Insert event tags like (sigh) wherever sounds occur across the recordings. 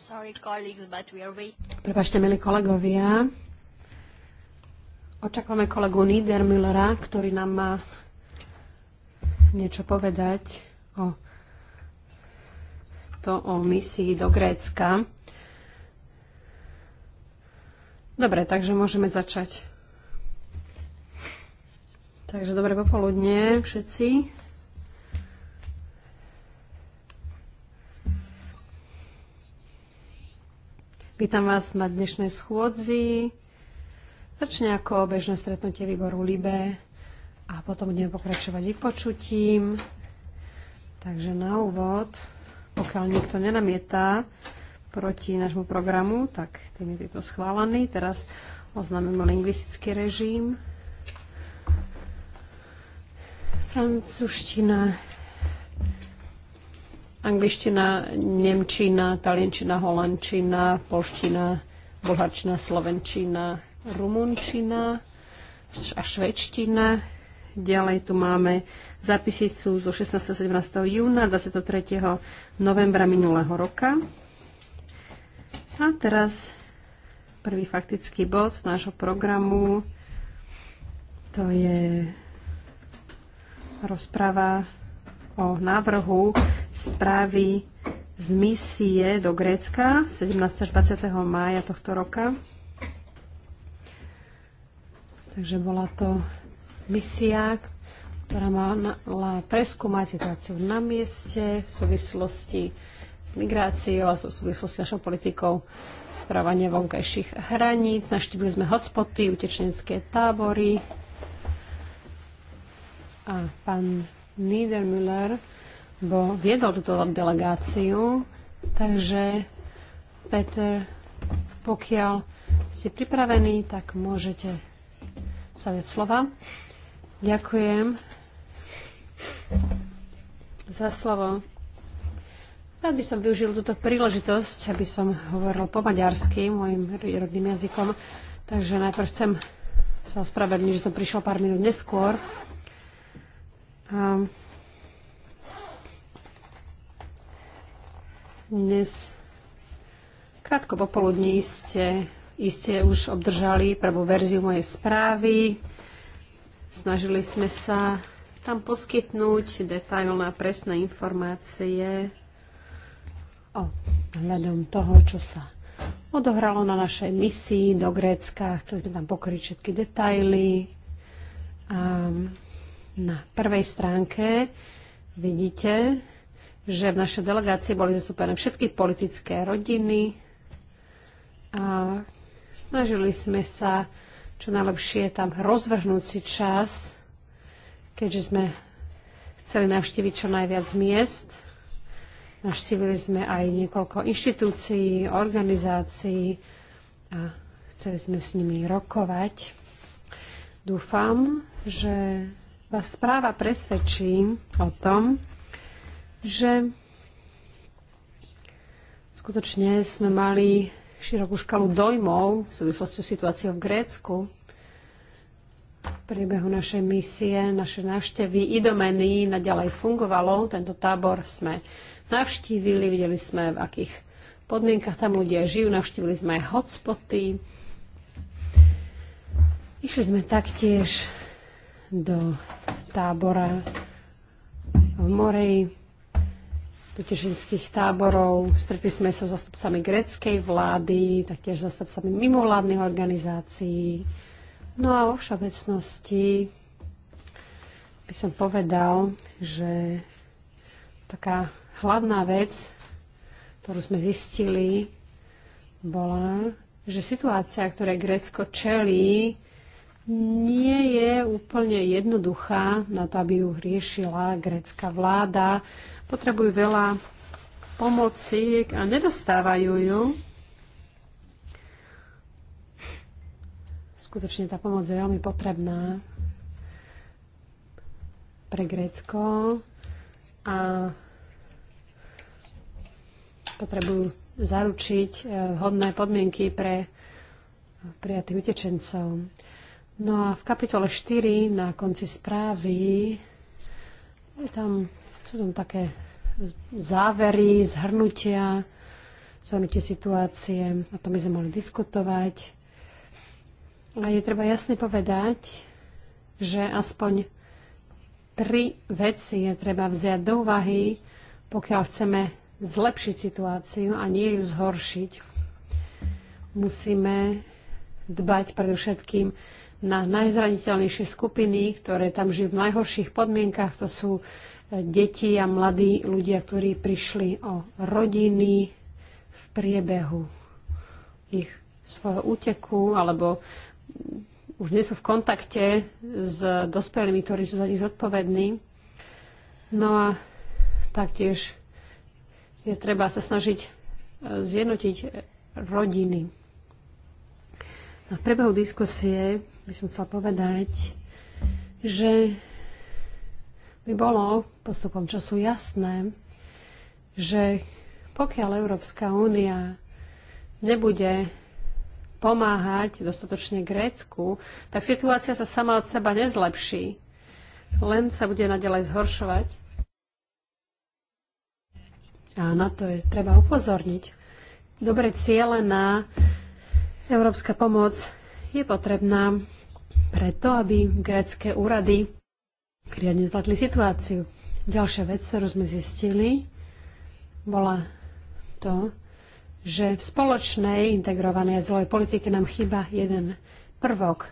Sorry, Prepašte, milí kolegovia. Očakávame kolegu Niedermüllera, ktorý nám má niečo povedať o to o misii do Grécka. Dobre, takže môžeme začať. Takže dobre popoludne všetci. Vítam vás na dnešnej schôdzi. Začne ako bežné stretnutie výboru LIBE a potom budeme pokračovať vypočutím. Takže na úvod, pokiaľ nikto nenamieta proti nášmu programu, tak tým je to schválený. Teraz oznámim lingvistický režim. Francúzština, angličtina, nemčina, taliančina, holandčina, polština, bulharčina, slovenčina, rumunčina a švedština. Ďalej tu máme zapisicu zo 16. 17. júna 23. novembra minulého roka. A teraz prvý faktický bod nášho programu. To je rozprava o návrhu správy z misie do Grécka 17. až 20. mája tohto roka. Takže bola to misia, ktorá mala preskúmať situáciu na mieste v súvislosti s migráciou a v súvislosti s našou politikou správania vonkajších hraníc. Naštívili sme hotspoty, utečenecké tábory. A pán Niedermüller bo viedol túto delegáciu. Takže, Peter, pokiaľ ste pripravení, tak môžete sa viac slova. Ďakujem za slovo. Rád by som využil túto príležitosť, aby som hovoril po maďarsky, môjim rodným jazykom. Takže najprv chcem sa ospravedlniť, že som prišiel pár minút neskôr. Um, Dnes krátko popoludní ste, iste už obdržali prvú verziu mojej správy. Snažili sme sa tam poskytnúť detailné a presné informácie o hľadom toho, čo sa odohralo na našej misii do Grécka. Chceli sme tam pokryť všetky detaily. A na prvej stránke vidíte že v našej delegácii boli zastúpené všetky politické rodiny a snažili sme sa čo najlepšie tam rozvrhnúť si čas, keďže sme chceli navštíviť čo najviac miest. Navštívili sme aj niekoľko inštitúcií, organizácií a chceli sme s nimi rokovať. Dúfam, že vás správa presvedčí o tom, že skutočne sme mali širokú škalu dojmov v súvislosti s situáciou v Grécku. V priebehu našej misie, naše návštevy Idomeny naďalej fungovalo. Tento tábor sme navštívili, videli sme, v akých podmienkach tam ľudia žijú, navštívili sme aj hotspoty. Išli sme taktiež do tábora v Moreji utečenských táborov. Stretli sme sa s zastupcami greckej vlády, taktiež s zastupcami mimovládnych organizácií. No a vo všeobecnosti by som povedal, že taká hlavná vec, ktorú sme zistili, bola, že situácia, ktoré Grécko čelí, nie je úplne jednoduchá na to, aby ju riešila grécka vláda potrebujú veľa pomoci a nedostávajú ju. Skutočne tá pomoc je veľmi potrebná pre Grécko a potrebujú zaručiť eh, hodné podmienky pre prijatých utečencov. No a v kapitole 4 na konci správy je tam sú tam také závery, zhrnutia, zhrnutie situácie, o tom by sme mohli diskutovať. A je treba jasne povedať, že aspoň tri veci je treba vziať do úvahy, pokiaľ chceme zlepšiť situáciu a nie ju zhoršiť. Musíme dbať predovšetkým na najzraniteľnejšie skupiny, ktoré tam žijú v najhorších podmienkach. To sú deti a mladí ľudia, ktorí prišli o rodiny v priebehu ich svojho úteku alebo už nie sú v kontakte s dospelými, ktorí sú za nich zodpovední. No a taktiež je treba sa snažiť e, zjednotiť rodiny. A v priebehu diskusie by som chcela povedať, že by bolo postupom času jasné, že pokiaľ Európska únia nebude pomáhať dostatočne Grécku, tak situácia sa sama od seba nezlepší. Len sa bude naďalej zhoršovať. A na to je treba upozorniť. Dobre cieľená európska pomoc je potrebná preto, aby grécké úrady riadne zvládli situáciu. Ďalšia vec, ktorú sme zistili, bola to, že v spoločnej integrovanej zlovej politike nám chýba jeden prvok.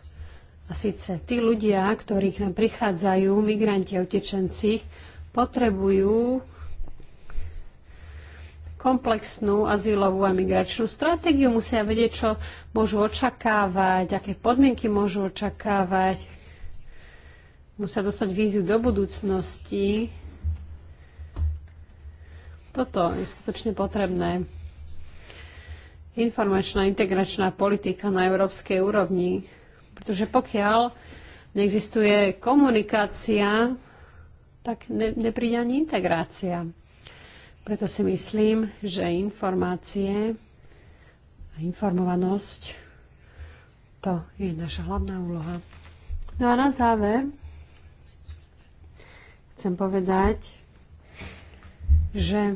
A síce tí ľudia, ktorí k nám prichádzajú, migranti a utečenci, potrebujú komplexnú azylovú a migračnú stratégiu, musia vedieť, čo môžu očakávať, aké podmienky môžu očakávať, musia dostať víziu do budúcnosti. Toto je skutočne potrebné. Informačná integračná politika na európskej úrovni. Pretože pokiaľ neexistuje komunikácia, tak ne, nepríde ani integrácia. Preto si myslím, že informácie a informovanosť to je naša hlavná úloha. No a na záver chcem povedať, že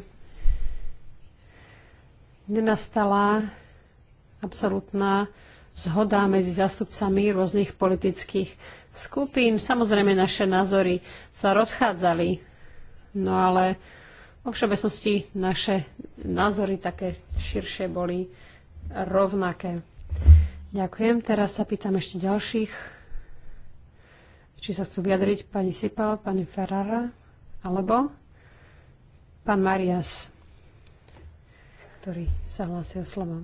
nenastala absolútna zhoda medzi zástupcami rôznych politických skupín. Samozrejme, naše názory sa rozchádzali, no ale vo všeobecnosti naše názory také širšie boli rovnaké. Ďakujem. Teraz sa pýtam ešte ďalších či sa chcú vyjadriť pani Sipal, pani Ferrara alebo pán Marias, ktorý sa hlásil slovom.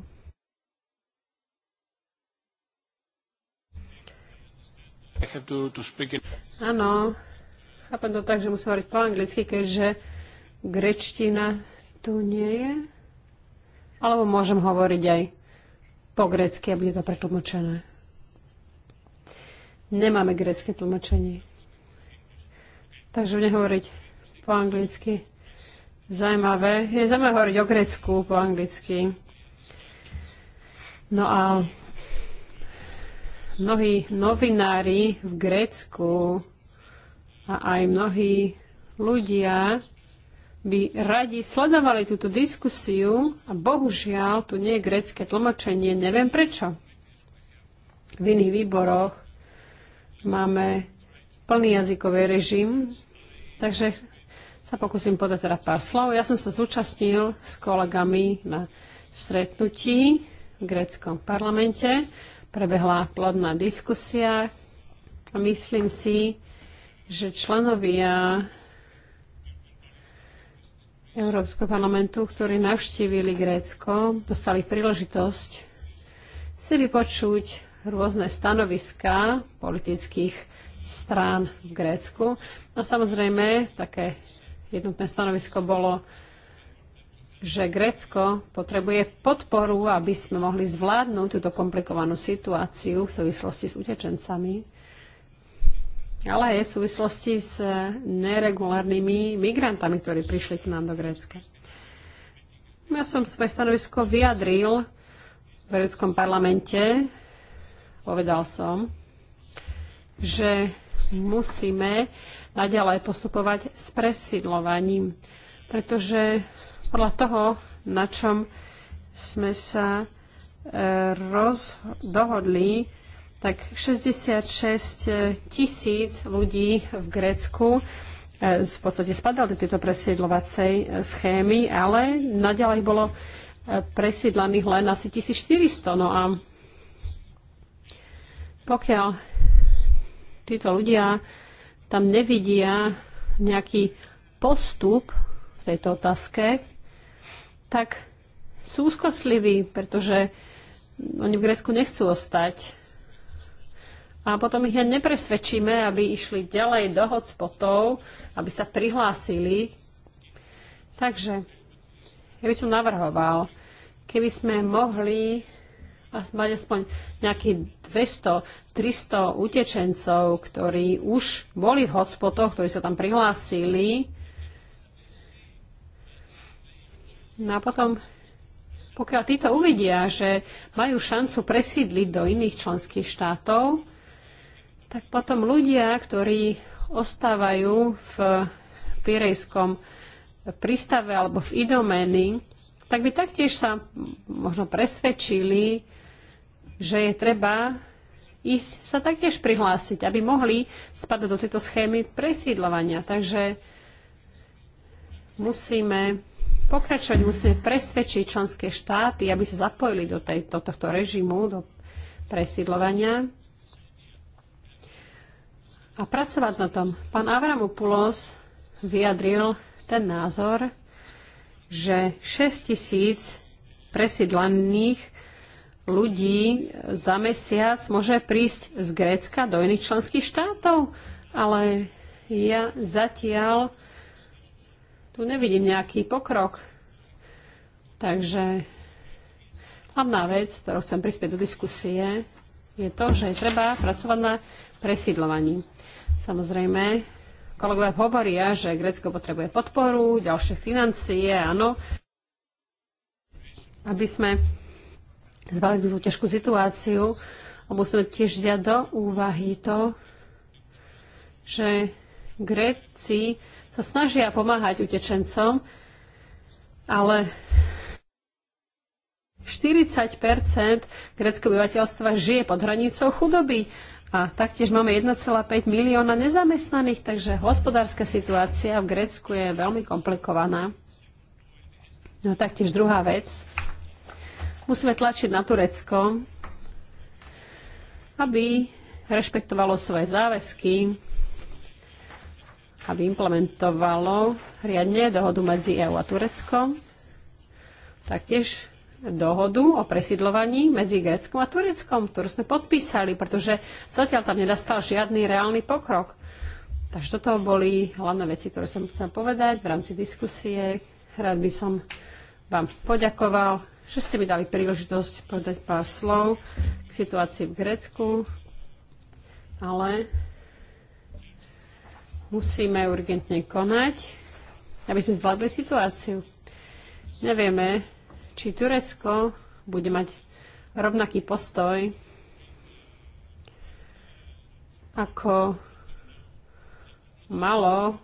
Áno, chápem to tak, že musím hovoriť po anglicky, keďže grečtina tu nie je. Alebo môžem hovoriť aj po grecky a bude to pretlmočené. Nemáme grecké tlmočenie. Takže budem hovoriť po anglicky. Zajímavé. Je zaujímavé hovoriť o Grécku po anglicky. No a mnohí novinári v Grécku a aj mnohí ľudia by radi sledovali túto diskusiu a bohužiaľ tu nie je grecké tlmočenie, neviem prečo. V iných výboroch máme plný jazykový režim, takže sa pokúsim podať teda pár slov. Ja som sa zúčastnil s kolegami na stretnutí v greckom parlamente. Prebehla plodná diskusia a myslím si, že členovia Európskeho parlamentu, ktorí navštívili Grécko, dostali príležitosť si vypočuť rôzne stanoviská politických strán v Grécku. A samozrejme, také jednotné stanovisko bolo, že Grécko potrebuje podporu, aby sme mohli zvládnuť túto komplikovanú situáciu v súvislosti s utečencami, ale aj v súvislosti s neregulárnymi migrantami, ktorí prišli k nám do Grécka. Ja som svoje stanovisko vyjadril v Európskom parlamente Povedal som, že musíme naďalej postupovať s presídlovaním, pretože podľa toho, na čom sme sa e, rozdohodli, tak 66 tisíc ľudí v Grécku e, v podstate spadali do tejto presiedlovacej e, schémy, ale naďalej bolo presídlaných len asi 1400. No a pokiaľ títo ľudia tam nevidia nejaký postup v tejto otázke, tak sú skosliví, pretože oni v Grécku nechcú ostať. A potom ich nepresvedčíme, aby išli ďalej do hotspotov, aby sa prihlásili. Takže ja by som navrhoval, keby sme mohli mať aspoň nejakých 200-300 utečencov, ktorí už boli v hotspotoch, ktorí sa tam prihlásili. No a potom, pokiaľ títo uvidia, že majú šancu presídliť do iných členských štátov, tak potom ľudia, ktorí ostávajú v Pirejskom prístave alebo v Idomény, tak by taktiež sa možno presvedčili, že je treba ísť sa taktiež prihlásiť, aby mohli spadať do tejto schémy presídlovania. Takže musíme pokračovať, musíme presvedčiť členské štáty, aby sa zapojili do, tejto, tohto režimu, do presídlovania a pracovať na tom. Pán Pulos vyjadril ten názor, že 6 tisíc presídlených ľudí za mesiac môže prísť z Grécka do iných členských štátov, ale ja zatiaľ tu nevidím nejaký pokrok. Takže hlavná vec, ktorou chcem prispieť do diskusie, je to, že je treba pracovať na presídlovaní. Samozrejme, kolegovia hovoria, že Grécko potrebuje podporu, ďalšie financie, áno, aby sme zvládli túto ťažkú situáciu a musíme tiež vziať do úvahy to, že Gréci sa snažia pomáhať utečencom, ale 40 gréckého obyvateľstva žije pod hranicou chudoby a taktiež máme 1,5 milióna nezamestnaných, takže hospodárska situácia v Grécku je veľmi komplikovaná. No taktiež druhá vec, Musíme tlačiť na Turecko, aby rešpektovalo svoje záväzky, aby implementovalo riadne dohodu medzi EÚ a Tureckom, taktiež dohodu o presidlovaní medzi Gréckom a Tureckom, ktorú sme podpísali, pretože zatiaľ tam nedastal žiadny reálny pokrok. Takže toto boli hlavné veci, ktoré som chcel povedať v rámci diskusie. Rád by som vám poďakoval že ste mi dali príležitosť povedať pár slov k situácii v Grécku, ale musíme urgentne konať, aby sme zvládli situáciu. Nevieme, či Turecko bude mať rovnaký postoj ako malo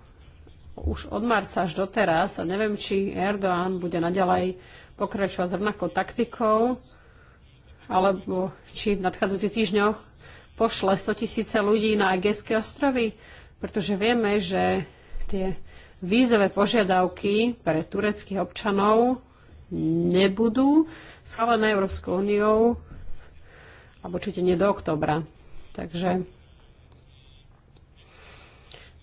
už od marca až doteraz a neviem, či Erdoğan bude naďalej pokračovať s rovnakou taktikou, alebo či v nadchádzajúcich týždňoch pošle 100 tisíce ľudí na Egejské ostrovy, pretože vieme, že tie vízové požiadavky pre tureckých občanov nebudú schválené Európskou úniou alebo určite nie do oktobra. Takže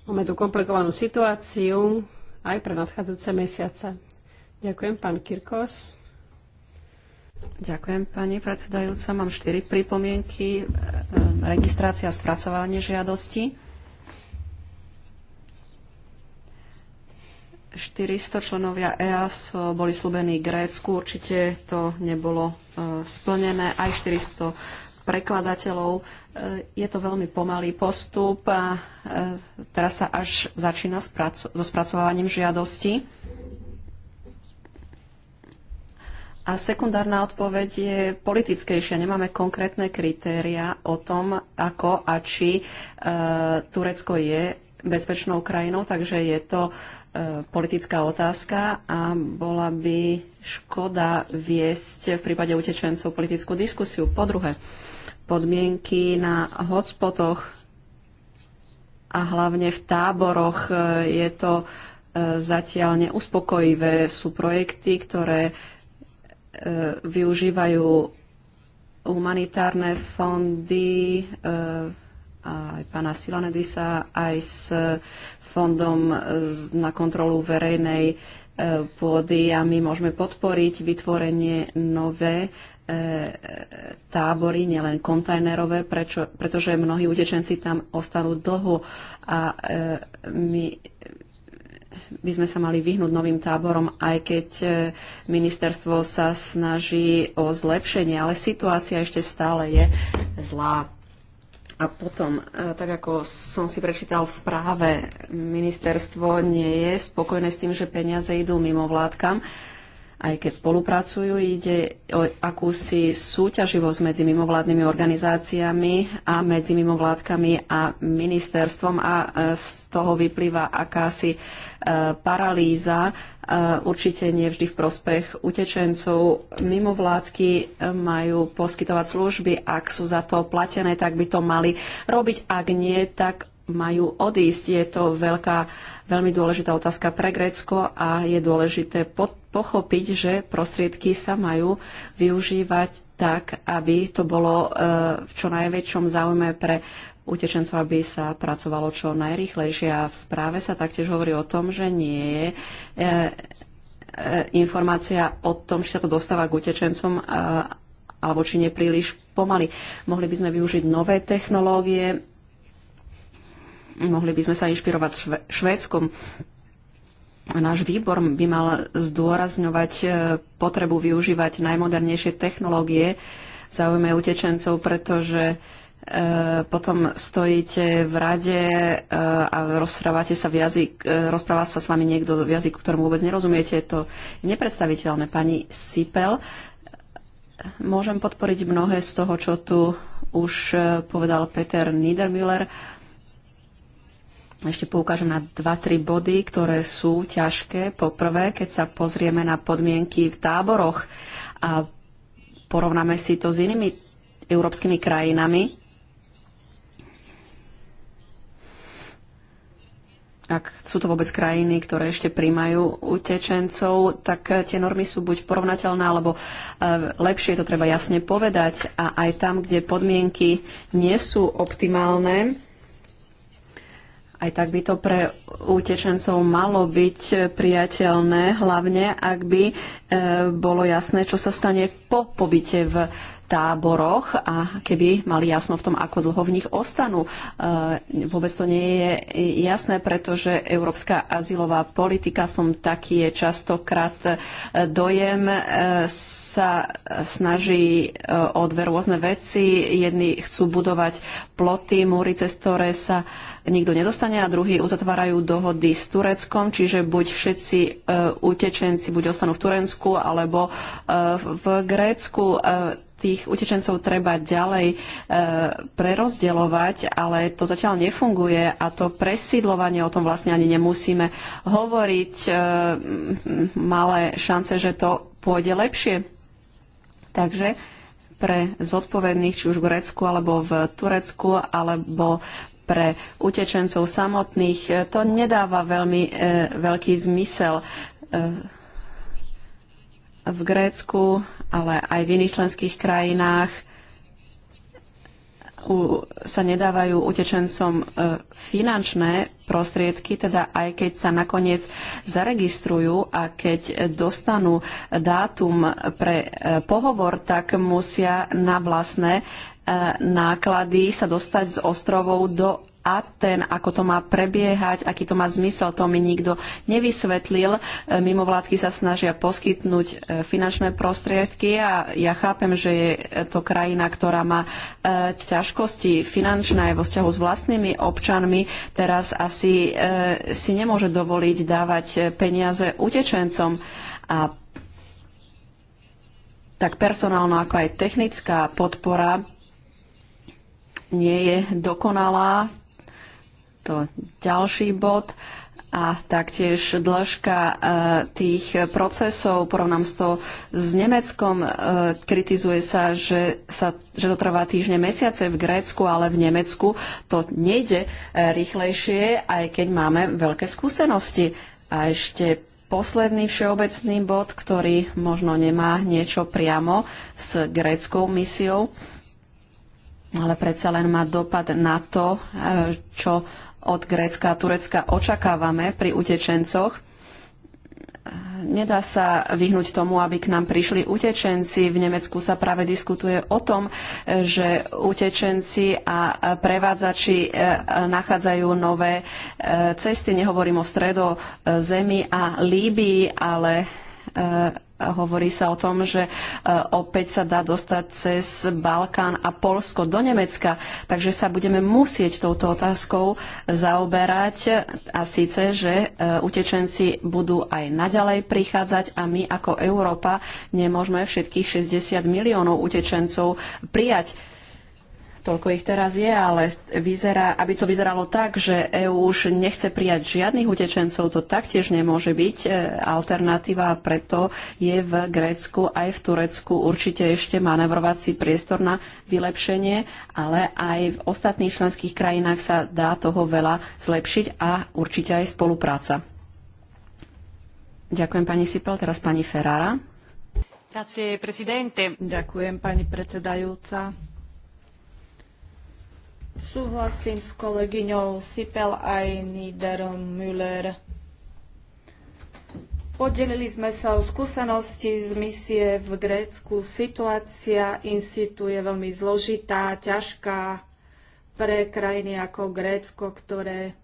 máme tu komplikovanú situáciu aj pre nadchádzajúce mesiace. Ďakujem, pán Kirkos. Ďakujem, pani predsedajúca. Mám štyri pripomienky. E, e, registrácia a spracovanie žiadosti. 400 členovia EAS boli slúbení Grécku, určite to nebolo e, splnené, aj 400 prekladateľov. Je to veľmi pomalý postup a teraz sa až začína so spracovaním žiadosti. A sekundárna odpoveď je politickejšia. Nemáme konkrétne kritéria o tom, ako a či e, Turecko je bezpečnou krajinou, takže je to e, politická otázka a bola by škoda viesť v prípade utečencov politickú diskusiu. Po druhé, podmienky na hotspotoch a hlavne v táboroch e, je to e, zatiaľ neuspokojivé. Sú projekty, ktoré E, využívajú humanitárne fondy e, aj pána Silanedisa, aj s fondom e, na kontrolu verejnej pôdy a my môžeme podporiť vytvorenie nové tábory, nielen kontajnerové, prečo, pretože mnohí utečenci tam ostanú dlho a my by sme sa mali vyhnúť novým táborom, aj keď e, ministerstvo sa snaží o zlepšenie, ale situácia ešte stále je zlá. A potom, e, tak ako som si prečítal v správe, ministerstvo nie je spokojné s tým, že peniaze idú mimo vládkam aj keď spolupracujú. Ide o akúsi súťaživosť medzi mimovládnymi organizáciami a medzi mimovládkami a ministerstvom a e, z toho vyplýva akási e, paralýza, e, určite nie vždy v prospech utečencov. Mimovládky majú poskytovať služby, ak sú za to platené, tak by to mali robiť, ak nie, tak majú odísť. Je to veľká, veľmi dôležitá otázka pre Grécko a je dôležité pod, pochopiť, že prostriedky sa majú využívať tak, aby to bolo e, v čo najväčšom záujme pre utečencov, aby sa pracovalo čo najrychlejšie. A v správe sa taktiež hovorí o tom, že nie je e, e, informácia o tom, či sa to dostáva k utečencom alebo či nie príliš pomaly. Mohli by sme využiť nové technológie, mohli by sme sa inšpirovať Švédskom. Šve- Náš výbor by mal zdôrazňovať e, potrebu využívať najmodernejšie technológie v záujme utečencov, pretože e, potom stojíte v rade e, a rozprávate sa v jazyk, rozpráva sa s vami niekto v jazyku, ktorému vôbec nerozumiete, je to nepredstaviteľné. Pani Sipel, môžem podporiť mnohé z toho, čo tu už povedal Peter Niedermüller. Ešte poukážem na 2-3 body, ktoré sú ťažké. Poprvé, keď sa pozrieme na podmienky v táboroch a porovnáme si to s inými európskymi krajinami, ak sú to vôbec krajiny, ktoré ešte príjmajú utečencov, tak eh, tie normy sú buď porovnateľné, alebo eh, lepšie to treba jasne povedať. A aj tam, kde podmienky nie sú optimálne, aj tak by to pre utečencov malo byť priateľné, hlavne ak by e, bolo jasné, čo sa stane po pobyte v táboroch a keby mali jasno v tom, ako dlho v nich ostanú. E, vôbec to nie je jasné, pretože európska azylová politika, aspoň taký je častokrát e, dojem, e, sa snaží o dve rôzne veci. Jedni chcú budovať ploty, múry, cez ktoré sa nikto nedostane a druhý uzatvárajú dohody s Tureckom, čiže buď všetci e, utečenci buď ostanú v Turensku alebo e, v Grécku. E, tých utečencov treba ďalej e, prerozdeľovať, ale to zatiaľ nefunguje a to presídlovanie, o tom vlastne ani nemusíme hovoriť, e, malé šance, že to pôjde lepšie. Takže pre zodpovedných, či už v Grécku, alebo v Turecku, alebo pre utečencov samotných, e, to nedáva veľmi e, veľký zmysel. E, v Grécku, ale aj v iných členských krajinách u, sa nedávajú utečencom e, finančné prostriedky, teda aj keď sa nakoniec zaregistrujú a keď dostanú dátum pre e, pohovor, tak musia na vlastné e, náklady sa dostať z ostrovov do a ten, ako to má prebiehať, aký to má zmysel, to mi nikto nevysvetlil. E, mimovládky sa snažia poskytnúť e, finančné prostriedky a ja chápem, že je to krajina, ktorá má e, ťažkosti finančné aj vo vzťahu s vlastnými občanmi. Teraz asi si nemôže dovoliť dávať peniaze utečencom a tak personálna ako aj technická podpora nie je dokonalá to ďalší bod. A taktiež dĺžka e, tých procesov, porovnám s to s Nemeckom, e, kritizuje sa že, sa, že to trvá týždne, mesiace v Grécku, ale v Nemecku to nejde e, rýchlejšie, aj keď máme veľké skúsenosti. A ešte posledný všeobecný bod, ktorý možno nemá niečo priamo s gréckou misiou, ale predsa len má dopad na to, čo od Grécka a Turecka očakávame pri utečencoch. Nedá sa vyhnúť tomu, aby k nám prišli utečenci. V Nemecku sa práve diskutuje o tom, že utečenci a prevádzači e, nachádzajú nové e, cesty. Nehovorím o stredo zemi a Líbii, ale e, Hovorí sa o tom, že e, opäť sa dá dostať cez Balkán a Polsko do Nemecka. Takže sa budeme musieť touto otázkou zaoberať a síce, že e, utečenci budú aj naďalej prichádzať a my ako Európa nemôžeme všetkých 60 miliónov utečencov prijať. Toľko ich teraz je, ale vyzerá, aby to vyzeralo tak, že EÚ už nechce prijať žiadnych utečencov, to taktiež nemôže byť e, alternatíva a preto je v Grécku aj v Turecku určite ešte manevrovací priestor na vylepšenie, ale aj v ostatných členských krajinách sa dá toho veľa zlepšiť a určite aj spolupráca. Ďakujem pani Sipel, teraz pani Ferrara. Grazie, Ďakujem pani predsedajúca. Súhlasím s kolegyňou Sipel aj Niederom Müller. Podelili sme sa o skúsenosti z misie v Grécku. Situácia situ je veľmi zložitá, ťažká pre krajiny ako Grécko, ktoré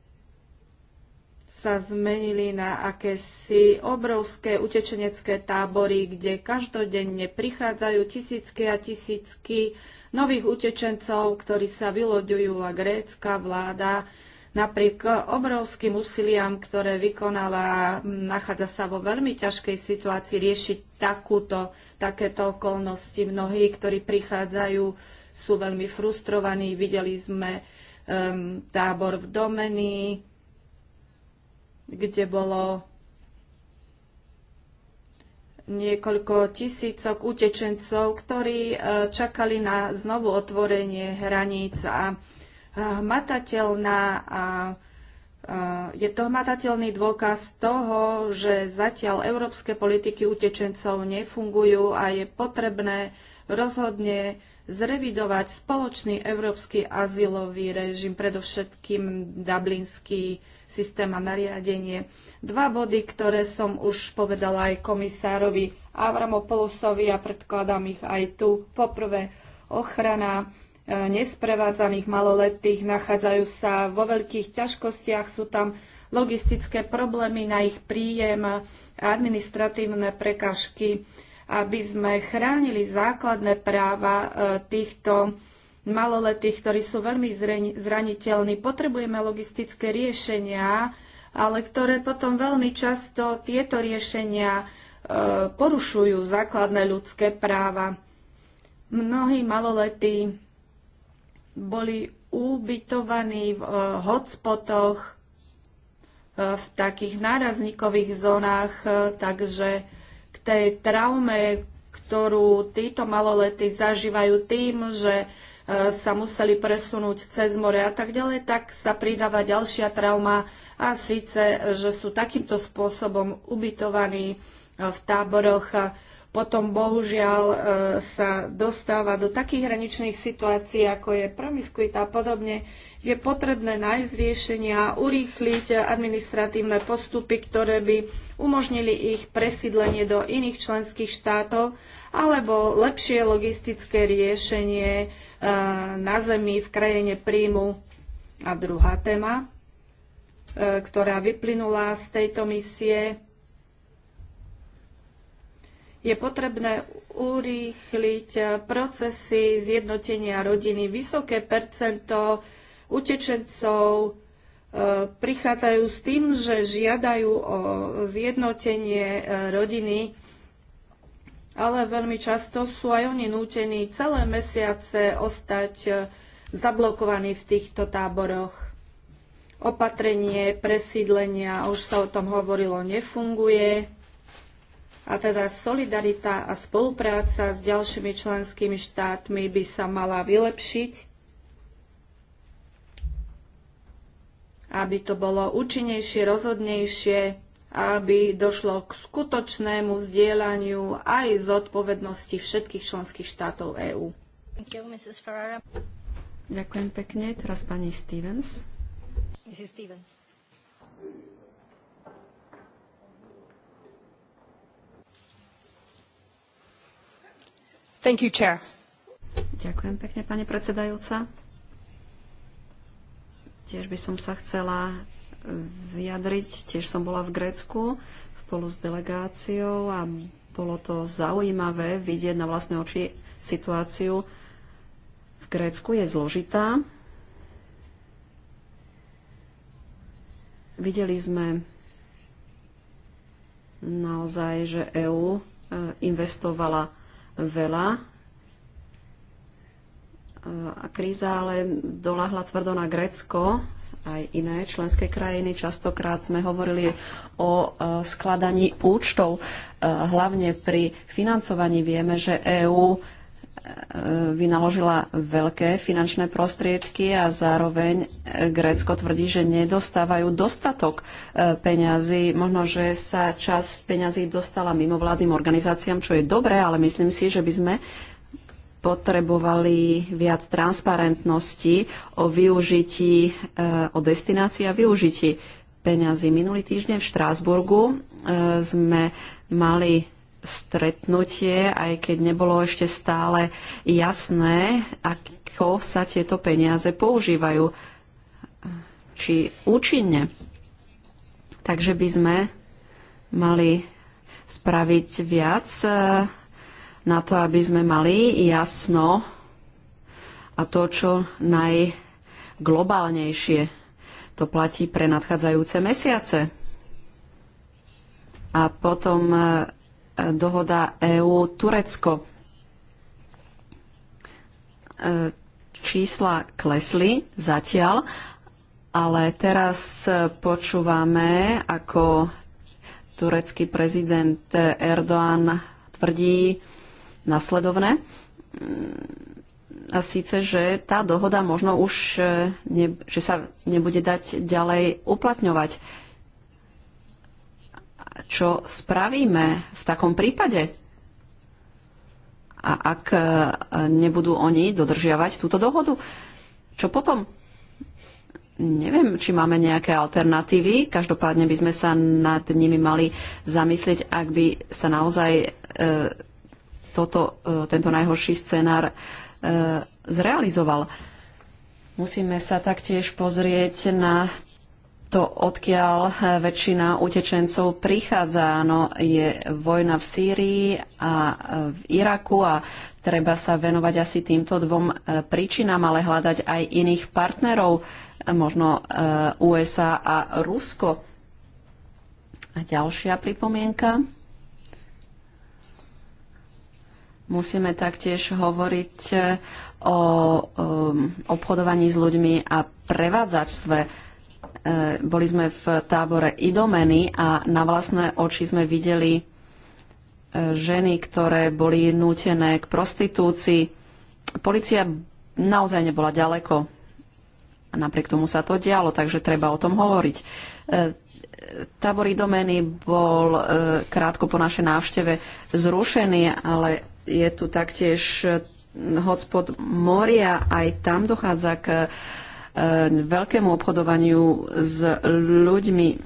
sa zmenili na akési obrovské utečenecké tábory, kde každodenne prichádzajú tisícky a tisícky nových utečencov, ktorí sa vyloďujú a grécka vláda napriek obrovským úsiliam, ktoré vykonala, nachádza sa vo veľmi ťažkej situácii riešiť takúto, takéto okolnosti. Mnohí, ktorí prichádzajú, sú veľmi frustrovaní. Videli sme um, tábor v domení, kde bolo niekoľko tisícok utečencov, ktorí e, čakali na znovu otvorenie hraníc a e, hmatateľná a e, je to hmatateľný dôkaz toho, že zatiaľ európske politiky utečencov nefungujú a je potrebné rozhodne zrevidovať spoločný európsky azylový režim, predovšetkým dublinský systém a nariadenie. Dva body, ktoré som už povedala aj komisárovi Avramopoulosovi a predkladám ich aj tu. Poprvé, ochrana e, nesprevádzaných maloletých nachádzajú sa vo veľkých ťažkostiach, sú tam logistické problémy na ich príjem, administratívne prekažky, aby sme chránili základné práva e, týchto maloletých, ktorí sú veľmi zraniteľní. Potrebujeme logistické riešenia, ale ktoré potom veľmi často tieto riešenia e, porušujú základné ľudské práva. Mnohí maloletí boli ubytovaní v e, hotspotoch, e, v takých nárazníkových zónach, takže k tej traume, ktorú títo maloletí zažívajú tým, že E, sa museli presunúť cez more a tak ďalej, tak sa pridáva ďalšia trauma a síce, že sú takýmto spôsobom ubytovaní e, v táboroch a potom bohužiaľ e, sa dostáva do takých hraničných situácií, ako je promiskuita a podobne, je potrebné nájsť riešenia a urýchliť administratívne postupy, ktoré by umožnili ich presídlenie do iných členských štátov alebo lepšie logistické riešenie Eh, na zemi v krajine príjmu. A druhá téma, eh, ktorá vyplynula z tejto misie, je potrebné urýchliť eh, procesy zjednotenia rodiny. Vysoké percento utečencov prichádzajú s tým, že žiadajú o zjednotenie rodiny ale veľmi často sú aj oni nútení celé mesiace ostať e, zablokovaní v týchto táboroch. Opatrenie presídlenia, už sa o tom hovorilo, nefunguje. A teda solidarita a spolupráca s ďalšími členskými štátmi by sa mala vylepšiť, aby to bolo účinnejšie, rozhodnejšie aby došlo k skutočnému zdieľaniu aj z odpovednosti všetkých členských štátov EÚ. Ďakujem pekne. Teraz pani Stevens. Mrs. Stevens. Thank you, Chair. Ďakujem pekne, pani predsedajúca. Tiež by som sa chcela vyjadriť. Tiež som bola v Grécku spolu s delegáciou a bolo to zaujímavé vidieť na vlastné oči situáciu v Grécku je zložitá. Videli sme naozaj, že EÚ e, investovala veľa e, a kríza ale doláhla tvrdo na Grécko aj iné členské krajiny. Častokrát sme hovorili o e, skladaní účtov, e, hlavne pri financovaní. Vieme, že EÚ e, vynaložila veľké finančné prostriedky a zároveň Grécko tvrdí, že nedostávajú dostatok peňazí. Možno, že sa časť peňazí dostala mimovládnym organizáciám, čo je dobré, ale myslím si, že by sme potrebovali viac transparentnosti o využití, eh, o destinácii a využití peňazí. Minulý týždeň v Štrásburgu eh, sme mali stretnutie, aj keď nebolo ešte stále jasné, ako sa tieto peniaze používajú, eh, či účinne. Takže by sme mali spraviť viac na to, aby sme mali jasno a to, čo najglobálnejšie. To platí pre nadchádzajúce mesiace. A potom e, dohoda eu turecko e, Čísla klesli zatiaľ, ale teraz e, počúvame, ako turecký prezident Erdoğan tvrdí, nasledovné. A síce, že tá dohoda možno už e, ne, že sa nebude dať ďalej uplatňovať. Čo spravíme v takom prípade? A ak e, nebudú oni dodržiavať túto dohodu, čo potom? Neviem, či máme nejaké alternatívy. Každopádne by sme sa nad nimi mali zamyslieť, ak by sa naozaj e, toto, e, tento najhorší scenár e, zrealizoval. Musíme sa taktiež pozrieť na to, odkiaľ e, väčšina utečencov prichádza. No, je vojna v Sýrii a v Iraku a treba sa venovať asi týmto dvom príčinám, ale hľadať aj iných partnerov, možno USA a Rusko. A ďalšia pripomienka. Musíme taktiež hovoriť e, o um, obchodovaní s ľuďmi a prevádzačstve. E, boli sme v tábore Idomeny a na vlastné oči sme videli e, ženy, ktoré boli nútené k prostitúcii. Polícia naozaj nebola ďaleko. A napriek tomu sa to dialo, takže treba o tom hovoriť. Tábor Idomeny bol krátko po našej návšteve zrušený, ale je tu taktiež e, hotspot moria, aj tam dochádza k e, veľkému obchodovaniu s ľuďmi. E,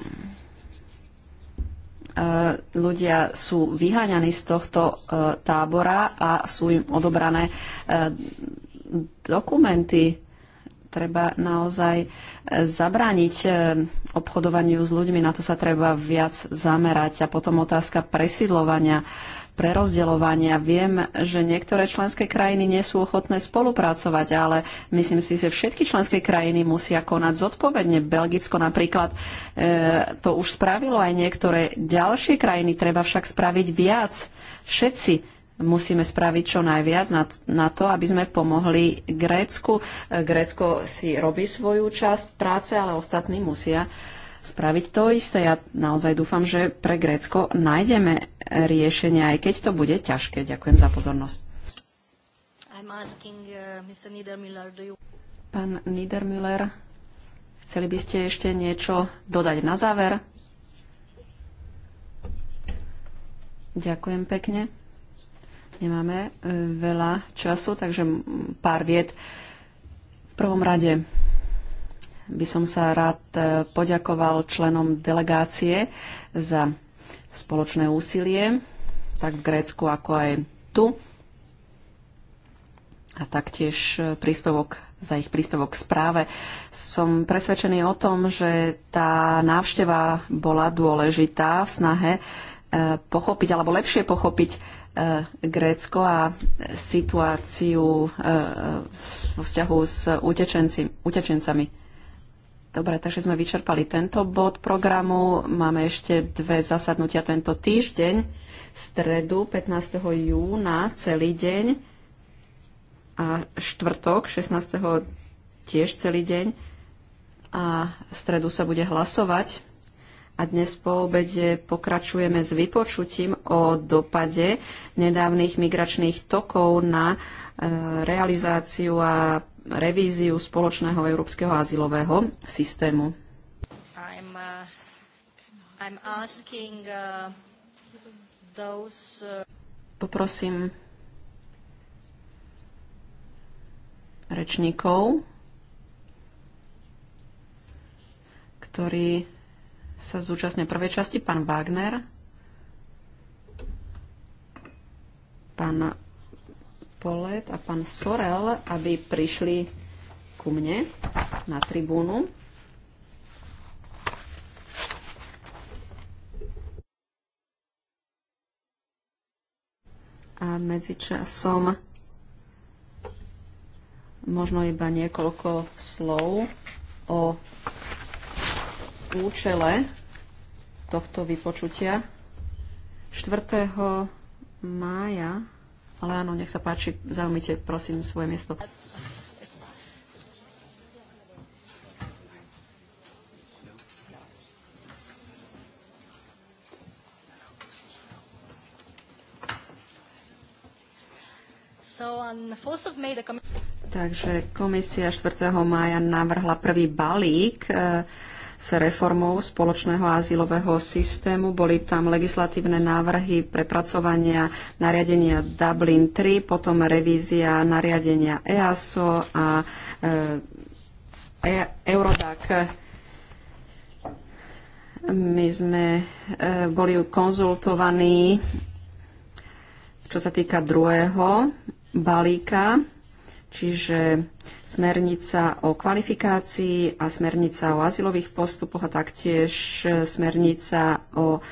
ľudia sú vyháňaní z tohto tábora a sú im odobrané dokumenty. Treba naozaj zabrániť obchodovaniu s ľuďmi, na to sa treba viac zamerať. A potom otázka presidlovania prerozdeľovania. Viem, že niektoré členské krajiny nie sú ochotné spolupracovať, ale myslím si, že všetky členské krajiny musia konať zodpovedne. Belgicko napríklad e, to už spravilo aj niektoré ďalšie krajiny, treba však spraviť viac. Všetci musíme spraviť čo najviac na, na to, aby sme pomohli Grécku. E, Grécko si robí svoju časť práce, ale ostatní musia spraviť to isté. Ja naozaj dúfam, že pre Grécko nájdeme riešenie, aj keď to bude ťažké. Ďakujem za pozornosť. Asking, uh, Niedermüller, you... Pán Niedermüller, chceli by ste ešte niečo dodať na záver? Ďakujem pekne. Nemáme uh, veľa času, takže pár viet. V prvom rade by som sa rád e, poďakoval členom delegácie za spoločné úsilie, tak v Grécku, ako aj tu. A taktiež e, príspevok, za ich príspevok k správe. Som presvedčený o tom, že tá návšteva bola dôležitá v snahe e, pochopiť, alebo lepšie pochopiť Grécko a situáciu vo vzťahu s utečenci, utečencami. Dobre, takže sme vyčerpali tento bod programu. Máme ešte dve zasadnutia tento týždeň. V stredu 15. júna celý deň a štvrtok 16. tiež celý deň a v stredu sa bude hlasovať. A dnes po obede pokračujeme s vypočutím o dopade nedávnych migračných tokov na e, realizáciu a revíziu spoločného európskeho azylového systému. I'm, uh, I'm asking, uh, those, uh... Poprosím rečníkov, ktorý sa zúčastňuje prvej časti, pán Wagner, pán Polet a pán Sorel, aby prišli ku mne na tribúnu. A medzičasom možno iba niekoľko slov o účele tohto vypočutia. 4. mája ale áno, nech sa páči, zaujmite prosím svoje miesto. Takže komisia 4. mája navrhla prvý balík eh, s reformou spoločného azylového systému. Boli tam legislatívne návrhy prepracovania nariadenia Dublin 3, potom revízia nariadenia EASO a e, e, Eurodac my sme e, boli konzultovaní, čo sa týka druhého balíka čiže smernica o kvalifikácii a smernica o azylových postupoch a taktiež smernica o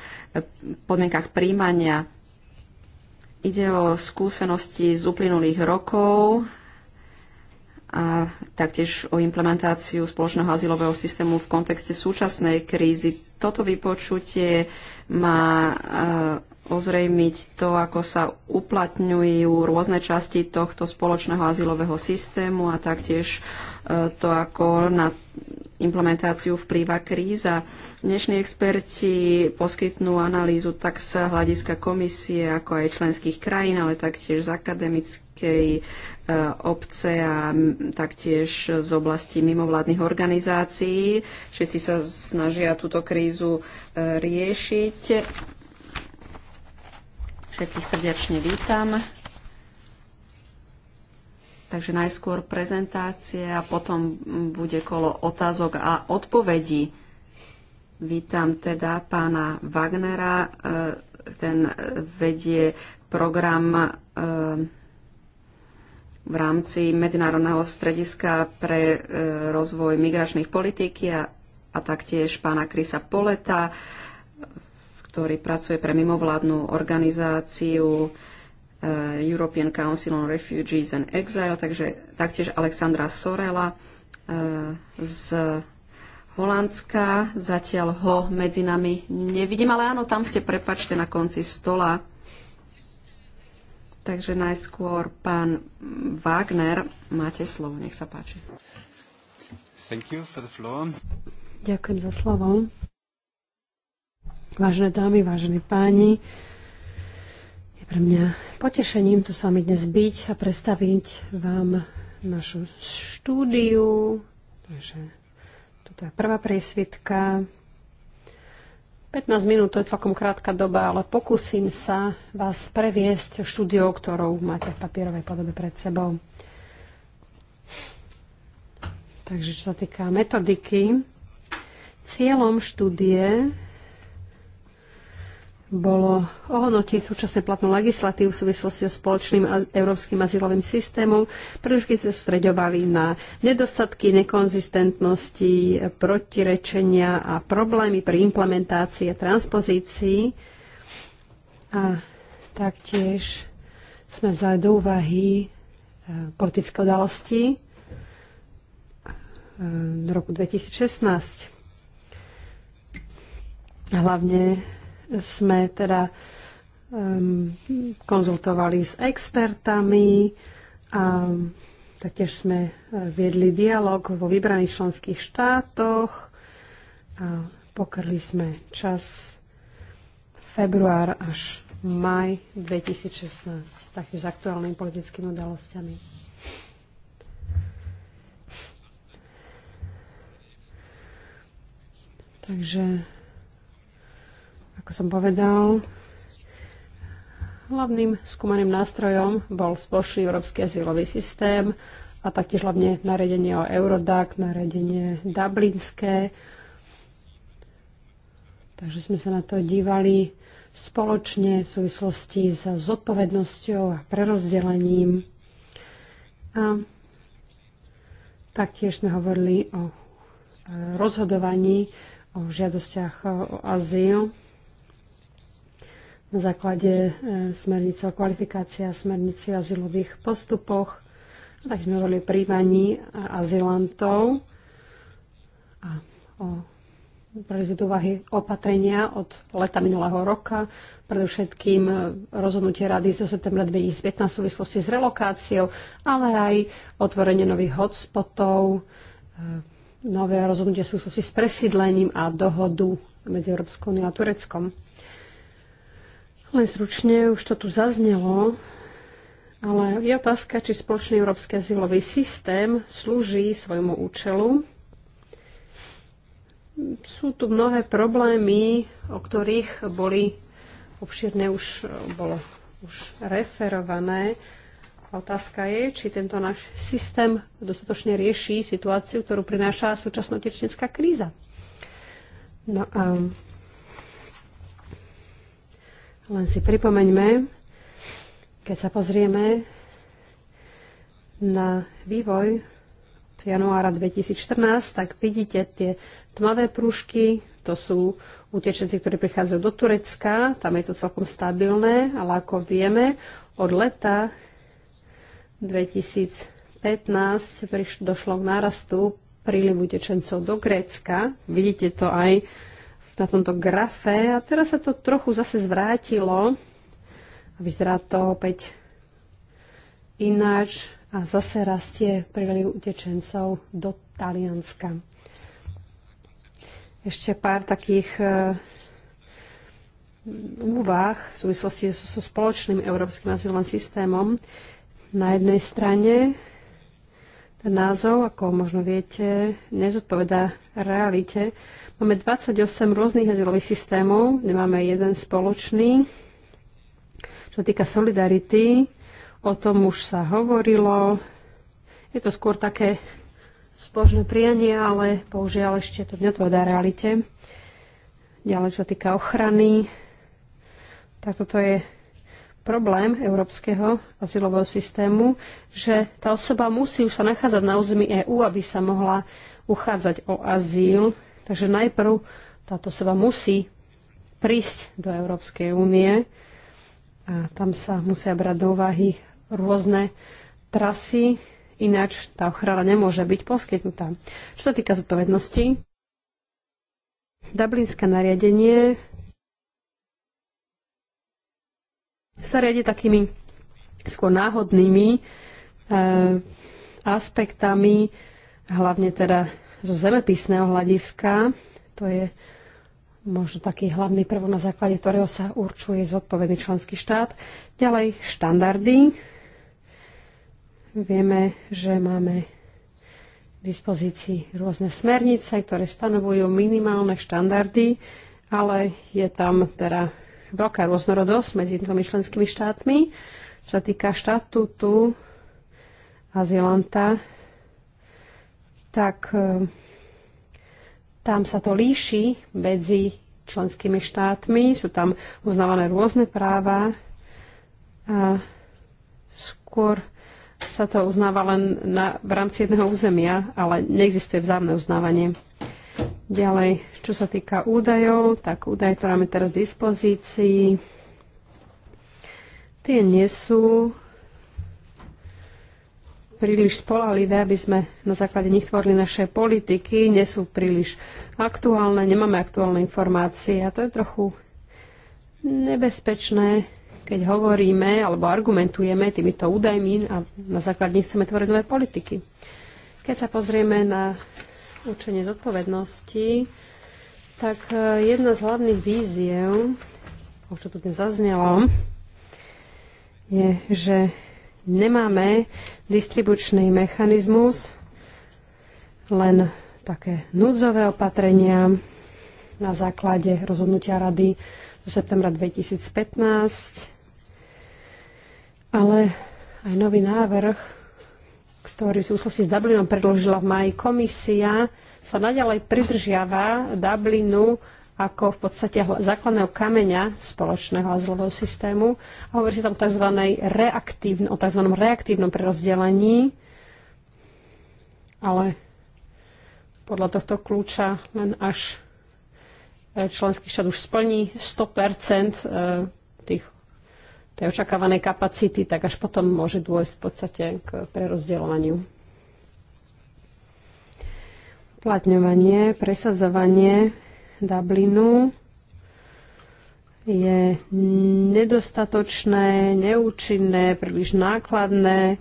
podmienkach príjmania. Ide o skúsenosti z uplynulých rokov a taktiež o implementáciu spoločného azylového systému v kontexte súčasnej krízy. Toto vypočutie má ozrejmiť to, ako sa uplatňujú rôzne časti tohto spoločného azylového systému a taktiež e, to, ako na implementáciu vplýva kríza. Dnešní experti poskytnú analýzu tak z hľadiska komisie, ako aj členských krajín, ale taktiež z akademickej e, obce a taktiež z oblasti mimovládnych organizácií. Všetci sa snažia túto krízu e, riešiť Všetkých srdečne vítam. Takže najskôr prezentácie a potom bude kolo otázok a odpovedí. Vítam teda pána Wagnera, e, ten vedie program e, v rámci Medzinárodného strediska pre e, rozvoj migračných politík a, a taktiež pána Krisa Poleta, ktorý pracuje pre mimovládnu organizáciu e, European Council on Refugees and Exile, takže taktiež Alexandra Sorela e, z Holandska. Zatiaľ ho medzi nami nevidím, ale áno, tam ste, prepačte, na konci stola. Takže najskôr pán Wagner, máte slovo, nech sa páči. Ďakujem za slovo. Vážené dámy, vážení páni, je pre mňa potešením tu s vami dnes byť a predstaviť vám našu štúdiu. Takže toto je prvá presvitka. 15 minút to je celkom krátka doba, ale pokúsim sa vás previesť štúdiou, ktorou máte v papierovej podobe pred sebou. Takže čo sa týka metodiky, cieľom štúdie bolo ohodnotiť súčasne platnú legislatívu v súvislosti so spoločným európskym azylovým systémom, pretože keď sa sústreďovali na nedostatky, nekonzistentnosti, protirečenia a problémy pri implementácii a transpozícii. A taktiež sme vzali do úvahy e, politické udalosti e, do roku 2016. Hlavne sme teda um, konzultovali s expertami a taktiež sme eh, viedli dialog vo vybraných členských štátoch a pokrli sme čas február až maj 2016, taktiež s aktuálnymi politickými udalosťami. Takže ako som povedal, hlavným skúmaným nástrojom bol spoločný európsky azylový systém a taktiež hlavne naredenie o Eurodac, naredenie dublinské. Takže sme sa na to dívali spoločne v súvislosti s zodpovednosťou a prerozdelením. A taktiež sme hovorili o rozhodovaní o žiadostiach o azyl na základe e, smernice o kvalifikácii a smernici o azylových postupoch. Tak sme hovorili o príjmaní azylantov a o brali úvahy opatrenia od leta minulého roka, predovšetkým e, rozhodnutie rady zo septembra 2015 v súvislosti s relokáciou, ale aj otvorenie nových hotspotov, e, nové rozhodnutie v súvislosti s presídlením a dohodu medzi Európskou úniou a Tureckom. Len stručne, už to tu zaznelo, ale je otázka, či spoločný európsky azylový systém slúži svojmu účelu. Sú tu mnohé problémy, o ktorých boli obširne už bolo už referované. Otázka je, či tento náš systém dostatočne rieši situáciu, ktorú prináša súčasná utečenská kríza. No a len si pripomeňme, keď sa pozrieme na vývoj od januára 2014, tak vidíte tie tmavé prúžky, to sú utečenci, ktorí prichádzajú do Turecka, tam je to celkom stabilné, ale ako vieme, od leta 2015 došlo k nárastu prílivu utečencov do Grécka. Vidíte to aj na tomto grafe a teraz sa to trochu zase zvrátilo a vyzerá to opäť ináč a zase rastie príliv utečencov do Talianska. Ešte pár takých e, úvah v súvislosti so, so spoločným európskym azylovým systémom. Na jednej strane ten názov, ako možno viete, nezodpoveda realite. Máme 28 rôznych azylových systémov, nemáme jeden spoločný. Čo týka solidarity, o tom už sa hovorilo. Je to skôr také spoločné prianie, ale bohužiaľ ešte to neodpoveda realite. Ďalej, čo týka ochrany, tak toto je problém európskeho azylového systému, že tá osoba musí už sa nachádzať na území EÚ, aby sa mohla uchádzať o azyl. Takže najprv táto osoba musí prísť do Európskej únie a tam sa musia brať do úvahy rôzne trasy, ináč tá ochrana nemôže byť poskytnutá. Čo sa týka zodpovednosti, Dublinské nariadenie sa riadi takými skôr náhodnými e, aspektami, hlavne teda zo zemepisného hľadiska. To je možno taký hlavný prvo, na základe ktorého sa určuje zodpovedný členský štát. Ďalej štandardy. Vieme, že máme k dispozícii rôzne smernice, ktoré stanovujú minimálne štandardy, ale je tam teda veľká rôznorodosť medzi jednotlivými členskými štátmi, čo sa týka štatútu azylanta, tak e, tam sa to líši medzi členskými štátmi, sú tam uznávané rôzne práva a skôr sa to uznáva len na, v rámci jedného územia, ale neexistuje vzájomné uznávanie. Ďalej, čo sa týka údajov, tak údaje, ktoré máme teraz v dispozícii, tie nie sú príliš spolahlivé, aby sme na základe nich tvorili naše politiky, nie sú príliš aktuálne, nemáme aktuálne informácie a to je trochu nebezpečné, keď hovoríme alebo argumentujeme týmito údajmi a na základe nich chceme tvoriť nové politiky. Keď sa pozrieme na Učenie zodpovednosti, tak e, jedna z hlavných víziev, o čo tu dnes zaznelo, je, že nemáme distribučný mechanizmus, len také núdzové opatrenia na základe rozhodnutia rady zo septembra 2015, ale aj nový návrh ktorý v súvislosti s Dublinom predložila v maji komisia, sa naďalej pridržiava Dublinu ako v podstate základného kameňa spoločného azylového systému. A hovorí sa tam o tzv. reaktívnom, o tzv. reaktívnom prerozdelení, ale podľa tohto kľúča len až e, členský štát už splní 100 tej očakávanej kapacity, tak až potom môže dôjsť v podstate k prerozdeľovaniu. Platňovanie, presadzovanie Dublinu je nedostatočné, neúčinné, príliš nákladné.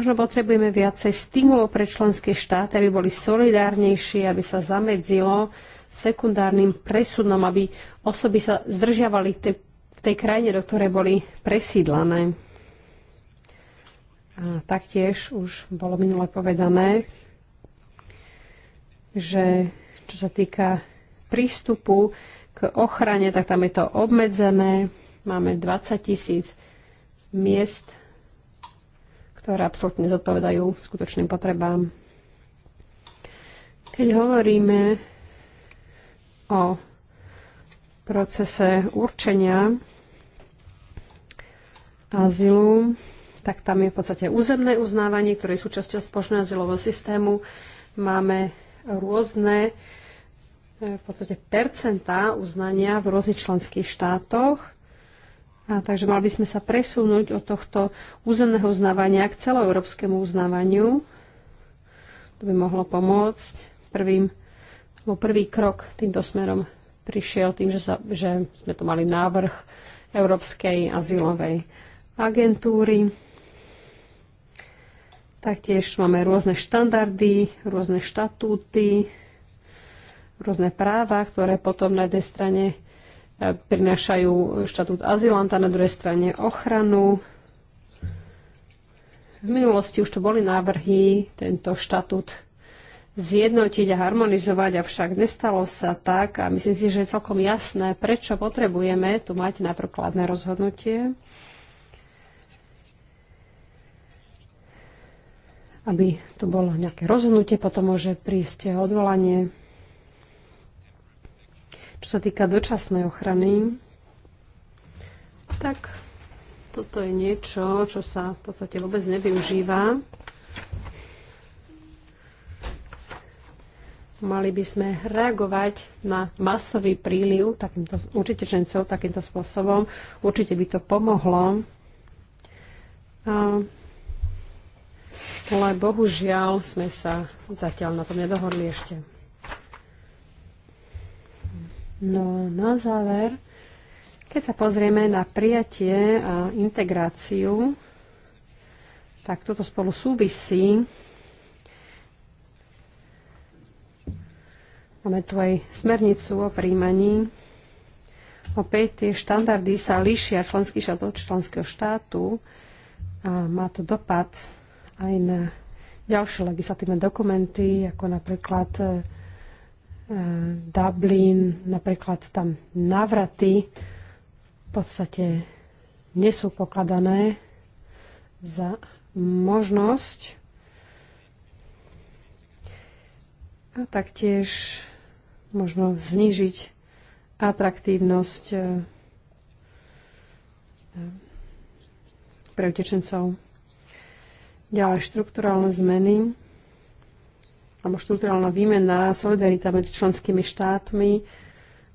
Možno potrebujeme viacej stimulov pre členské štáty, aby boli solidárnejší, aby sa zamedzilo sekundárnym presunom, aby osoby sa zdržiavali tej v tej krajine, do ktorej boli presídlané. A taktiež už bolo minule povedané, že čo sa týka prístupu k ochrane, tak tam je to obmedzené. Máme 20 tisíc miest, ktoré absolútne zodpovedajú skutočným potrebám. Keď hovoríme o procese určenia azylu, tak tam je v podstate územné uznávanie, ktoré je súčasťou spoločného azylového systému. Máme rôzne e, v podstate percentá uznania v rôznych členských štátoch. A takže mali by sme sa presunúť od tohto územného uznávania k celoeurópskemu uznávaniu. To by mohlo pomôcť prvým, alebo prvý krok týmto smerom prišiel tým, že, sa, že sme tu mali návrh Európskej azylovej agentúry. Taktiež máme rôzne štandardy, rôzne štatúty, rôzne práva, ktoré potom na jednej strane e, prinášajú štatút azylanta, na druhej strane ochranu. V minulosti už tu boli návrhy tento štatút zjednotiť a harmonizovať, avšak nestalo sa tak a myslím si, že je celkom jasné, prečo potrebujeme tu mať napríkladné rozhodnutie, aby tu bolo nejaké rozhodnutie, potom môže prísť odvolanie. Čo sa týka dočasnej ochrany, tak toto je niečo, čo sa v podstate vôbec nevyužíva Mali by sme reagovať na masový príliv takýmto, utečencov takýmto spôsobom. Určite by to pomohlo. A, ale bohužiaľ sme sa zatiaľ na tom nedohodli ešte. No na záver, keď sa pozrieme na prijatie a integráciu, tak toto spolu súvisí. Máme tu aj smernicu o príjmaní. Opäť tie štandardy sa líšia členský štát od členského štátu a má to dopad aj na ďalšie legislatívne dokumenty, ako napríklad e, Dublin, napríklad tam návraty v podstate nie sú pokladané za možnosť. A taktiež možno znižiť atraktívnosť e, e, pre utečencov. Ďalej štrukturálne zmeny alebo štrukturálna výmena, solidarita medzi členskými štátmi,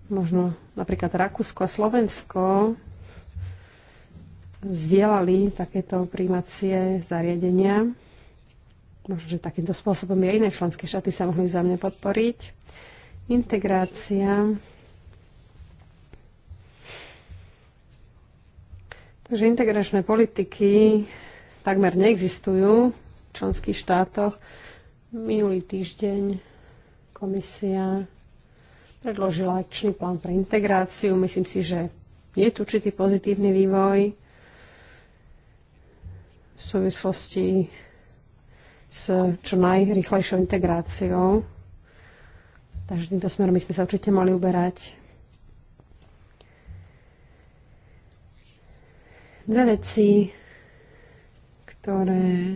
možno napríklad Rakúsko a Slovensko vzdielali takéto príjmacie zariadenia. Možno, že takýmto spôsobom aj iné členské štáty sa mohli za mňa podporiť. Integrácia. Takže integračné politiky takmer neexistujú v členských štátoch. Minulý týždeň komisia predložila akčný plán pre integráciu. Myslím si, že je tu určitý pozitívny vývoj v súvislosti s čo najrychlejšou integráciou Takže týmto smerom by sme sa určite mali uberať. Dve veci, ktoré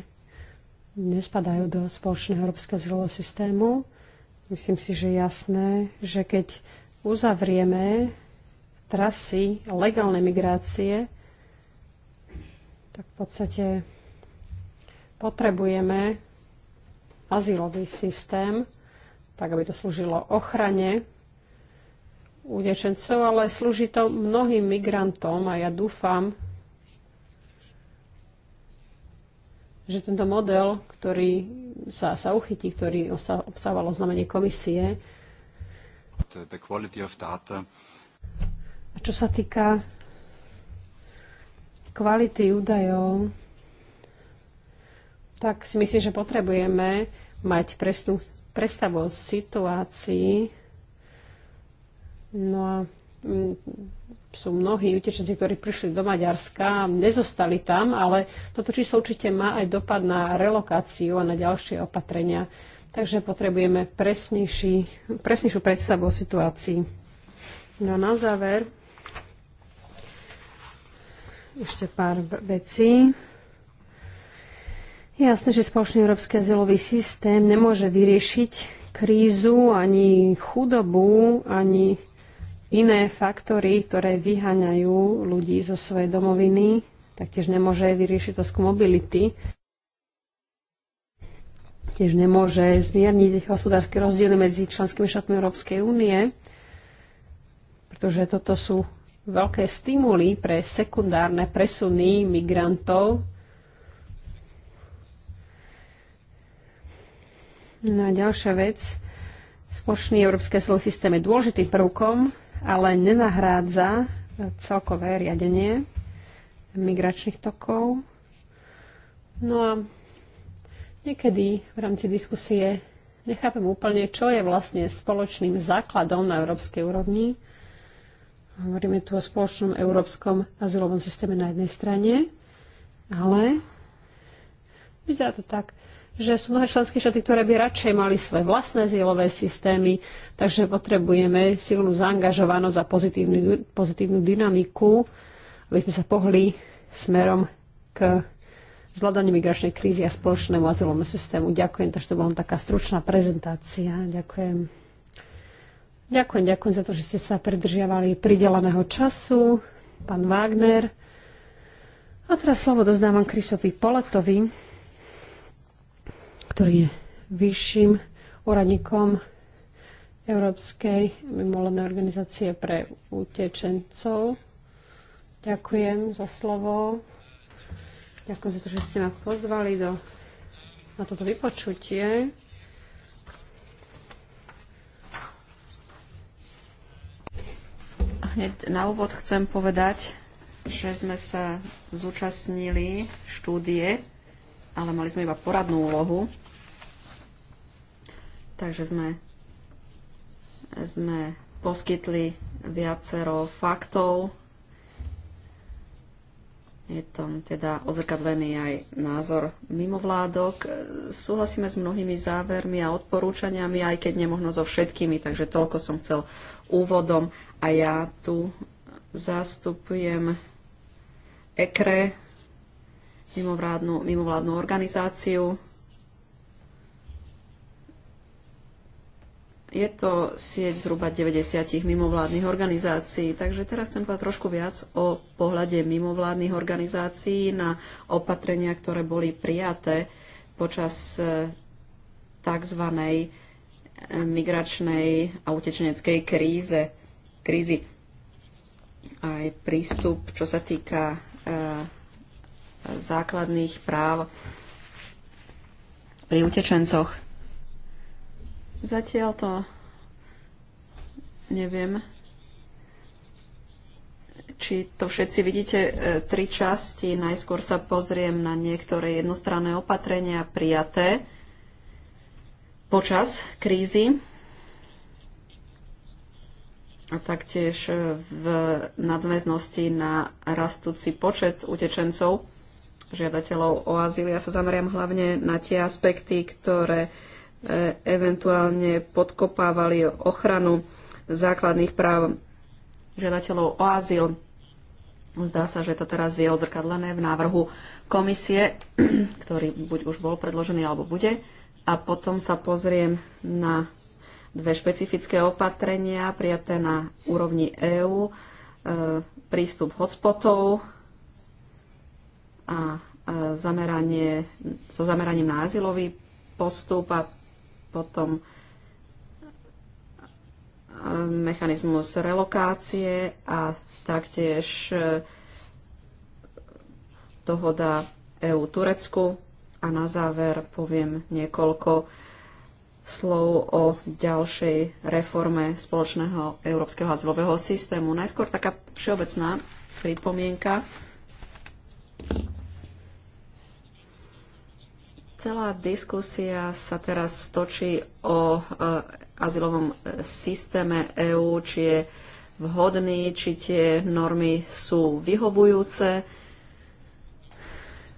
nespadajú do spoločného európskeho zvolového systému. Myslím si, že je jasné, že keď uzavrieme trasy legálnej migrácie, tak v podstate potrebujeme azylový systém, tak aby to slúžilo ochrane utečencov, ale slúži to mnohým migrantom a ja dúfam, že tento model, ktorý sa, sa uchytí, ktorý obsávalo znamenie komisie, the quality of data. A čo sa týka kvality údajov, tak si myslím, že potrebujeme mať presnú predstavu o situácii. No a mm, sú mnohí utečenci, ktorí prišli do Maďarska, nezostali tam, ale toto číslo určite má aj dopad na relokáciu a na ďalšie opatrenia. Takže potrebujeme presnejší, presnejšiu predstavu o situácii. No a na záver ešte pár vecí. Je jasné, že spoločný európsky azylový systém nemôže vyriešiť krízu, ani chudobu, ani iné faktory, ktoré vyhaňajú ľudí zo svojej domoviny. Taktiež nemôže vyriešiť otázku mobility. Tiež nemôže zmierniť hospodárske rozdiely medzi členskými štátmi Európskej únie, pretože toto sú veľké stimuly pre sekundárne presuny migrantov No a ďalšia vec. Spoločný európsky systém je dôležitým prvkom, ale nenahrádza celkové riadenie migračných tokov. No a niekedy v rámci diskusie nechápem úplne, čo je vlastne spoločným základom na európskej úrovni. Hovoríme tu o spoločnom európskom azylovom systéme na jednej strane, ale vyzerá to tak, že sú mnohé členské štáty, ktoré by radšej mali svoje vlastné zielové systémy, takže potrebujeme silnú zaangažovanosť a pozitívnu, pozitívnu dynamiku, aby sme sa pohli smerom k zvládaniu migračnej krízy a spoločnému azylovému systému. Ďakujem, takže to bola taká stručná prezentácia. Ďakujem. Ďakujem, ďakujem za to, že ste sa pridržiavali prideleného času, pán Wagner. A teraz slovo dozdávam Krisovi Poletovi ktorý je vyšším úradníkom Európskej mimoľadnej organizácie pre utečencov. Ďakujem za slovo. Ďakujem za to, že ste ma pozvali do, na toto vypočutie. Hneď na úvod chcem povedať, že sme sa zúčastnili štúdie ale mali sme iba poradnú úlohu. Takže sme, sme poskytli viacero faktov. Je tam teda ozrkadlený aj názor mimovládok. Súhlasíme s mnohými závermi a odporúčaniami, aj keď nemohno so všetkými, takže toľko som chcel úvodom. A ja tu zastupujem EKRE, mimovládnu, mimovládnu organizáciu. Je to sieť zhruba 90 mimovládnych organizácií, takže teraz chcem povedať trošku viac o pohľade mimovládnych organizácií na opatrenia, ktoré boli prijaté počas e, tzv. E, migračnej a utečeneckej kríze, krízy. Aj prístup, čo sa týka e, základných práv pri utečencoch. Zatiaľ to neviem, či to všetci vidíte, e, tri časti. Najskôr sa pozriem na niektoré jednostranné opatrenia prijaté počas krízy a taktiež v nadväznosti na rastúci počet utečencov žiadateľov o azyl. Ja sa zameriam hlavne na tie aspekty, ktoré e, eventuálne podkopávali ochranu základných práv žiadateľov o azyl. Zdá sa, že to teraz je odzrkadlené v návrhu komisie, (clears throat) ktorý buď už bol predložený, alebo bude. A potom sa pozriem na dve špecifické opatrenia prijaté na úrovni EÚ, e, prístup hotspotov a zameranie, so zameraním na azylový postup a potom e, mechanizmus relokácie a taktiež e, dohoda EU Turecku. A na záver poviem niekoľko slov o ďalšej reforme spoločného európskeho azylového systému. Najskôr taká všeobecná pripomienka. Celá diskusia sa teraz stočí o eh, azylovom eh, systéme EÚ, či je vhodný, či tie normy sú vyhovujúce,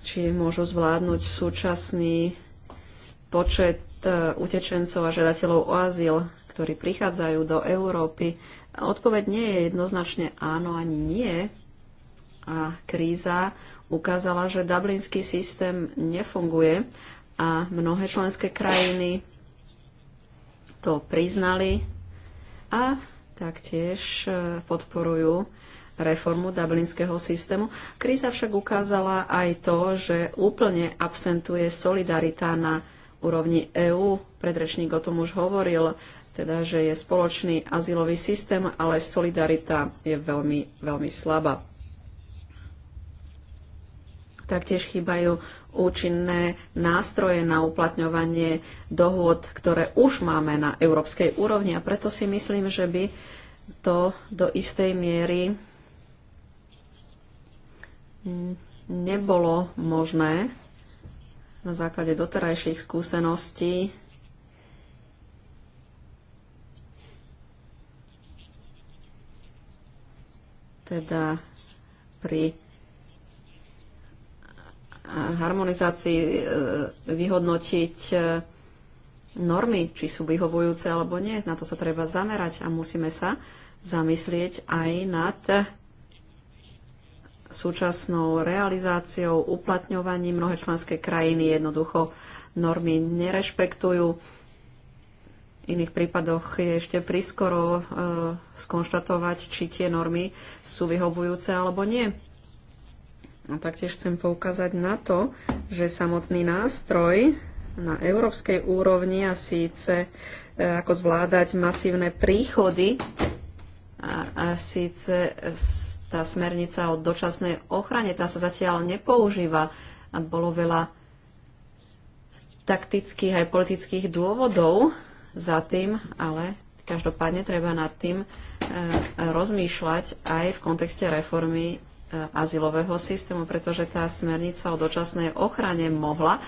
či môžu zvládnuť súčasný počet eh, utečencov a žiadateľov o azyl, ktorí prichádzajú do Európy. Odpoveď nie je jednoznačne áno ani nie. A kríza ukázala, že dublinský systém nefunguje a mnohé členské krajiny to priznali a taktiež e, podporujú reformu dublinského systému. Kríza však ukázala aj to, že úplne absentuje solidarita na úrovni EÚ. Predrečník o tom už hovoril, teda, že je spoločný azylový systém, ale solidarita je veľmi, veľmi slabá. Taktiež chýbajú účinné nástroje na uplatňovanie dohôd, ktoré už máme na európskej úrovni. A preto si myslím, že by to do istej miery nebolo možné na základe doterajších skúseností teda pri harmonizácii e, vyhodnotiť e, normy, či sú vyhovujúce alebo nie. Na to sa treba zamerať a musíme sa zamyslieť aj nad súčasnou realizáciou, uplatňovaním. Mnohé členské krajiny jednoducho normy nerešpektujú. V iných prípadoch je ešte priskoro e, skonštatovať, či tie normy sú vyhovujúce alebo nie. A taktiež chcem poukázať na to, že samotný nástroj na európskej úrovni a síce e, ako zvládať masívne príchody a, a síce tá smernica o dočasnej ochrane, tá sa zatiaľ nepoužíva a bolo veľa taktických aj politických dôvodov za tým, ale každopádne treba nad tým e, rozmýšľať aj v kontexte reformy azylového systému, pretože tá smernica o dočasnej ochrane mohla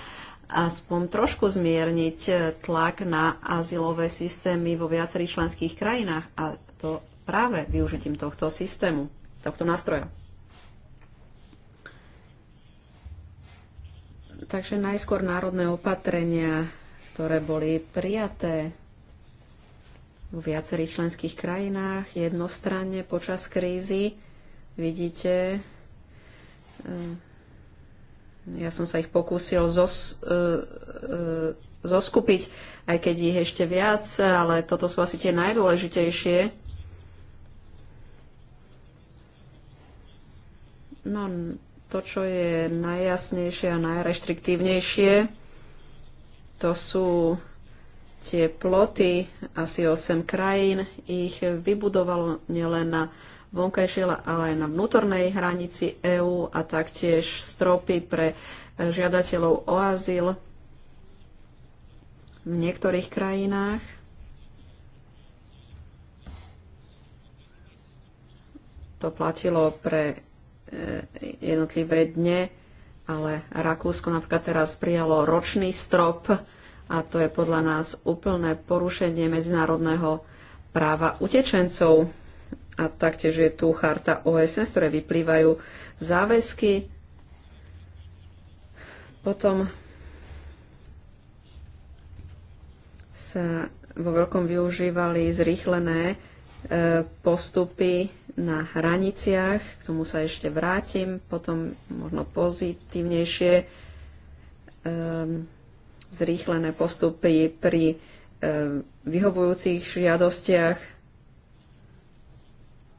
aspoň trošku zmierniť eh, tlak na azylové systémy vo viacerých členských krajinách a to práve využitím tohto systému, tohto nástroja. Takže najskôr národné opatrenia, ktoré boli prijaté v viacerých členských krajinách jednostranne počas krízy, Vidíte, eh, ja som sa ich pokúsil zos, eh, eh, zoskupiť, aj keď ich ešte viac, ale toto sú asi tie najdôležitejšie. No, to, čo je najjasnejšie a najreštriktívnejšie, to sú tie ploty, asi 8 krajín ich vybudovalo nielen na vonkajšej, ale aj na vnútornej hranici EÚ a taktiež stropy pre e, žiadateľov o azyl v niektorých krajinách. To platilo pre e, jednotlivé dne, ale Rakúsko napríklad teraz prijalo ročný strop a to je podľa nás úplné porušenie medzinárodného práva utečencov. A taktiež je tu charta OSN, z vyplývajú záväzky. Potom sa vo veľkom využívali zrýchlené e, postupy na hraniciach, k tomu sa ešte vrátim, potom možno pozitívnejšie e, zrýchlené postupy pri e, vyhovujúcich žiadostiach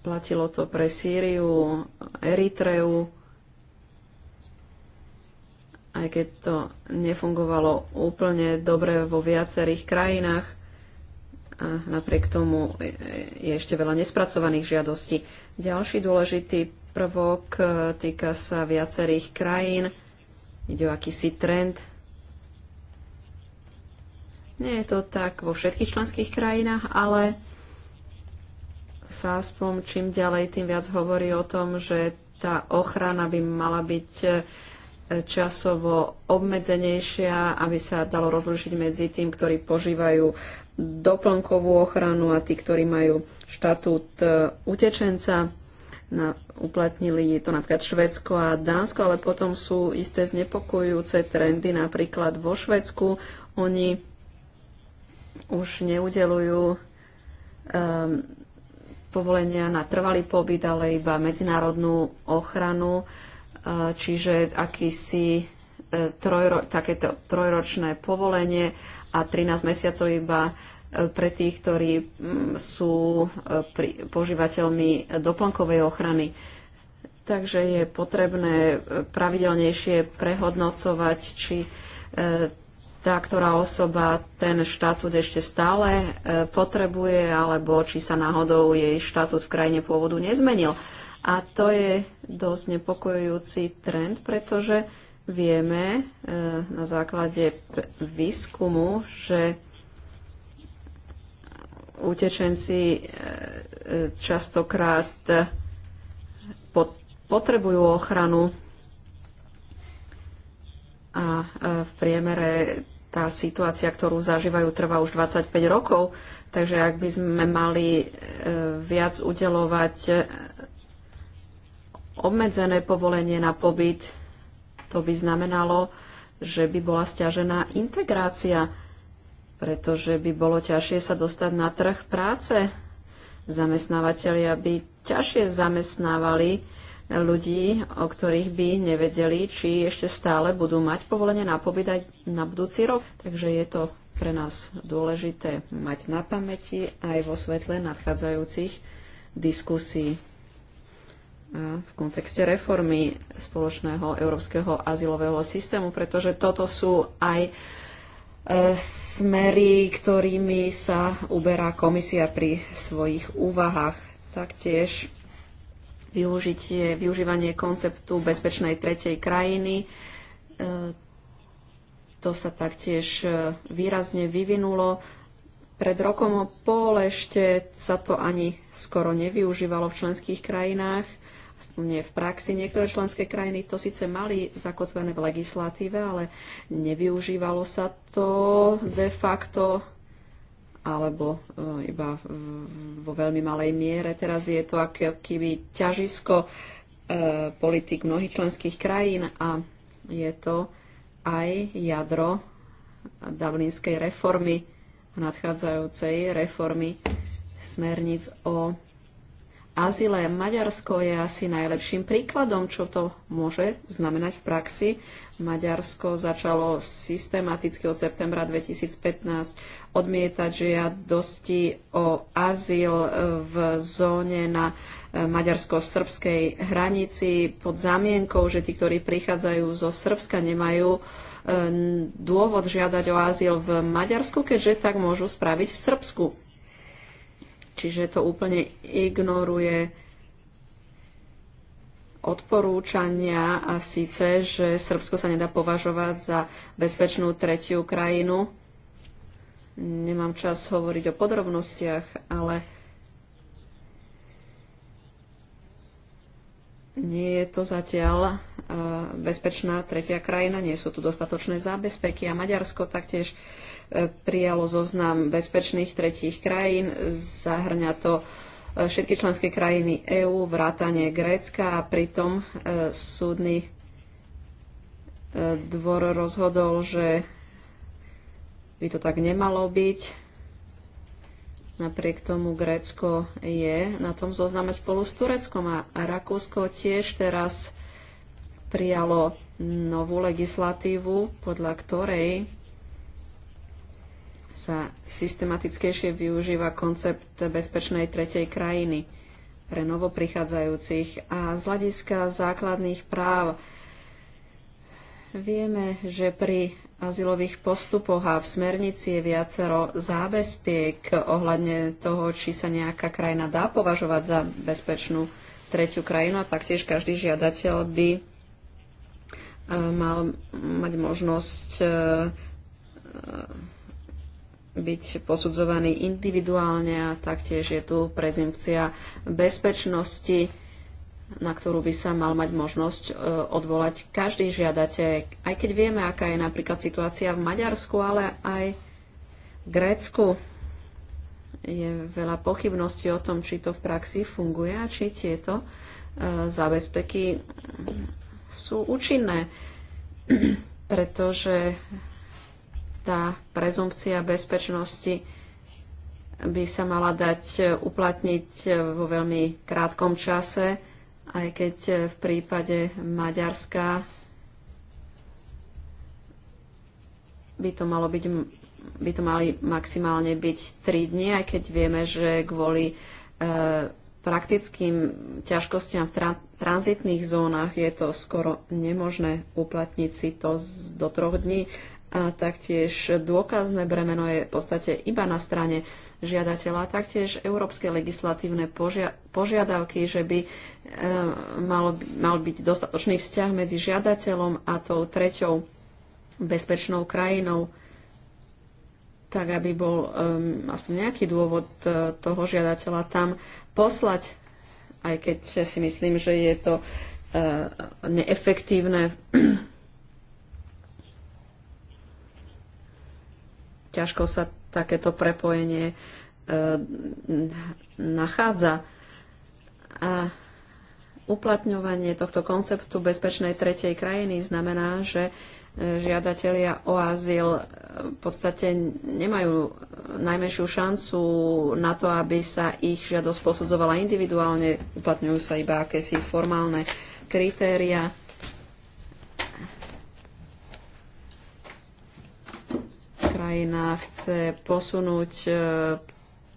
Platilo to pre Sýriu, Eritreu, aj keď to nefungovalo úplne dobre vo viacerých krajinách. A napriek tomu je ešte veľa nespracovaných žiadostí. Ďalší dôležitý prvok e, týka sa viacerých krajín. Ide o akýsi trend. Nie je to tak vo všetkých členských krajinách, ale sa aspoň čím ďalej, tým viac hovorí o tom, že tá ochrana by mala byť e, časovo obmedzenejšia, aby sa dalo rozlúšiť medzi tým, ktorí požívajú doplnkovú ochranu a tí, ktorí majú štatút e, utečenca. Na, uplatnili to napríklad Švedsko a Dánsko, ale potom sú isté znepokojujúce trendy napríklad vo Švedsku. Oni už neudelujú um, povolenia na trvalý pobyt, ale iba medzinárodnú ochranu, e, čiže akýsi e, trojro, takéto trojročné povolenie a 13 mesiacov iba e, pre tých, ktorí sú požívateľmi doplnkovej ochrany. Takže je potrebné pravidelnejšie prehodnocovať, či tá ktorá osoba ten štatút ešte stále e, potrebuje, alebo či sa náhodou jej štatút v krajine pôvodu nezmenil. A to je dosť nepokojujúci trend, pretože vieme e, na základe výskumu, že utečenci e, častokrát potrebujú ochranu a v priemere tá situácia, ktorú zažívajú, trvá už 25 rokov, takže ak by sme mali e, viac udelovať e, obmedzené povolenie na pobyt, to by znamenalo, že by bola stiažená integrácia, pretože by bolo ťažšie sa dostať na trh práce. Zamestnávateľia by ťažšie zamestnávali ľudí, o ktorých by nevedeli, či ešte stále budú mať povolenie na pobyt aj na budúci rok. Takže je to pre nás dôležité mať na pamäti aj vo svetle nadchádzajúcich diskusí v kontexte reformy spoločného európskeho azylového systému, pretože toto sú aj e, smery, ktorými sa uberá komisia pri svojich úvahách. Taktiež využitie, využívanie konceptu bezpečnej tretej krajiny. E, to sa taktiež e, výrazne vyvinulo. Pred rokom o pol ešte sa to ani skoro nevyužívalo v členských krajinách, nie v praxi. Niektoré členské krajiny to síce mali zakotvené v legislatíve, ale nevyužívalo sa to de facto alebo e, iba vo veľmi malej miere. Teraz je to ako keby ťažisko e, politik mnohých členských krajín a je to aj jadro Dublinskej reformy, nadchádzajúcej reformy smerníc o azyle. Maďarsko je asi najlepším príkladom, čo to môže znamenať v praxi. Maďarsko začalo systematicky od septembra 2015 odmietať žiadosti o azyl e, v zóne na e, maďarsko-srbskej hranici pod zamienkou, že tí, ktorí prichádzajú zo Srbska, nemajú e, dôvod žiadať o azyl v Maďarsku, keďže tak môžu spraviť v Srbsku. Čiže to úplne ignoruje odporúčania a síce, že Srbsko sa nedá považovať za bezpečnú tretiu krajinu. Nemám čas hovoriť o podrobnostiach, ale nie je to zatiaľ e, bezpečná tretia krajina, nie sú tu dostatočné zábezpeky a Maďarsko taktiež prijalo zoznam bezpečných tretích krajín. Zahrňa to e, všetky členské krajiny EÚ, vrátanie Grécka a pritom e, súdny e, dvor rozhodol, že by to tak nemalo byť. Napriek tomu Grécko je na tom zozname spolu s Tureckom a Rakúsko tiež teraz prijalo novú legislatívu, podľa ktorej sa systematickejšie využíva koncept bezpečnej tretej krajiny pre novoprichádzajúcich a z hľadiska základných práv vieme, že pri azylových postupoch a v smernici je viacero zábezpiek ohľadne toho, či sa nejaká krajina dá považovať za bezpečnú tretiu krajinu a taktiež každý žiadateľ by e, mal mať možnosť e, byť posudzovaný individuálne a taktiež je tu prezumpcia bezpečnosti, na ktorú by sa mal mať možnosť e, odvolať každý žiadateľ. Aj keď vieme, aká je napríklad situácia v Maďarsku, ale aj v Grécku je veľa pochybností o tom, či to v praxi funguje a či tieto e, zabezpeky sú účinné, (clears throat) pretože tá prezumpcia bezpečnosti by sa mala dať uplatniť vo veľmi krátkom čase, aj keď v prípade Maďarska by to, malo byť, by to mali maximálne byť 3 dni, aj keď vieme, že kvôli e, praktickým ťažkostiam v tra- tranzitných zónach je to skoro nemožné uplatniť si to z, do troch dní a taktiež dôkazné bremeno je v podstate iba na strane žiadateľa. Taktiež európske legislatívne požia- požiadavky, že by e, mal, mal byť dostatočný vzťah medzi žiadateľom a tou treťou bezpečnou krajinou, tak aby bol um, e, aspoň nejaký dôvod e, toho žiadateľa tam poslať, aj keď si myslím, že je to uh, neefektívne ťažko sa takéto prepojenie e, nachádza. A uplatňovanie tohto konceptu bezpečnej tretej krajiny znamená, že e, žiadatelia o azyl e, v podstate nemajú najmenšiu šancu na to, aby sa ich žiadosť posudzovala individuálne. Uplatňujú sa iba akési formálne kritéria. krajina chce posunúť e,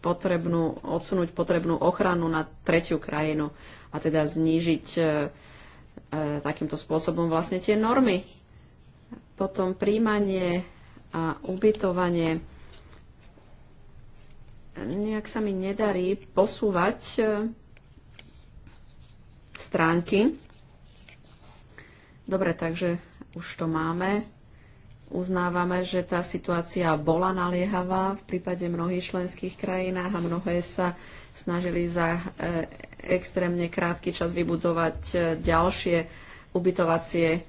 potrebnú, odsunúť potrebnú ochranu na tretiu krajinu a teda znížiť e, e, takýmto spôsobom vlastne tie normy. Potom príjmanie a ubytovanie. Nejak sa mi nedarí posúvať stránky. Dobre, takže už to máme uznávame, že tá situácia bola naliehavá v prípade mnohých členských krajinách a mnohé sa snažili za e, extrémne krátky čas vybudovať e, ďalšie ubytovacie e,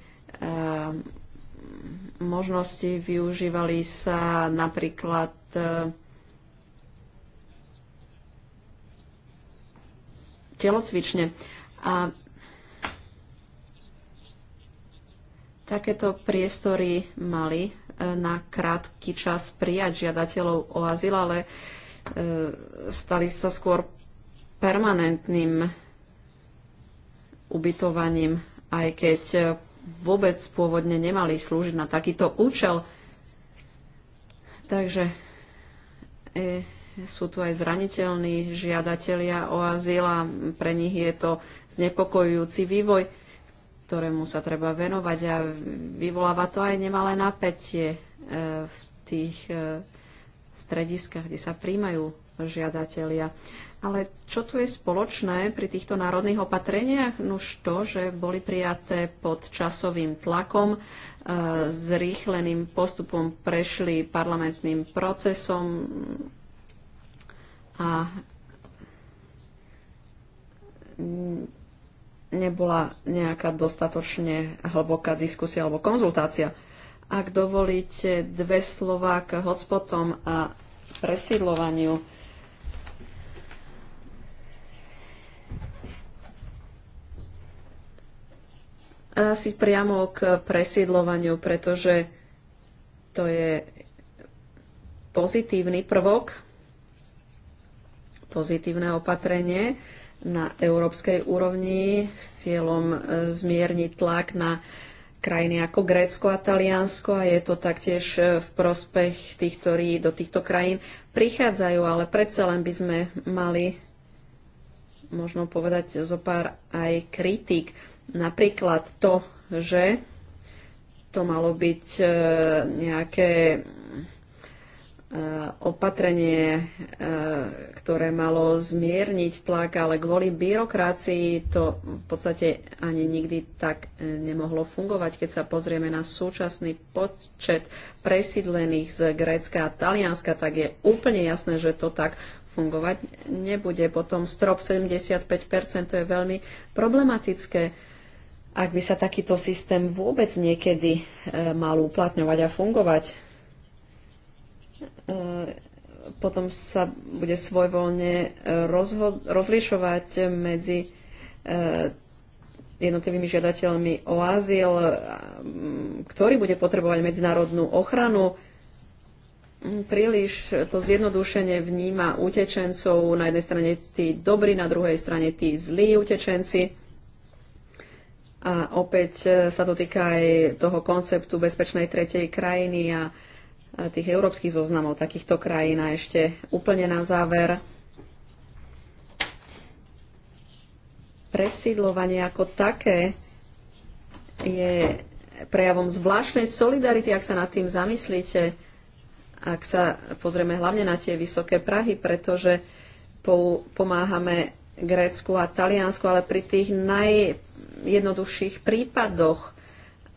možnosti. Využívali sa napríklad telocvične. A takéto priestory mali e, na krátky čas prijať žiadateľov o azyl, ale e, stali sa skôr permanentným ubytovaním, aj keď e, vôbec pôvodne nemali slúžiť na takýto účel. Takže e, sú tu aj zraniteľní žiadatelia o azyl a pre nich je to znepokojujúci vývoj ktorému sa treba venovať a vyvoláva to aj nemalé napätie e, v tých e, strediskách, kde sa príjmajú žiadatelia. Ale čo tu je spoločné pri týchto národných opatreniach? Nuž to, že boli prijaté pod časovým tlakom, zrýchleným e, postupom prešli parlamentným procesom a nebola nejaká dostatočne hlboká diskusia alebo konzultácia. Ak dovolíte dve slova k hotspotom a presídlovaniu, asi priamo k presídlovaniu, pretože to je pozitívny prvok, pozitívne opatrenie na európskej úrovni s cieľom e, zmierniť tlak na krajiny ako Grécko a Taliansko a je to taktiež e, v prospech tých, ktorí do týchto krajín prichádzajú, ale predsa len by sme mali možno povedať zo pár aj kritik. Napríklad to, že to malo byť e, nejaké E, opatrenie, e, ktoré malo zmierniť tlak, ale kvôli byrokracii to v podstate ani nikdy tak e, nemohlo fungovať. Keď sa pozrieme na súčasný počet presídlených z Grécka a Talianska, tak je úplne jasné, že to tak fungovať nebude. Potom strop 75% to je veľmi problematické. Ak by sa takýto systém vôbec niekedy mal uplatňovať a fungovať, E, potom sa bude svojvoľne e, rozlišovať medzi e, jednotlivými žiadateľmi o azyl, ktorý bude potrebovať medzinárodnú ochranu. Príliš to zjednodušenie vníma utečencov, na jednej strane tí dobrí, na druhej strane tí zlí utečenci. A opäť sa to týka aj toho konceptu bezpečnej tretej krajiny a tých európskych zoznamov takýchto krajín. A ešte úplne na záver presídlovanie ako také je prejavom zvláštnej solidarity, ak sa nad tým zamyslíte, ak sa pozrieme hlavne na tie vysoké Prahy, pretože pomáhame Grécku a Taliansku, ale pri tých najjednoduchších prípadoch.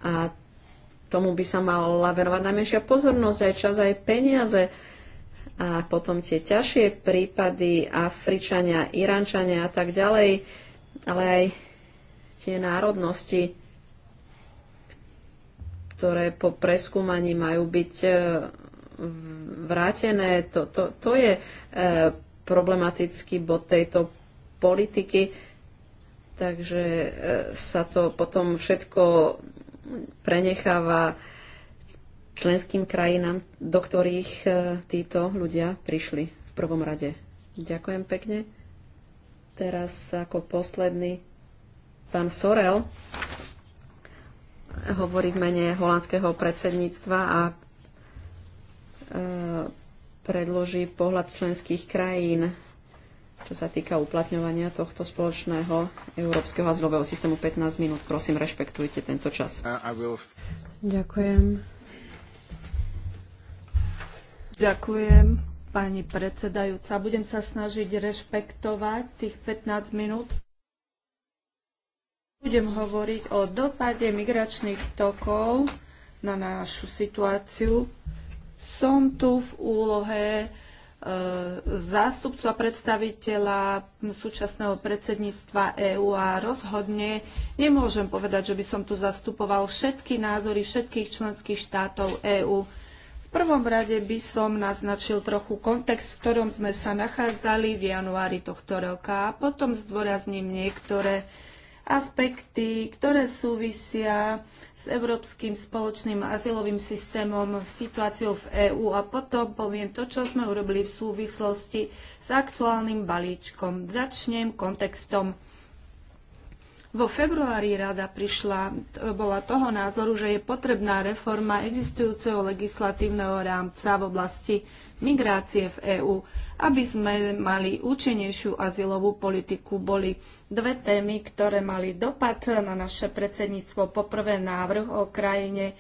A tomu by sa mala venovať najmenšia pozornosť, aj čas, aj peniaze. A potom tie ťažšie prípady Afričania, Irančania a tak ďalej, ale aj tie národnosti, ktoré po preskúmaní majú byť e, vrátené, to, to, to je e, problematický bod tejto politiky, takže e, sa to potom všetko prenecháva členským krajinám, do ktorých e, títo ľudia prišli v prvom rade. Ďakujem pekne. Teraz ako posledný pán Sorel hovorí v mene holandského predsedníctva a e, predloží pohľad členských krajín čo sa týka uplatňovania tohto spoločného európskeho azylového systému 15 minút. Prosím, rešpektujte tento čas. Uh, Ďakujem. Ďakujem, pani predsedajúca. Budem sa snažiť rešpektovať tých 15 minút. Budem hovoriť o dopade migračných tokov na našu situáciu. Som tu v úlohe zástupcu a predstaviteľa súčasného predsedníctva EÚ a rozhodne nemôžem povedať, že by som tu zastupoval všetky názory všetkých členských štátov EÚ. V prvom rade by som naznačil trochu kontext, v ktorom sme sa nachádzali v januári tohto roka a potom zdôrazním niektoré aspekty, ktoré súvisia s európskym spoločným azylovým systémom, situáciou v EÚ a potom poviem to, čo sme urobili v súvislosti s aktuálnym balíčkom. Začnem kontextom. Vo februári rada prišla, bola toho názoru, že je potrebná reforma existujúceho legislatívneho rámca v oblasti migrácie v EÚ, aby sme mali účinnejšiu azylovú politiku. Boli dve témy, ktoré mali dopad na naše predsedníctvo. Poprvé návrh o krajine,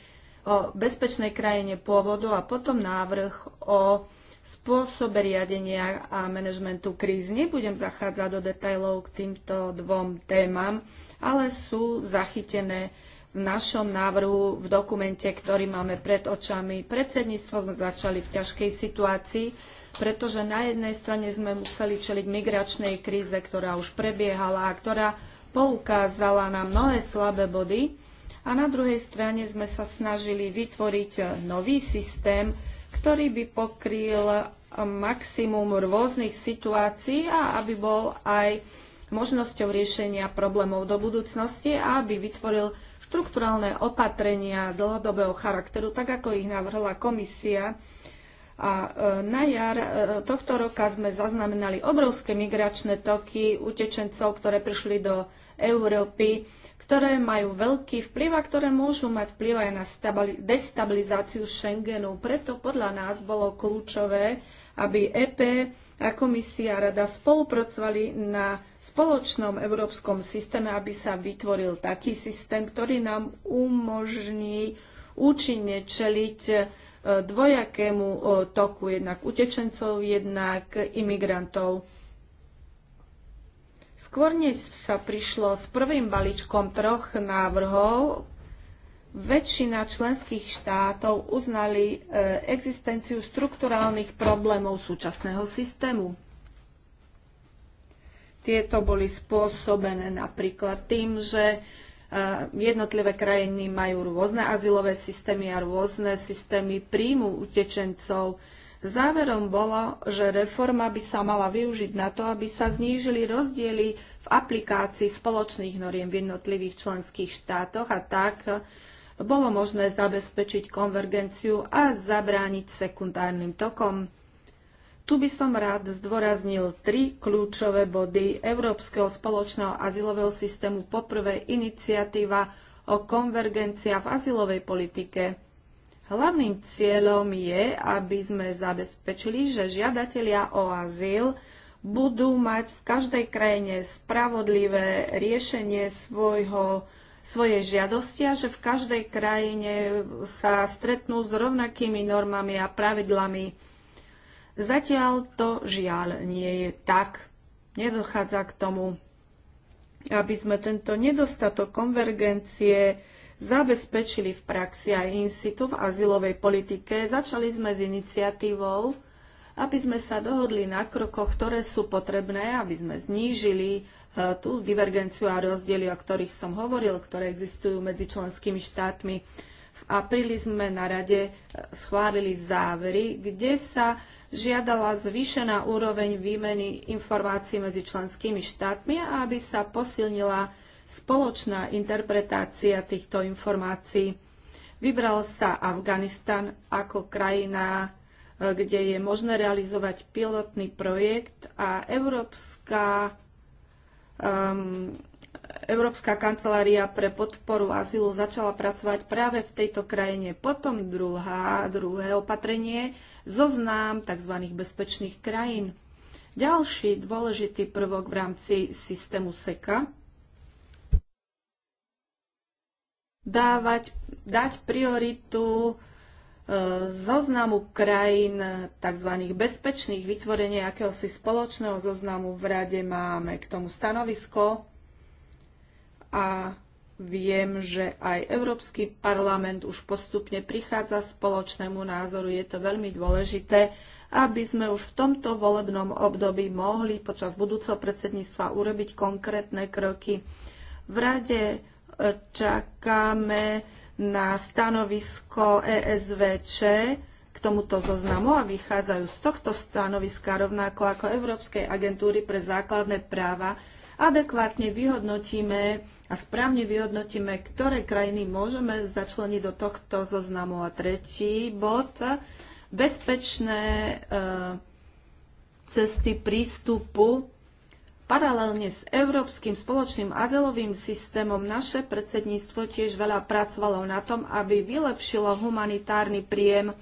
o bezpečnej krajine pôvodu a potom návrh o spôsobe riadenia a manažmentu kríz. Nebudem zachádzať do detajlov k týmto dvom témam, ale sú zachytené v našom návrhu, v dokumente, ktorý máme pred očami. Predsedníctvo sme začali v ťažkej situácii, pretože na jednej strane sme museli čeliť migračnej kríze, ktorá už prebiehala a ktorá poukázala na mnohé slabé body. A na druhej strane sme sa snažili vytvoriť nový systém, ktorý by pokryl maximum rôznych situácií a aby bol aj možnosťou riešenia problémov do budúcnosti a aby vytvoril štrukturálne opatrenia dlhodobého charakteru, tak ako ich navrhla komisia. A e, na jar e, tohto roka sme zaznamenali obrovské migračné toky utečencov, ktoré prišli do Európy, ktoré majú veľký vplyv a ktoré môžu mať vplyv aj na destabilizáciu Schengenu. Preto podľa nás bolo kľúčové, aby EP a komisia rada spolupracovali na spoločnom európskom systéme, aby sa vytvoril taký systém, ktorý nám umožní účinne čeliť e, dvojakému e, toku, jednak utečencov, jednak imigrantov. Skôr než sa prišlo s prvým balíčkom troch návrhov, väčšina členských štátov uznali e, existenciu štrukturálnych problémov súčasného systému. Tieto boli spôsobené napríklad tým, že e, jednotlivé krajiny majú rôzne azylové systémy a rôzne systémy príjmu utečencov. Záverom bolo, že reforma by sa mala využiť na to, aby sa znížili rozdiely v aplikácii spoločných noriem v jednotlivých členských štátoch a tak bolo možné zabezpečiť konvergenciu a zabrániť sekundárnym tokom. Tu by som rád zdôraznil tri kľúčové body Európskeho spoločného azylového systému. Poprvé, iniciatíva o konvergencia v azylovej politike. Hlavným cieľom je, aby sme zabezpečili, že žiadatelia o azyl budú mať v každej krajine spravodlivé riešenie svojho, svojej žiadosti a že v každej krajine sa stretnú s rovnakými normami a pravidlami Zatiaľ to žiaľ nie je tak. Nedochádza k tomu, aby sme tento nedostatok konvergencie zabezpečili v praxi aj in situ v azylovej politike. Začali sme s iniciatívou, aby sme sa dohodli na krokoch, ktoré sú potrebné, aby sme znížili e, tú divergenciu a rozdiely, o ktorých som hovoril, ktoré existujú medzi členskými štátmi. V apríli sme na rade e, schválili závery, kde sa žiadala zvýšená úroveň výmeny informácií medzi členskými štátmi a aby sa posilnila spoločná interpretácia týchto informácií. Vybral sa Afganistan ako krajina, e, kde je možné realizovať pilotný projekt a Európska um, Európska kancelária pre podporu azylu začala pracovať práve v tejto krajine. Potom druhá, druhé opatrenie, zoznám tzv. bezpečných krajín. Ďalší dôležitý prvok v rámci systému SECA dávať, dať prioritu e, zoznamu krajín e, tzv. bezpečných, vytvorenie akéhosi spoločného zoznamu v rade máme k tomu stanovisko a viem, že aj Európsky parlament už postupne prichádza spoločnému názoru. Je to veľmi dôležité, aby sme už v tomto volebnom období mohli počas budúceho predsedníctva urobiť konkrétne kroky. V rade e, čakáme na stanovisko ESVČ k tomuto zoznamu a vychádzajú z tohto stanoviska rovnako ako Európskej agentúry pre základné práva adekvátne vyhodnotíme a správne vyhodnotíme, ktoré krajiny môžeme začleniť do tohto zoznamu. A tretí bod, bezpečné e, cesty prístupu Paralelne s európskym spoločným azylovým systémom naše predsedníctvo tiež veľa pracovalo na tom, aby vylepšilo humanitárny príjem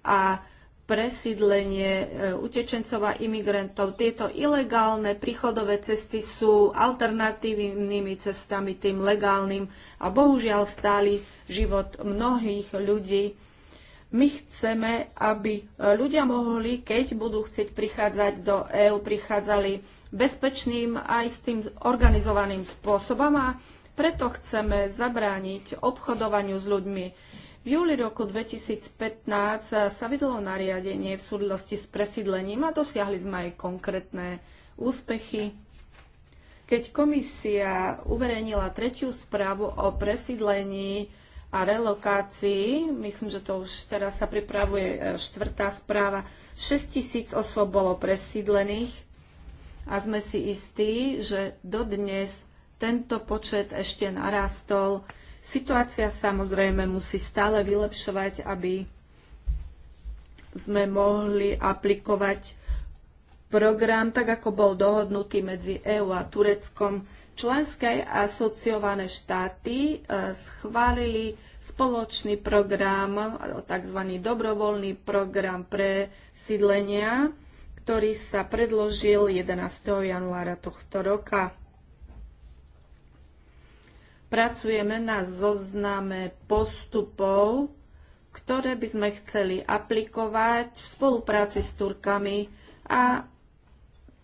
a presídlenie e, utečencov a imigrantov. Tieto ilegálne príchodové cesty sú alternatívnymi cestami tým legálnym a bohužiaľ stáli život mnohých ľudí. My chceme, aby e, ľudia mohli, keď budú chcieť prichádzať do EÚ, prichádzali bezpečným aj s tým organizovaným spôsobom a preto chceme zabrániť obchodovaniu s ľuďmi v júli roku 2015 sa vydalo nariadenie v súvislosti s presídlením a dosiahli sme aj konkrétne úspechy. Keď komisia uverejnila tretiu správu o presídlení a relokácii, myslím, že to už teraz sa pripravuje e, štvrtá správa, 6 tisíc osôb bolo presídlených a sme si istí, že dodnes tento počet ešte narastol. Situácia samozrejme musí stále vylepšovať, aby sme mohli aplikovať program, tak ako bol dohodnutý medzi EÚ a Tureckom. Členské asociované štáty e, schválili spoločný program, tzv. dobrovoľný program pre sídlenia, ktorý sa predložil 11. januára tohto roka pracujeme na zozname postupov, ktoré by sme chceli aplikovať v spolupráci s Turkami a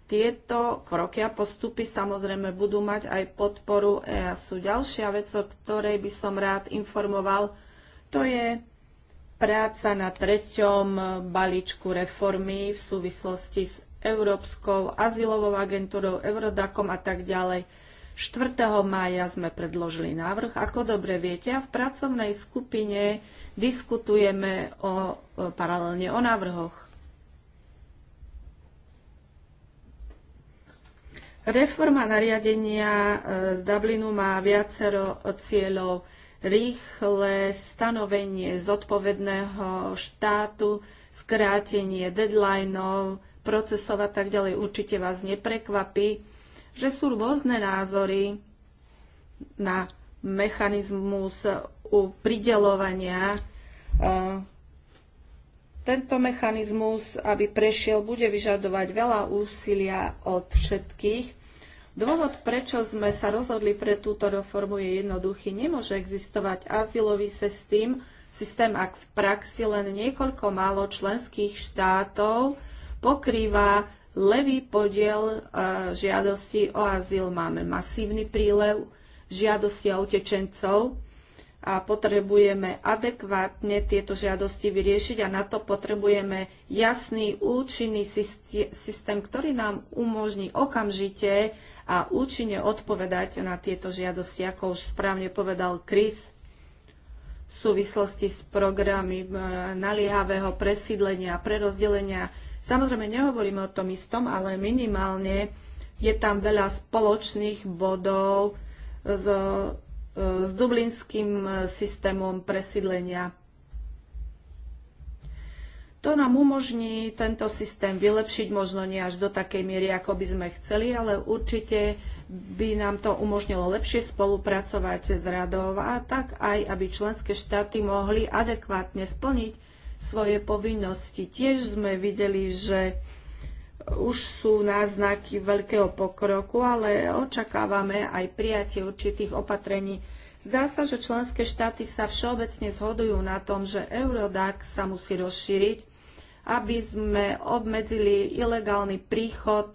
tieto kroky a postupy samozrejme budú mať aj podporu EASu. Ďalšia vec, o ktorej by som rád informoval, to je práca na treťom balíčku reformy v súvislosti s Európskou azylovou agentúrou, Eurodakom a tak ďalej. 4. mája sme predložili návrh. Ako dobre viete, a v pracovnej skupine diskutujeme o, o, paralelne o návrhoch. Reforma nariadenia e, z Dublinu má viacero cieľov. Rýchle stanovenie zodpovedného štátu, skrátenie deadlineov, procesov a tak ďalej. Určite vás neprekvapí, že sú rôzne názory na mechanizmus u pridelovania. Tento mechanizmus, aby prešiel, bude vyžadovať veľa úsilia od všetkých. Dôvod, prečo sme sa rozhodli pre túto reformu, je jednoduchý. Nemôže existovať azylový systém, systém, ak v praxi len niekoľko málo členských štátov pokrýva levý podiel e, žiadosti o azyl. Máme masívny prílev žiadosti a utečencov a potrebujeme adekvátne tieto žiadosti vyriešiť a na to potrebujeme jasný, účinný systém, ktorý nám umožní okamžite a účinne odpovedať na tieto žiadosti, ako už správne povedal Chris v súvislosti s programy e, naliehavého presídlenia a prerozdelenia Samozrejme, nehovoríme o tom istom, ale minimálne je tam veľa spoločných bodov s, e, s dublinským e, systémom presídlenia. To nám umožní tento systém vylepšiť, možno nie až do takej miery, ako by sme chceli, ale určite by nám to umožnilo lepšie spolupracovať s radov a tak aj, aby členské štáty mohli adekvátne splniť svoje povinnosti. Tiež sme videli, že už sú náznaky veľkého pokroku, ale očakávame aj prijatie určitých opatrení. Zdá sa, že členské štáty sa všeobecne zhodujú na tom, že Eurodax sa musí rozšíriť, aby sme obmedzili ilegálny príchod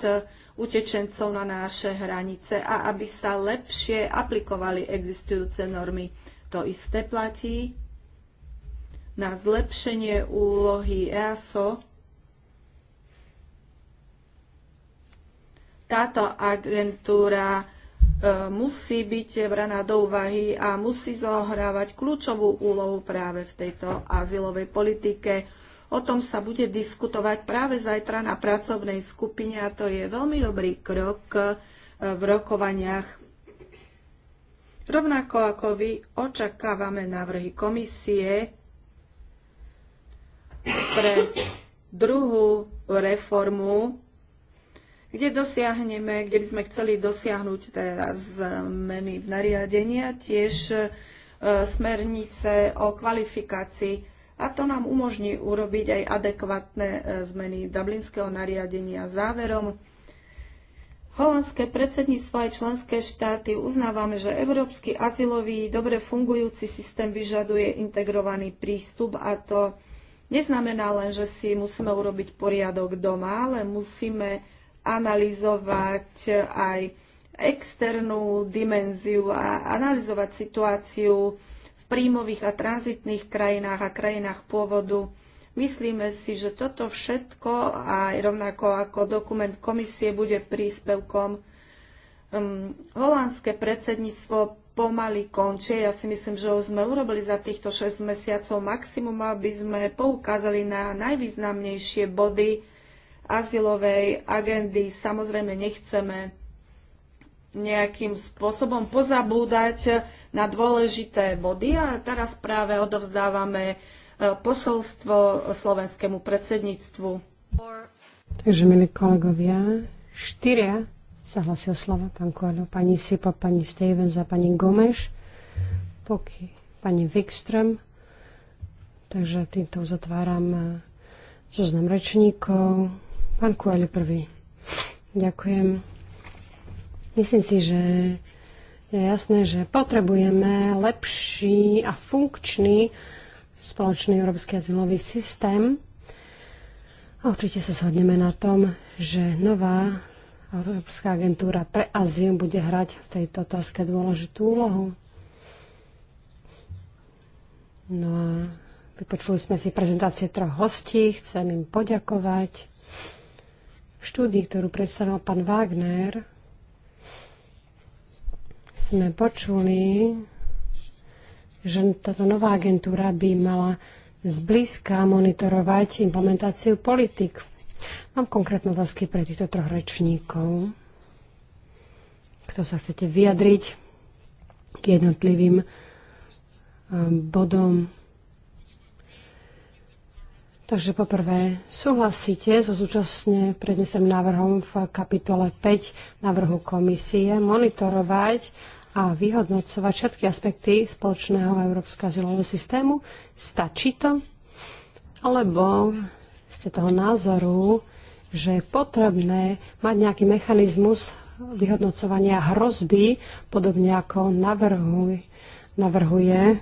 utečencov na naše hranice a aby sa lepšie aplikovali existujúce normy. To isté platí na zlepšenie úlohy EASO. Táto agentúra e, musí byť braná do úvahy a musí zohrávať kľúčovú úlohu práve v tejto azylovej politike. O tom sa bude diskutovať práve zajtra na pracovnej skupine a to je veľmi dobrý krok e, v rokovaniach. Rovnako ako vy očakávame návrhy komisie pre druhú reformu, kde dosiahneme, kde by sme chceli dosiahnuť teraz zmeny v nariadení a tiež e, smernice o kvalifikácii. A to nám umožní urobiť aj adekvátne e, zmeny dublinského nariadenia. Záverom, holandské predsedníctvo aj členské štáty uznávame, že európsky azylový dobre fungujúci systém vyžaduje integrovaný prístup a to neznamená len, že si musíme urobiť poriadok doma, ale musíme analyzovať aj externú dimenziu a analyzovať situáciu v príjmových a tranzitných krajinách a krajinách pôvodu. Myslíme si, že toto všetko, aj rovnako ako dokument komisie, bude príspevkom. Um, holandské predsedníctvo pomaly končí. Ja si myslím, že už sme urobili za týchto 6 mesiacov maximum, aby sme poukázali na najvýznamnejšie body azylovej agendy. Samozrejme nechceme nejakým spôsobom pozabúdať na dôležité body a teraz práve odovzdávame e, posolstvo slovenskému predsedníctvu. Takže, milí kolegovia, štyria Zahlasil slova pán Koalo, pani Sipa, pani Stevens a pani Gomeš, poky, pani Wikström. Takže týmto uzatváram eh, zoznam rečníkov. Pán Koalo prvý. Ďakujem. Myslím si, že je jasné, že potrebujeme lepší a funkčný spoločný európsky azylový systém. A určite sa shodneme na tom, že nová Európska agentúra pre Aziu bude hrať v tejto otázke dôležitú úlohu. No a vypočuli sme si prezentácie troch hostí, chcem im poďakovať. V štúdii, ktorú predstavil pán Wagner, sme počuli, že táto nová agentúra by mala zblízka monitorovať implementáciu politik Mám konkrétne otázky pre týchto troch rečníkov. Kto sa chcete vyjadriť k jednotlivým eh, bodom? Takže poprvé, súhlasíte so súčasne prednesem návrhom v kapitole 5 návrhu komisie monitorovať a vyhodnocovať všetky aspekty spoločného európskeho azylového systému? Stačí to? Alebo ste toho názoru, že je potrebné mať nejaký mechanizmus vyhodnocovania hrozby, podobne ako navrhuj, navrhuje um,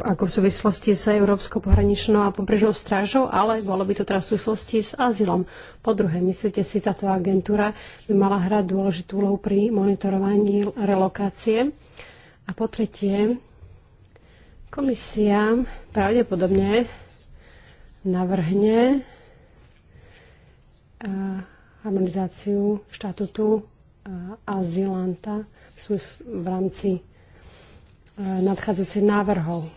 ako v súvislosti s Európskou pohraničnou a pobrežnou strážou, ale bolo by to teraz v súvislosti s azylom. Po druhé, myslíte si, táto agentúra by mala hrať dôležitú úlohu pri monitorovaní relokácie? A po tretie, komisia pravdepodobne navrhne eh, harmonizáciu štatutu eh, azylanta v rámci eh, nadchádzajúcich návrhov.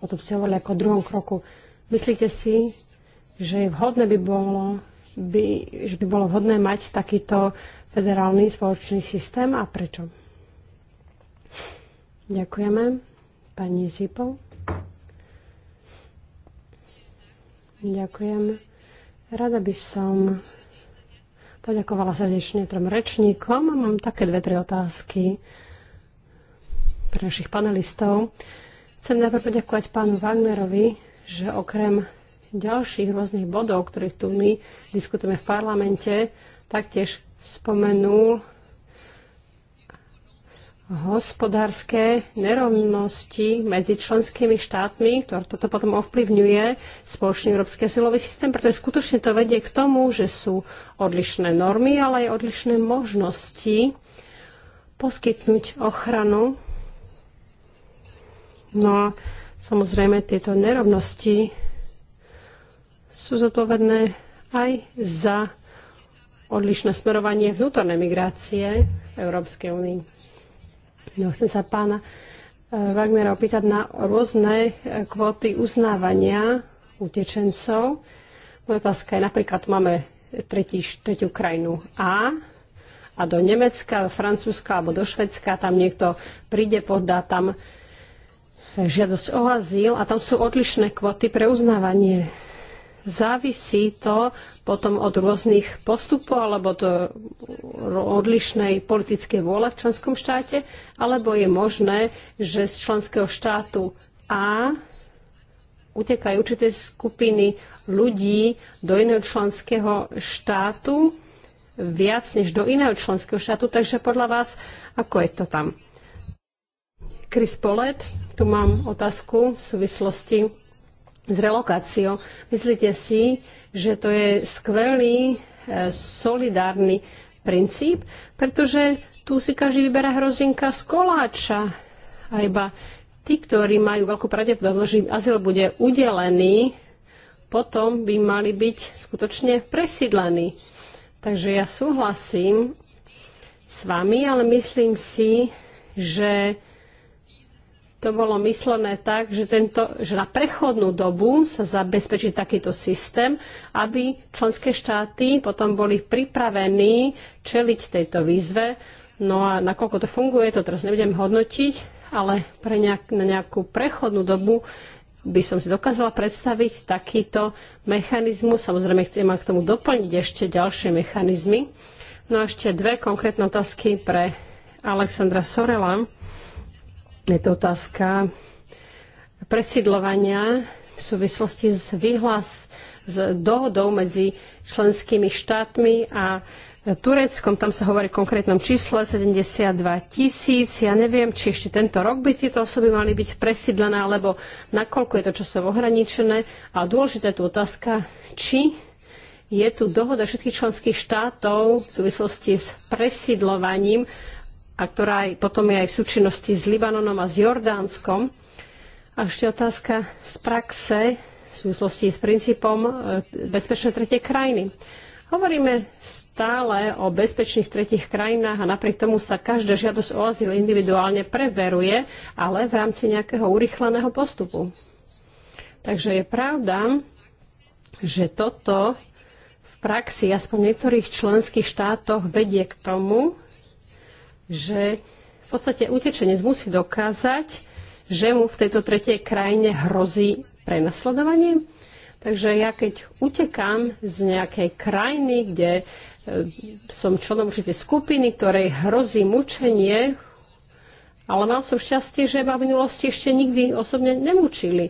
O tom ste hovorili ako o druhom kroku. Myslíte si, že vhodné by bolo, by, že by bolo vhodné mať takýto federálny spoločný systém a prečo? Ďakujeme. Pani Zipov. Ďakujem. Rada by som poďakovala srdečne trom rečníkom. Mám také dve, tri otázky pre našich panelistov. Chcem najprv poďakovať pánu Wagnerovi, že okrem ďalších rôznych bodov, ktorých tu my diskutujeme v parlamente, taktiež spomenul hospodárske nerovnosti medzi členskými štátmi, ktoré toto potom ovplyvňuje spoločný európsky asilový systém, pretože skutočne to vedie k tomu, že sú odlišné normy, ale aj odlišné možnosti poskytnúť ochranu. No a samozrejme tieto nerovnosti sú zodpovedné aj za odlišné smerovanie vnútornej migrácie v Európskej únii. No, chcem sa pána e, Wagnera opýtať na rôzne e, kvóty uznávania utečencov. Moja otázka je, napríklad máme tretí, tretiu krajinu A a do Nemecka, Francúzska alebo do Švedska tam niekto príde, podá tam e, žiadosť o azyl a tam sú odlišné kvoty pre uznávanie závisí to potom od rôznych postupov alebo od e, odlišnej politickej vôle v členskom štáte, alebo je možné, že z členského štátu A utekajú určité skupiny ľudí do iného členského štátu viac než do iného členského štátu. Takže podľa vás, ako je to tam? Chris Polet, tu mám otázku v súvislosti s relokáciou. Myslíte si, že to je skvelý, e, solidárny princíp, pretože tu si každý vyberá hrozinka z koláča. A iba tí, ktorí majú veľkú pravdepodobnosť, že im azyl bude udelený, potom by mali byť skutočne presídlení. Takže ja súhlasím s vami, ale myslím si, že to bolo myslené tak, že, tento, že na prechodnú dobu sa zabezpečí takýto systém, aby členské štáty potom boli pripravení čeliť tejto výzve. No a nakoľko to funguje, to teraz nebudem hodnotiť, ale pre nejak, na nejakú prechodnú dobu by som si dokázala predstaviť takýto mechanizmus. Samozrejme, chcem k tomu doplniť ešte ďalšie mechanizmy. No a ešte dve konkrétne otázky pre Alexandra Sorela. Je to otázka presidlovania v súvislosti s výhlas, s dohodou medzi členskými štátmi a Tureckom. Tam sa hovorí o konkrétnom čísle 72 tisíc. Ja neviem, či ešte tento rok by tieto osoby mali byť presídlené, alebo nakoľko je to časovo ohraničené. A dôležitá je tu otázka, či je tu dohoda všetkých členských štátov v súvislosti s presídlovaním a ktorá aj, potom je aj v súčinnosti s Libanonom a s Jordánskom. A ešte otázka z praxe v súvislosti s princípom e, bezpečnej tretej krajiny. Hovoríme stále o bezpečných tretich krajinách a napriek tomu sa každá žiadosť o azyl individuálne preveruje, ale v rámci nejakého urychleného postupu. Takže je pravda, že toto v praxi aspoň v niektorých členských štátoch vedie k tomu, že v podstate utečenec musí dokázať, že mu v tejto tretej krajine hrozí prenasledovanie. Takže ja keď utekám z nejakej krajiny, kde e, som členom určitej skupiny, ktorej hrozí mučenie, ale mal som šťastie, že ma v minulosti ešte nikdy osobne nemučili.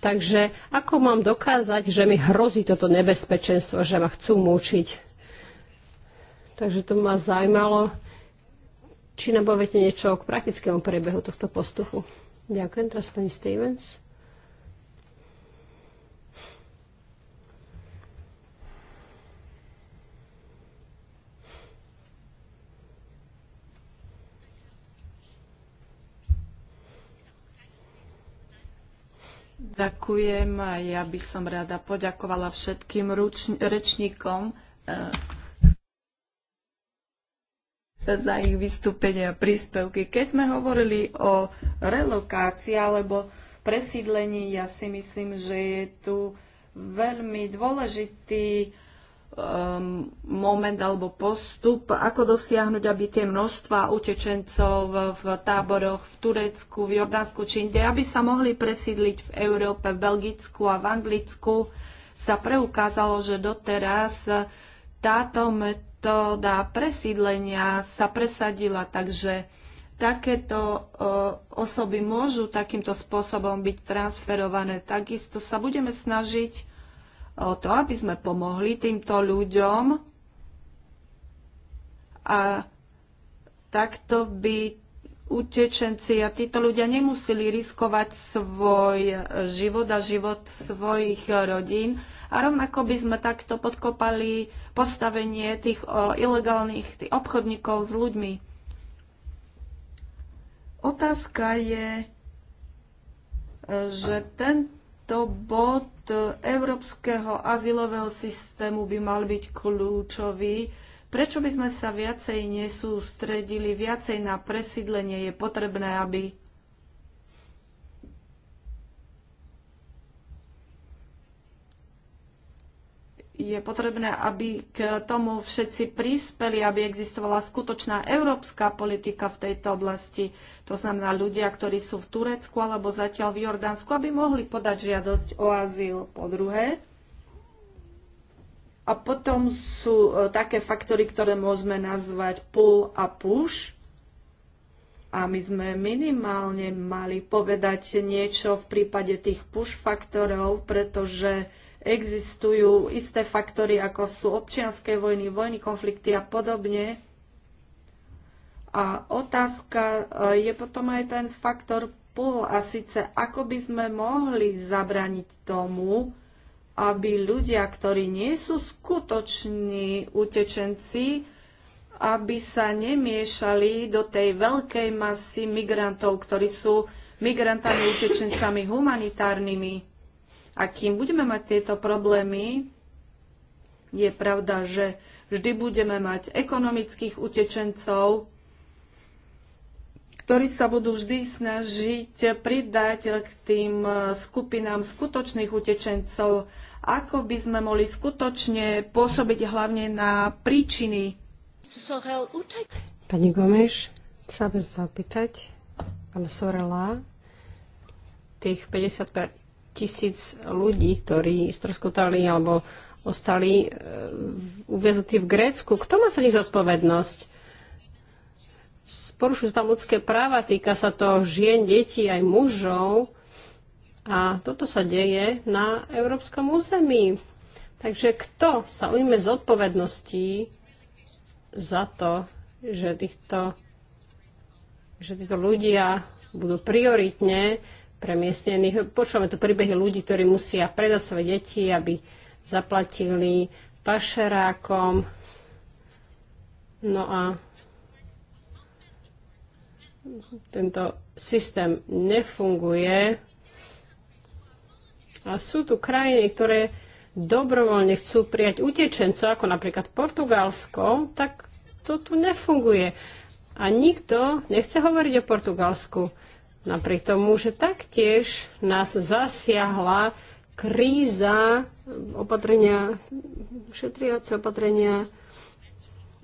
Takže ako mám dokázať, že mi hrozí toto nebezpečenstvo, že ma chcú mučiť? Takže to ma zaujímalo, či nám poviete niečo k praktickému prebehu tohto postupu. Ďakujem. Teraz pani Stevens. Ďakujem. Ja by som rada poďakovala všetkým ruč- rečníkom eh, za ich vystúpenia a príspevky. Keď sme hovorili o relokácii alebo presídlení, ja si myslím, že je tu veľmi dôležitý um, moment alebo postup, ako dosiahnuť, aby tie množstva utečencov v táboroch v Turecku, v Jordánsku či inde, aby sa mohli presídliť v Európe, v Belgicku a v Anglicku, sa preukázalo, že doteraz táto metóda metóda presídlenia sa presadila, takže takéto e, osoby môžu takýmto spôsobom byť transferované. Takisto sa budeme snažiť o to, aby sme pomohli týmto ľuďom a takto by utečenci a títo ľudia nemuseli riskovať svoj život a život svojich rodín, a rovnako by sme takto podkopali postavenie tých o, ilegálnych tých obchodníkov s ľuďmi. Otázka je, e, že tento bod európskeho azylového systému by mal byť kľúčový. Prečo by sme sa viacej nesústredili, viacej na presídlenie? Je potrebné, aby je potrebné, aby k tomu všetci prispeli, aby existovala skutočná európska politika v tejto oblasti. To znamená ľudia, ktorí sú v Turecku alebo zatiaľ v Jordánsku, aby mohli podať žiadosť o azyl po druhé. A potom sú e, také faktory, ktoré môžeme nazvať pull a push. A my sme minimálne mali povedať niečo v prípade tých push faktorov, pretože existujú isté faktory, ako sú občianské vojny, vojny, konflikty a podobne. A otázka e, je potom aj ten faktor pol a síce ako by sme mohli zabraniť tomu, aby ľudia, ktorí nie sú skutoční utečenci, aby sa nemiešali do tej veľkej masy migrantov, ktorí sú migrantami, utečencami humanitárnymi a kým budeme mať tieto problémy, je pravda, že vždy budeme mať ekonomických utečencov, ktorí sa budú vždy snažiť pridať k tým eh, skupinám skutočných utečencov, ako by sme mohli skutočne pôsobiť hlavne na príčiny. Pani Gomeš, by sa opýtať, pán Sorela, tých 50 tisíc ľudí, ktorí stroskotali alebo ostali e, uviezutí v Grécku. Kto má sa nich zodpovednosť? Porušujú tam ľudské práva, týka sa to žien, detí, aj mužov. A toto sa deje na európskom území. Takže kto sa ujme zodpovednosti za to, že týchto, že títo ľudia budú prioritne premiestnených. Počúvame tu príbehy ľudí, ktorí musia predať svoje deti, aby zaplatili pašerákom. No a tento systém nefunguje. A sú tu krajiny, ktoré dobrovoľne chcú prijať utečencov, ako napríklad Portugalsko, tak to tu nefunguje. A nikto nechce hovoriť o Portugalsku. Napriek tomu, že taktiež nás zasiahla kríza opatrenia, šetriace opatrenia,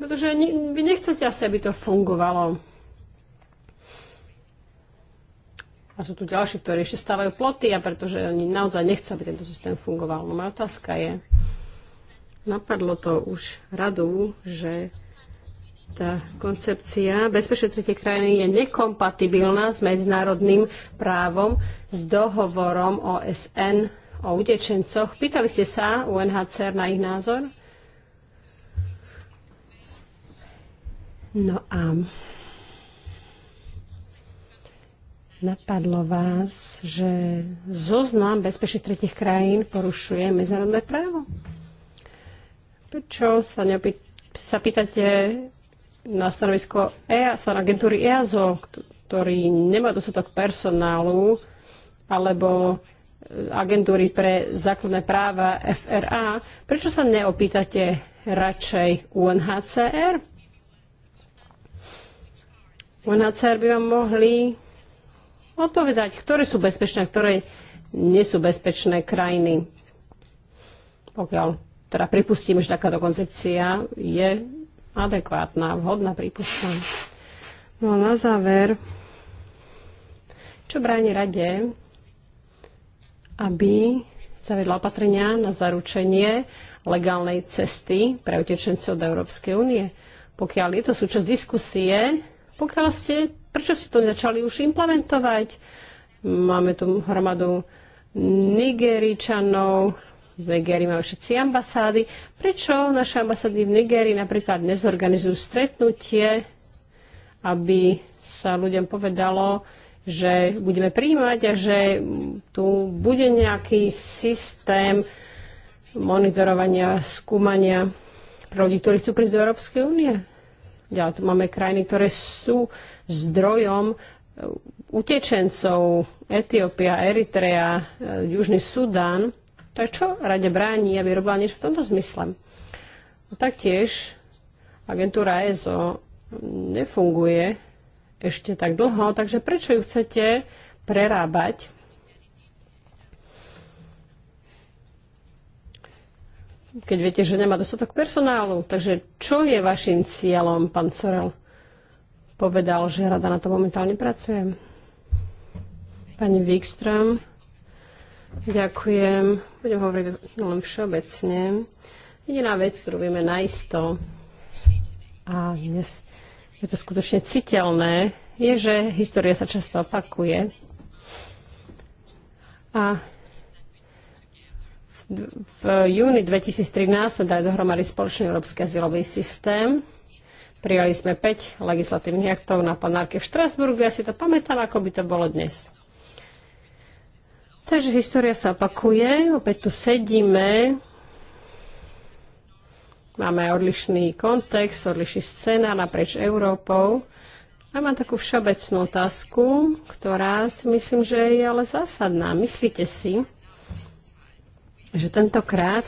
pretože vy nechcete asi, aby to fungovalo. A sú tu ďalší, ktorí ešte stávajú ploty a pretože oni naozaj nechcú, aby tento systém fungoval. No moja otázka je, napadlo to už radu, že tá koncepcia bezpečnej tretej krajiny je nekompatibilná s medzinárodným právom, s dohovorom OSN o utečencoch. Pýtali ste sa UNHCR na ich názor? No a napadlo vás, že zoznam bezpečných tretich krajín porušuje medzinárodné právo? Prečo sa, neopý- sa pýtate na stanovisko EASA, agentúry EASO, ktorý nemá dostatok personálu, alebo e, agentúry pre základné práva FRA, prečo sa neopýtate radšej UNHCR? UNHCR by vám mohli odpovedať, ktoré sú bezpečné a ktoré nie sú bezpečné krajiny. Pokiaľ teda pripustím, že takáto koncepcia je adekvátna, vhodná, prípustná. No a na záver, čo bráni rade, aby zavedla opatrenia na zaručenie legálnej cesty pre utečencov do Európskej únie. Pokiaľ je to súčasť diskusie, pokiaľ ste, prečo ste to začali už implementovať? Máme tu hromadu Nigeričanov, v Nigerii máme všetci ambasády. Prečo naše ambasády v Nigerii napríklad nezorganizujú stretnutie, aby sa ľuďom povedalo, že budeme príjmať a že tu bude nejaký systém monitorovania, skúmania pre ľudí, ktorí chcú prísť do Európskej únie. Ďalej tu máme krajiny, ktoré sú zdrojom e, utečencov Etiópia, Eritrea, e, Južný Sudán. Tak čo rade bráni, aby robila niečo v tomto zmysle? No, taktiež agentúra ESO nefunguje ešte tak dlho, takže prečo ju chcete prerábať? Keď viete, že nemá dostatok personálu. Takže čo je vašim cieľom, pán Sorel? Povedal, že rada na to momentálne pracujem. Pani Wikström, ďakujem budem hovoriť len všeobecne. Jediná vec, ktorú vieme najisto, a dnes je to skutočne citeľné, je, že história sa často opakuje. A v, v júni 2013 sa dali dohromady spoločný európsky azylový systém. Prijali sme 5 legislatívnych aktov na panárke v Štrasburgu. Ja si to pamätám, ako by to bolo dnes. Takže história sa opakuje, opäť tu sedíme, máme odlišný kontext, odlišný scéna naprieč Európou. A mám takú všeobecnú otázku, ktorá si myslím, že je ale zásadná. Myslíte si, že tentokrát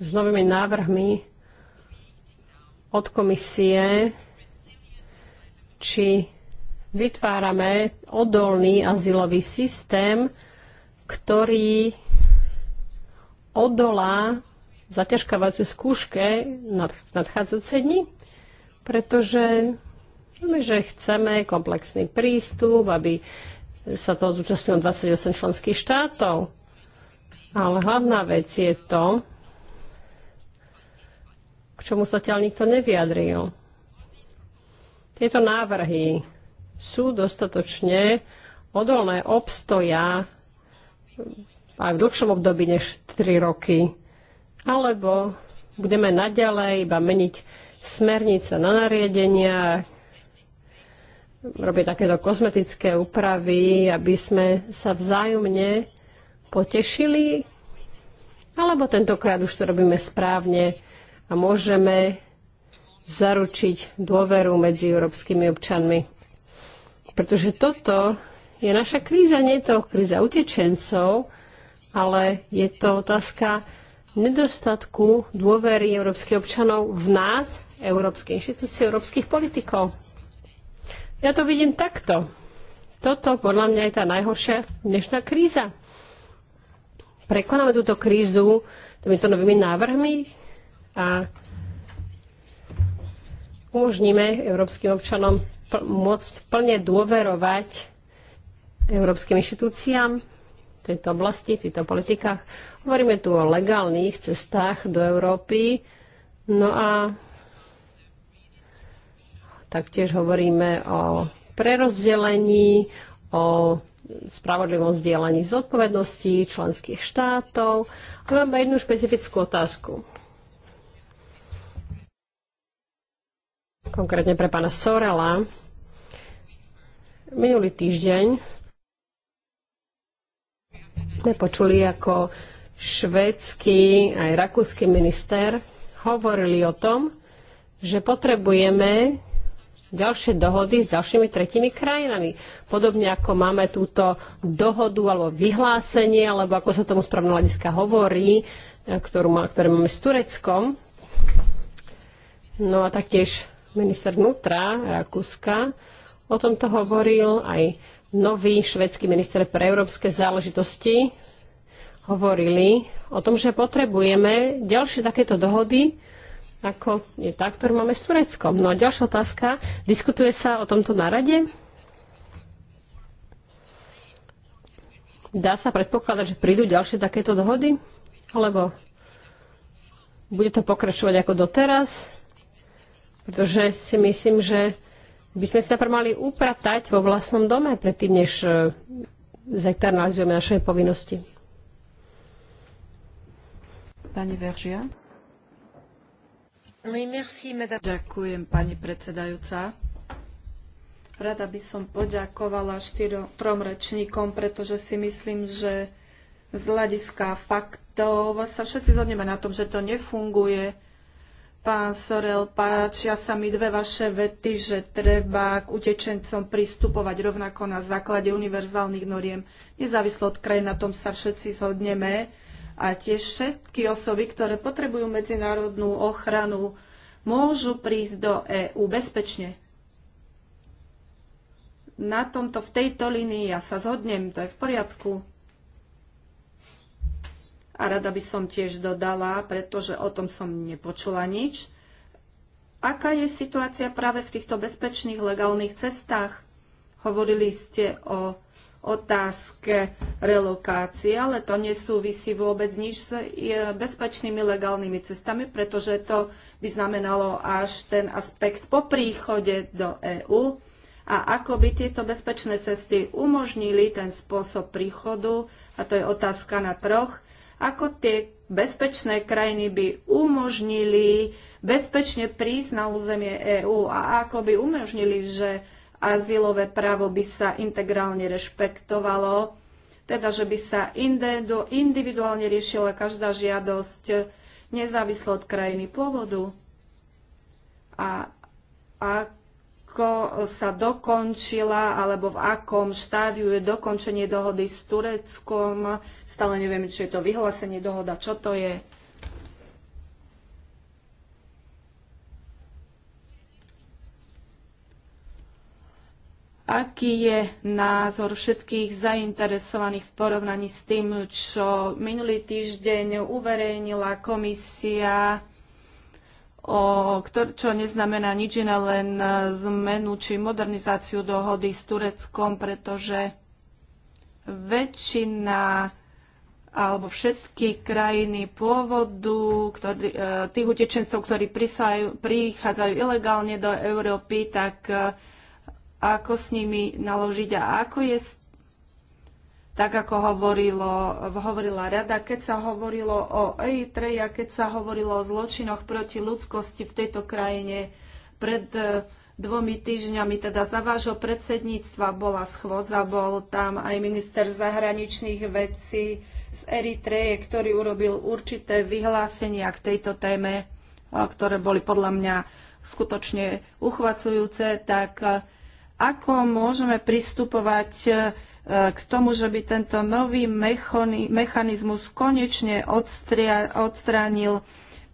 s novými návrhmi od komisie, či vytvárame odolný azylový systém, ktorý odolá zaťažkávajúce skúške nad, nadchádzajúce dni, pretože vieme, že chceme komplexný prístup, aby sa to zúčastnilo 28 členských štátov. Ale hlavná vec je to, k čomu sa ťaľ nikto nevyjadril. Tieto návrhy sú dostatočne odolné, obstoja aj v dlhšom období než 3 roky. Alebo budeme naďalej iba meniť smernice na nariadenia, robiť takéto kozmetické úpravy, aby sme sa vzájomne potešili, alebo tentokrát už to robíme správne a môžeme zaručiť dôveru medzi európskymi občanmi. Pretože toto je naša kríza, nie je to kríza utečencov, ale je to otázka nedostatku dôvery európskych občanov v nás, európske inštitúcie, európskych politikov. Ja to vidím takto. Toto podľa mňa je tá najhoršia dnešná kríza. Prekonáme túto krízu týmito novými návrhmi a umožníme európskym občanom môcť plne dôverovať európskym inštitúciám v tejto oblasti, v týchto politikách. Hovoríme tu o legálnych cestách do Európy. No a taktiež hovoríme o prerozdelení, o spravodlivom zdieľaní zodpovedností členských štátov. A mám jednu špecifickú otázku. konkrétne pre pána Sorela. Minulý týždeň sme počuli, ako švedský aj rakúsky minister hovorili o tom, že potrebujeme ďalšie dohody s ďalšími tretími krajinami. Podobne ako máme túto dohodu alebo vyhlásenie, alebo ako sa tomu správne hľadiska hovorí, ktorú má, ktoré máme s Tureckom. No a taktiež minister vnútra Rakúska o tomto hovoril, aj nový švedský minister pre európske záležitosti hovorili o tom, že potrebujeme ďalšie takéto dohody, ako je tá, ktorú máme s Tureckom. No a ďalšia otázka. Diskutuje sa o tomto narade? Dá sa predpokladať, že prídu ďalšie takéto dohody? Alebo bude to pokračovať ako doteraz? pretože si myslím, že by sme si najprv mali upratať vo vlastnom dome, predtým než e, zektarnalizujeme naše povinnosti. Pani Veržia. merci, madame. Ďakujem, pani predsedajúca. Rada by som poďakovala štyrom, trom rečníkom, pretože si myslím, že z hľadiska faktov sa všetci zhodneme na tom, že to nefunguje Pán Sorel, páčia sa mi dve vaše vety, že treba k utečencom pristupovať rovnako na základe univerzálnych noriem, nezávislo od kraj, na tom sa všetci zhodneme. A tiež všetky osoby, ktoré potrebujú medzinárodnú ochranu, môžu prísť do EÚ bezpečne. Na tomto, v tejto línii ja sa zhodnem, to je v poriadku. A rada by som tiež dodala, pretože o tom som nepočula nič. Aká je situácia práve v týchto bezpečných legálnych cestách? Hovorili ste o otázke relokácie, ale to nesúvisí vôbec nič s e, bezpečnými legálnymi cestami, pretože to by znamenalo až ten aspekt po príchode do EÚ a ako by tieto bezpečné cesty umožnili ten spôsob príchodu, a to je otázka na troch, ako tie bezpečné krajiny by umožnili bezpečne prísť na územie EÚ a ako by umožnili, že azylové právo by sa integrálne rešpektovalo, teda že by sa individuálne riešila každá žiadosť nezávislo od krajiny pôvodu a ako sa dokončila alebo v akom štádiu je dokončenie dohody s Tureckom, Stále nevieme, či je to vyhlásenie dohoda, čo to je. Aký je názor všetkých zainteresovaných v porovnaní s tým, čo minulý týždeň uverejnila komisia, o, čo neznamená nič iné, len zmenu či modernizáciu dohody s Tureckom, pretože väčšina alebo všetky krajiny pôvodu ktorý, e, tých utečencov, ktorí prisajú, prichádzajú ilegálne do Európy, tak e, ako s nimi naložiť a ako je tak ako hovorilo, hovorila rada, keď sa hovorilo o EITRE a keď sa hovorilo o zločinoch proti ľudskosti v tejto krajine pred e, dvomi týždňami, teda za vášho predsedníctva bola schôdza, bol tam aj minister zahraničných vecí, z Eritreje, ktorý urobil určité vyhlásenia k tejto téme, ktoré boli podľa mňa skutočne uchvacujúce, tak ako môžeme pristupovať k tomu, že by tento nový mechanizmus konečne odstránil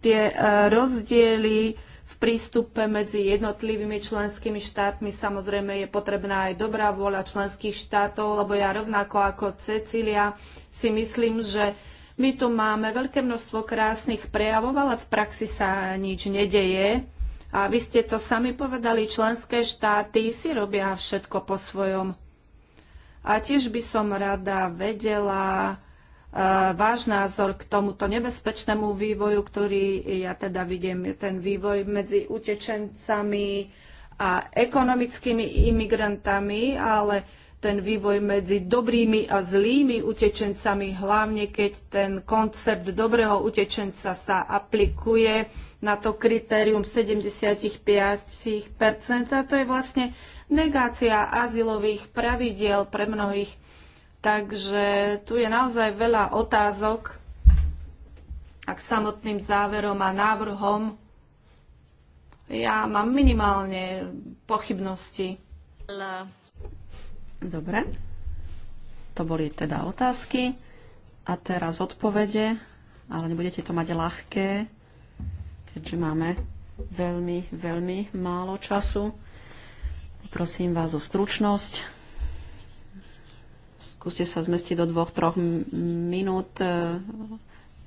tie rozdiely v prístupe medzi jednotlivými členskými štátmi. Samozrejme je potrebná aj dobrá vôľa členských štátov, lebo ja rovnako ako Cecília si myslím, že my tu máme veľké množstvo krásnych prejavov, ale v praxi sa nič nedeje. A vy ste to sami povedali, členské štáty si robia všetko po svojom. A tiež by som rada vedela, e, váš názor k tomuto nebezpečnému vývoju, ktorý ja teda vidím, ten vývoj medzi utečencami a ekonomickými imigrantami, ale ten vývoj medzi dobrými a zlými utečencami, hlavne keď ten koncept dobrého utečenca sa aplikuje na to kritérium 75 a to je vlastne negácia azylových pravidiel pre mnohých. Takže tu je naozaj veľa otázok a k samotným záverom a návrhom ja mám minimálne pochybnosti. Dobre. To boli teda otázky. A teraz odpovede, ale nebudete to mať ľahké, keďže máme veľmi, veľmi málo času. Prosím vás o stručnosť. Skúste sa zmestiť do dvoch, troch minút. E,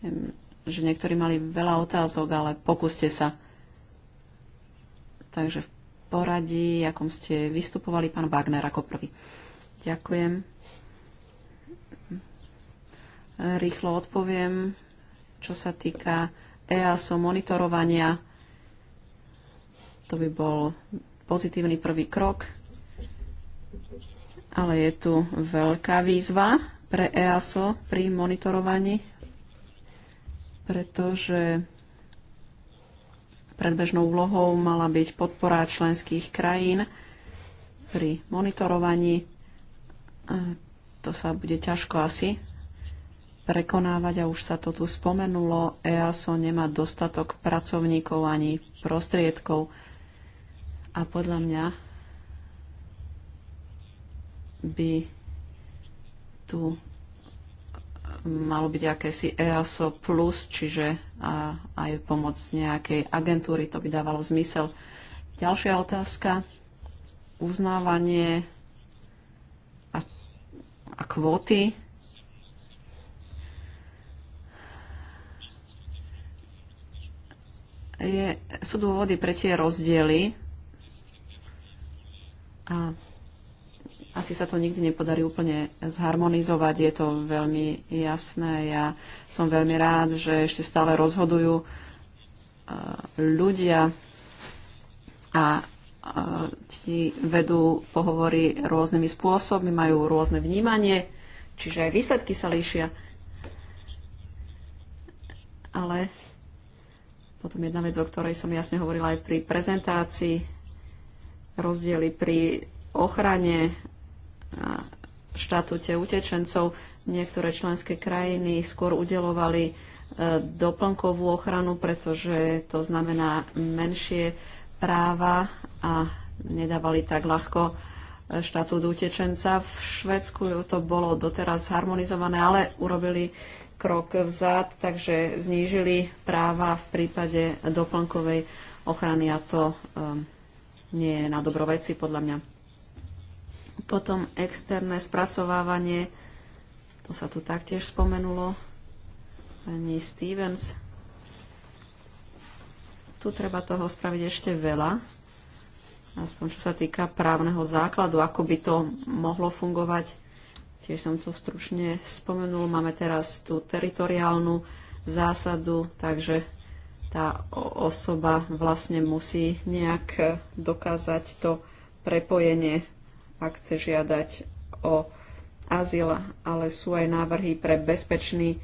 viem, že niektorí mali veľa otázok, ale pokúste sa. Takže v poradí, akom ste vystupovali, pán Wagner ako prvý. Ďakujem. Rýchlo odpoviem, čo sa týka EASO monitorovania. To by bol pozitívny prvý krok, ale je tu veľká výzva pre EASO pri monitorovaní, pretože predbežnou úlohou mala byť podpora členských krajín pri monitorovaní to sa bude ťažko asi prekonávať a už sa to tu spomenulo. EASO nemá dostatok pracovníkov ani prostriedkov a podľa mňa by tu malo byť akési EASO plus, čiže aj pomoc nejakej agentúry, to by dávalo zmysel. Ďalšia otázka. Uznávanie a kvóty. Je, sú dôvody pre tie rozdiely a asi sa to nikdy nepodarí úplne zharmonizovať, je to veľmi jasné. Ja som veľmi rád, že ešte stále rozhodujú eh, ľudia a ti vedú pohovory rôznymi spôsobmi, majú rôzne vnímanie, čiže aj výsledky sa líšia. Ale potom jedna vec, o ktorej som jasne hovorila aj pri prezentácii, rozdiely pri ochrane štatúte utečencov. Niektoré členské krajiny skôr udelovali e, doplnkovú ochranu, pretože to znamená menšie práva a nedávali tak ľahko štatút utečenca. V Švedsku to bolo doteraz harmonizované, ale urobili krok vzad, takže znížili práva v prípade doplnkovej ochrany a to um, nie je na dobroveci podľa mňa. Potom externé spracovávanie, to sa tu taktiež spomenulo, pani Stevens. Tu treba toho spraviť ešte veľa aspoň čo sa týka právneho základu, ako by to mohlo fungovať. Tiež som to stručne spomenul. Máme teraz tú teritoriálnu zásadu, takže tá osoba vlastne musí nejak dokázať to prepojenie, ak chce žiadať o azyl, ale sú aj návrhy pre bezpečný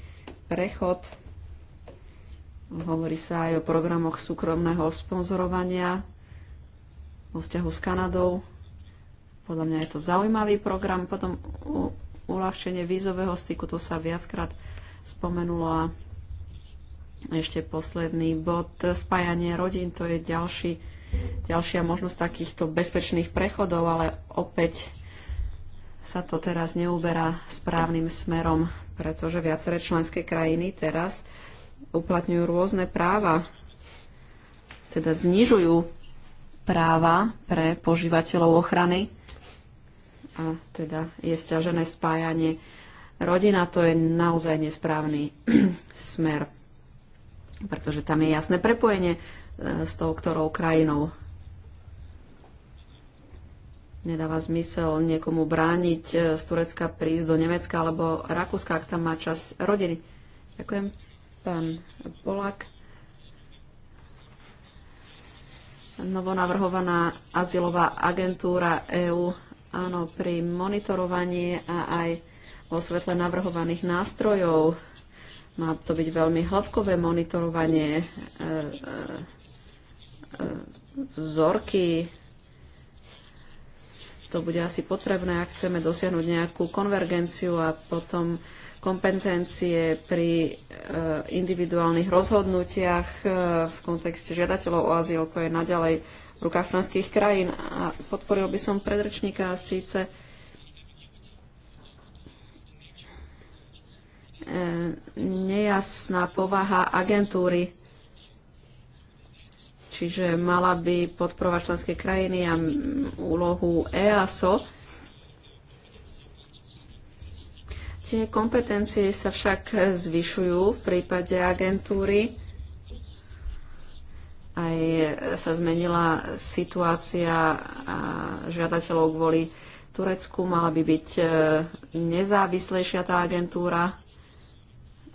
prechod. Hovorí sa aj o programoch súkromného sponzorovania vo vzťahu s Kanadou. Podľa mňa je to zaujímavý program. Potom uľahčenie vízového styku, to sa viackrát spomenulo a ešte posledný bod, spájanie rodín, to je ďalší, ďalšia možnosť takýchto bezpečných prechodov, ale opäť sa to teraz neuberá správnym smerom, pretože viaceré členské krajiny teraz uplatňujú rôzne práva, teda znižujú práva pre požívateľov ochrany. A teda je stiažené spájanie rodina, to je naozaj nesprávny (clears throat) smer, pretože tam je jasné prepojenie e, s tou ktorou krajinou. Nedáva zmysel niekomu brániť e, z Turecka prísť do Nemecka alebo Rakúska, ak tam má časť rodiny. Ďakujem, pán Polák. novonavrhovaná azylová agentúra EÚ áno, pri monitorovaní a aj vo svetle navrhovaných nástrojov. Má to byť veľmi hĺbkové monitorovanie e, e, e, vzorky. To bude asi potrebné, ak chceme dosiahnuť nejakú konvergenciu a potom kompetencie pri e, individuálnych rozhodnutiach e, v kontexte žiadateľov o azyl, to je naďalej v rukách franských krajín. A podporil by som predrečníka síce e, nejasná povaha agentúry, čiže mala by podporovať členské krajiny a úlohu EASO, Tie kompetencie sa však zvyšujú v prípade agentúry. Aj sa zmenila situácia žiadateľov kvôli Turecku. Mala by byť e, nezávislejšia tá agentúra.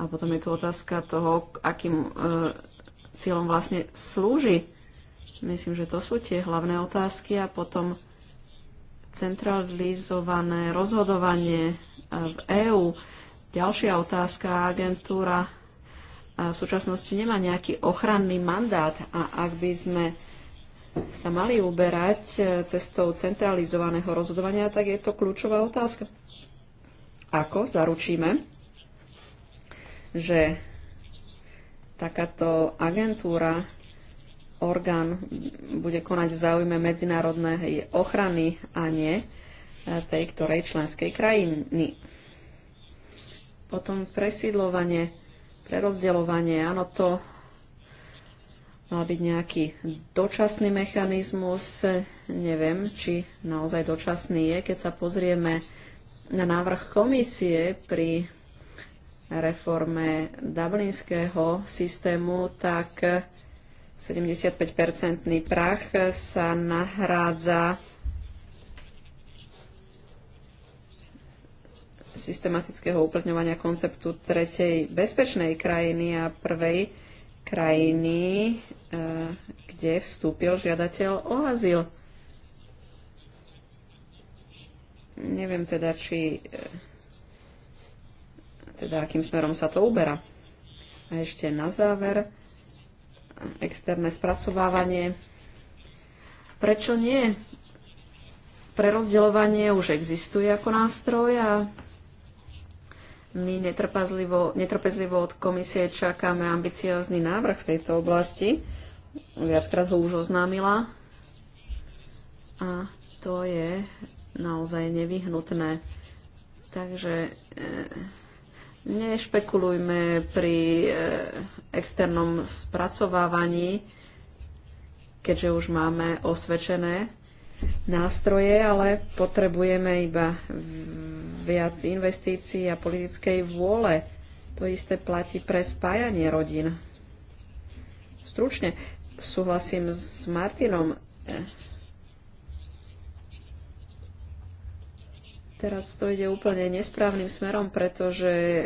A potom je tu otázka toho, akým e, cieľom vlastne slúži. Myslím, že to sú tie hlavné otázky a potom centralizované rozhodovanie v EÚ. Ďalšia otázka. Agentúra v súčasnosti nemá nejaký ochranný mandát a ak by sme sa mali uberať e, cestou centralizovaného rozhodovania, tak je to kľúčová otázka. Ako zaručíme, že takáto agentúra, orgán bude konať v záujme medzinárodnej ochrany a nie tej ktorej členskej krajiny. Potom presídlovanie, prerozdeľovanie, áno, to mal byť nejaký dočasný mechanizmus. Neviem, či naozaj dočasný je, keď sa pozrieme na návrh komisie pri reforme dublinského systému, tak 75-percentný prach sa nahrádza systematického uplatňovania konceptu tretej bezpečnej krajiny a prvej krajiny, eh, kde vstúpil žiadateľ o azyl. Neviem teda, či eh, teda akým smerom sa to uberá. A ešte na záver, externé spracovávanie. Prečo nie? Prerozdeľovanie už existuje ako nástroj a my netrpezlivo, netrpezlivo od komisie čakáme ambiciózny návrh v tejto oblasti. Viackrát ho už oznámila. A to je naozaj nevyhnutné. Takže eh, nešpekulujme pri eh, externom spracovávaní, keďže už máme osvedčené nástroje, ale potrebujeme iba viac investícií a politickej vôle. To isté platí pre spájanie rodín. Stručne súhlasím s Martinom. Teraz to ide úplne nesprávnym smerom, pretože e,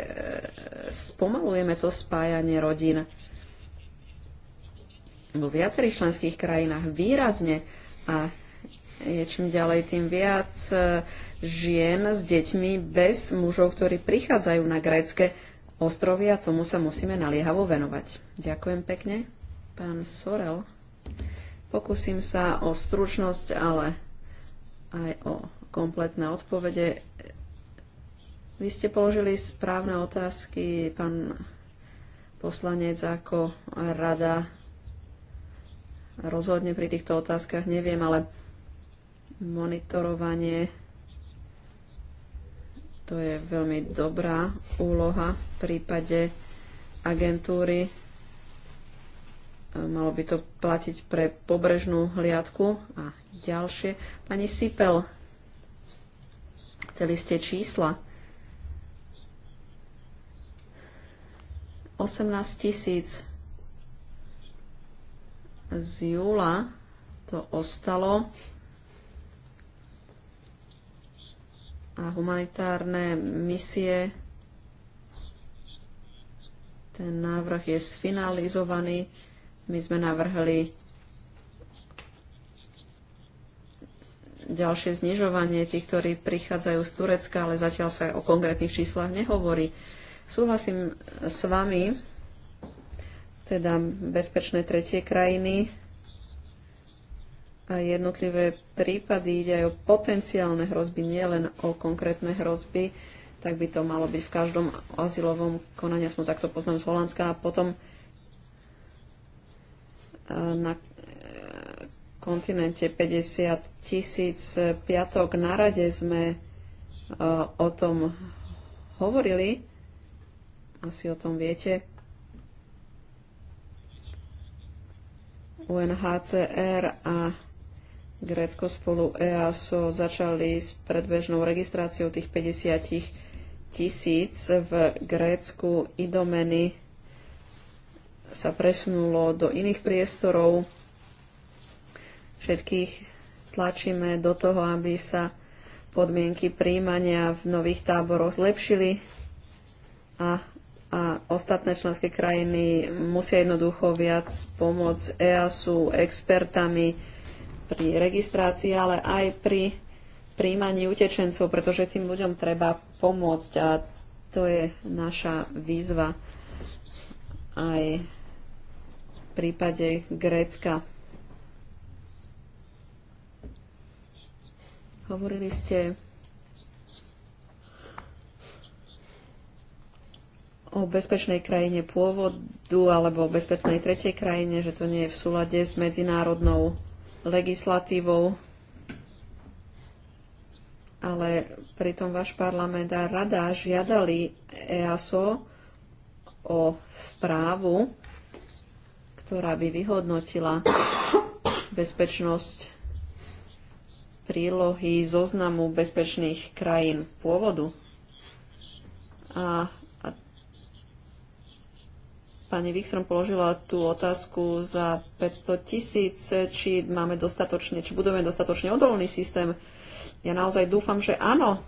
spomalujeme to spájanie rodín. Vo viacerých členských krajinách výrazne a je čím ďalej tým viac e, žien s deťmi bez mužov, ktorí prichádzajú na grécké ostrovy a tomu sa musíme naliehavo venovať. Ďakujem pekne, pán Sorel. Pokúsim sa o stručnosť, ale aj o kompletné odpovede. Vy ste položili správne otázky, pán poslanec, ako rada rozhodne pri týchto otázkach, neviem, ale monitorovanie. To je veľmi dobrá úloha v prípade agentúry. Malo by to platiť pre pobrežnú hliadku a ďalšie. Pani Sipel, chceli ste čísla? 18 tisíc z júla to ostalo. a humanitárne misie. Ten návrh je sfinalizovaný. My sme navrhli ďalšie znižovanie tých, ktorí prichádzajú z Turecka, ale zatiaľ sa o konkrétnych číslach nehovorí. Súhlasím s vami, teda bezpečné tretie krajiny jednotlivé prípady, ide aj o potenciálne hrozby, nielen o konkrétne hrozby, tak by to malo byť v každom azylovom konaní, aspoň takto poznám z Holandska, a potom e, na e, kontinente 50 tisíc piatok na rade sme e, o tom hovorili, asi o tom viete. UNHCR a Grécko spolu EASO začali s predbežnou registráciou tých 50 tisíc v Grécku. Idomeny sa presunulo do iných priestorov. Všetkých tlačíme do toho, aby sa podmienky príjmania v nových táboroch zlepšili a, a ostatné členské krajiny musia jednoducho viac pomôcť EASu, expertami, pri registrácii, ale aj pri príjmaní utečencov, pretože tým ľuďom treba pomôcť a to je naša výzva aj v prípade Grécka. Hovorili ste o bezpečnej krajine pôvodu alebo o bezpečnej tretej krajine, že to nie je v súlade s medzinárodnou legislatívou, ale pritom váš parlament a rada žiadali EASO o správu, ktorá by vyhodnotila bezpečnosť prílohy zoznamu bezpečných krajín pôvodu. A Pani Wikström položila tú otázku za 500 tisíc, či máme dostatočne, či budeme dostatočne odolný systém. Ja naozaj dúfam, že áno.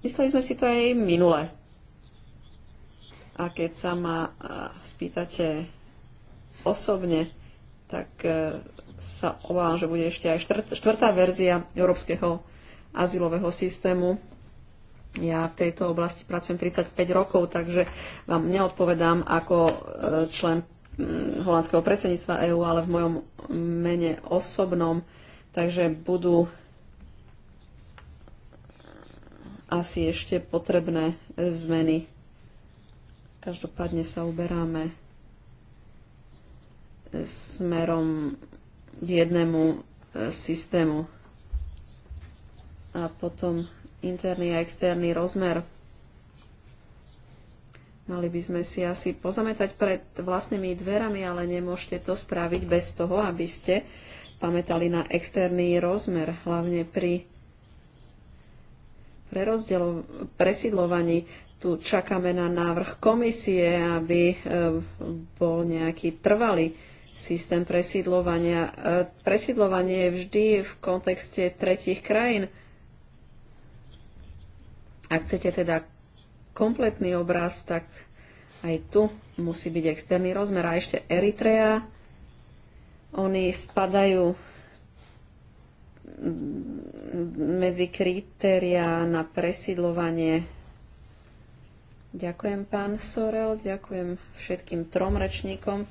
Mysleli sme si to aj minule. A keď sa ma spýtate osobne, tak e, sa obávam, že bude ešte aj štvrtá verzia európskeho azylového systému ja v tejto oblasti pracujem 35 rokov, takže vám neodpovedám ako e, člen mm, holandského predsedníctva EÚ, ale v mojom mene osobnom. Takže budú asi ešte potrebné zmeny. Každopádne sa uberáme smerom k jednému e, systému. A potom interný a externý rozmer. Mali by sme si asi pozametať pred vlastnými dverami, ale nemôžete to spraviť bez toho, aby ste pamätali na externý rozmer, hlavne pri presidlovaní. Tu čakáme na návrh komisie, aby e, bol nejaký trvalý systém presidlovania. E, presidlovanie je vždy v kontexte tretich krajín ak chcete teda kompletný obraz, tak aj tu musí byť externý rozmer. A ešte Eritrea, oni spadajú medzi kritériá na presídlovanie. Ďakujem pán Sorel, ďakujem všetkým trom rečníkom,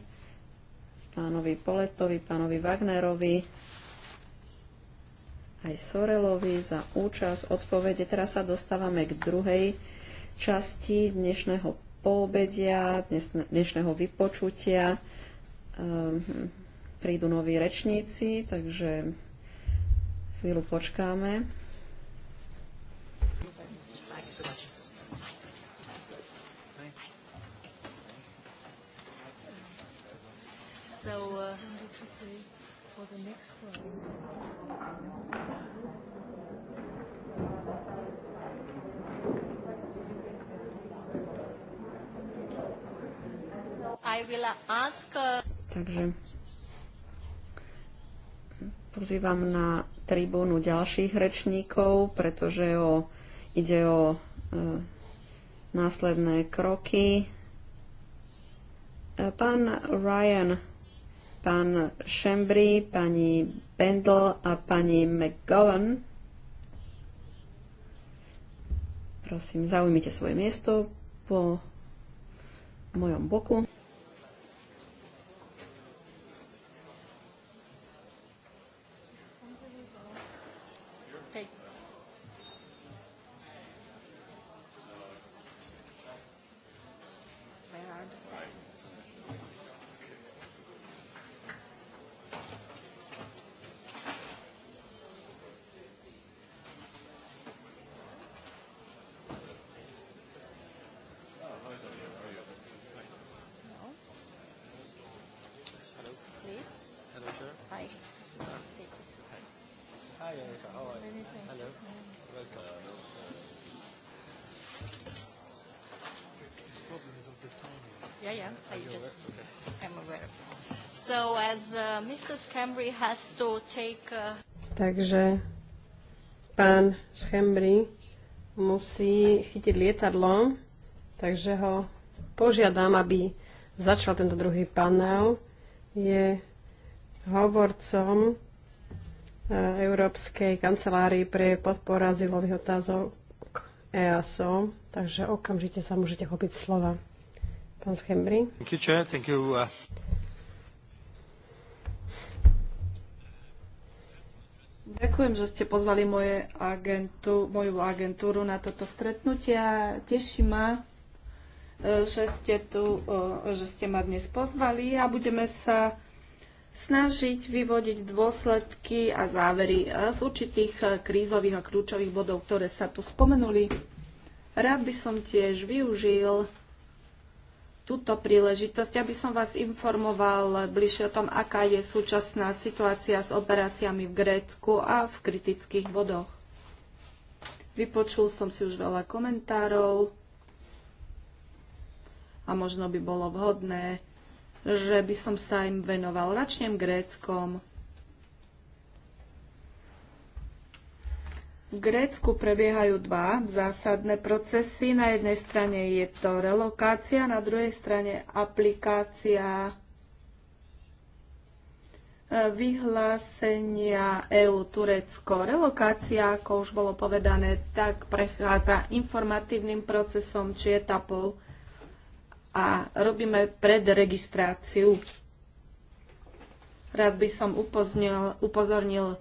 pánovi Poletovi, pánovi Wagnerovi, aj Sorelovi za účasť, odpovede. Teraz sa dostávame k druhej časti dnešného poobedia, dnešného vypočutia. Ehm, prídu noví rečníci, takže chvíľu počkáme. So, uh, for the next one. ask... Uh, Takže pozývam na tribúnu ďalších rečníkov, pretože o, ide o e, následné kroky. E, pán Ryan, pán Šembri, pani Bendel a pani McGowan. Prosím, zaujmite svoje miesto po mojom boku. as uh, Mrs. has to take... Uh... Takže pán Schembry musí chytiť lietadlo, takže ho požiadam, aby začal tento druhý panel. Je hovorcom uh, Európskej kancelárii pre podporu azylových otázok EASO, takže okamžite sa môžete chopiť slova. Pán Schembry. Thank you, Chair. Thank you, uh... Ďakujem, že ste pozvali moje agentu, moju agentúru na toto stretnutie. Teší ma, e, že ste, tu, e, že ste ma dnes pozvali a budeme sa snažiť vyvodiť dôsledky a závery e, z určitých krízových a kľúčových bodov, ktoré sa tu spomenuli. Rád by som tiež využil túto príležitosť, aby som vás informoval bližšie o tom, aká je súčasná situácia s operáciami v Grécku a v kritických bodoch. Vypočul som si už veľa komentárov a možno by bolo vhodné, že by som sa im venoval. Začnem Gréckom. V Grécku prebiehajú dva zásadné procesy. Na jednej strane je to relokácia, na druhej strane aplikácia e, vyhlásenia EU Turecko. Relokácia, ako už bolo povedané, tak prechádza informatívnym procesom či etapou a robíme predregistráciu. Rád by som upoznil, upozornil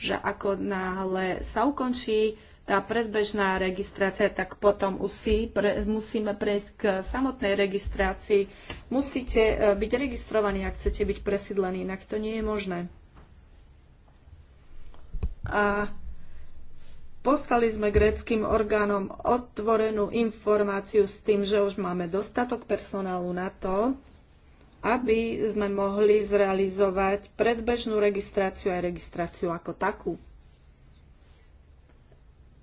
že ako náhle sa ukončí tá predbežná registrácia, tak potom usí, pre, musíme prejsť k samotnej registrácii. Musíte e, byť registrovaní, ak chcete byť presídlení, inak to nie je možné. A Poslali sme gréckým orgánom otvorenú informáciu s tým, že už máme dostatok personálu na to, aby sme mohli zrealizovať predbežnú registráciu aj registráciu ako takú.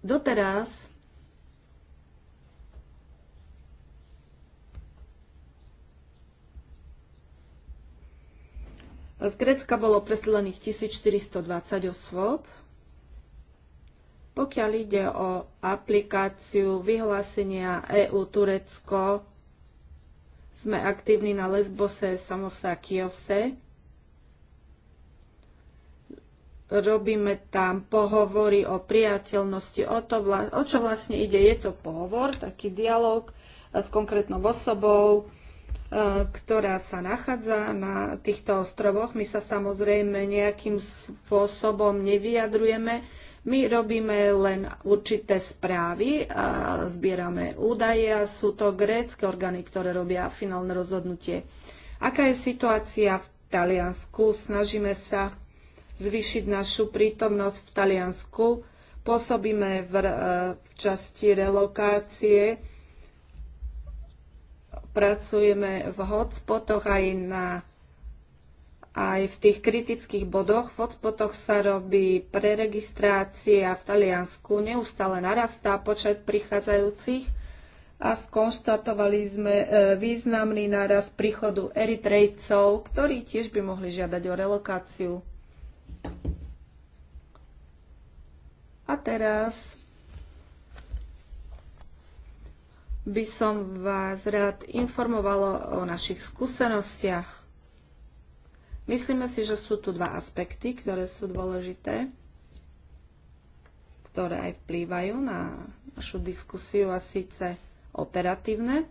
Doteraz Z Grécka bolo presídlených 1420 osôb. Pokiaľ ide o aplikáciu vyhlásenia EU Turecko, sme aktívni na Lesbose, Samosa Kiose. Robíme tam pohovory o priateľnosti, o, to, o čo vlastne ide. Je to pohovor, taký dialog e, s konkrétnou osobou, e, ktorá sa nachádza na týchto ostrovoch. My sa samozrejme nejakým spôsobom nevyjadrujeme, my robíme len určité správy a zbierame údaje a sú to grécké orgány, ktoré robia finálne rozhodnutie. Aká je situácia v Taliansku? Snažíme sa zvýšiť našu prítomnosť v Taliansku. Pôsobíme v, e, v časti relokácie, pracujeme v hotspotoch aj na aj v tých kritických bodoch. V hotspotoch sa robí preregistrácia v Taliansku, neustále narastá počet prichádzajúcich a skonštatovali sme e, významný náraz príchodu Eritrejcov, ktorí tiež by mohli žiadať o relokáciu. A teraz by som vás rád informovala o našich skúsenostiach. Myslíme si, že sú tu dva aspekty, ktoré sú dôležité, ktoré aj vplývajú na našu diskusiu a síce operatívne.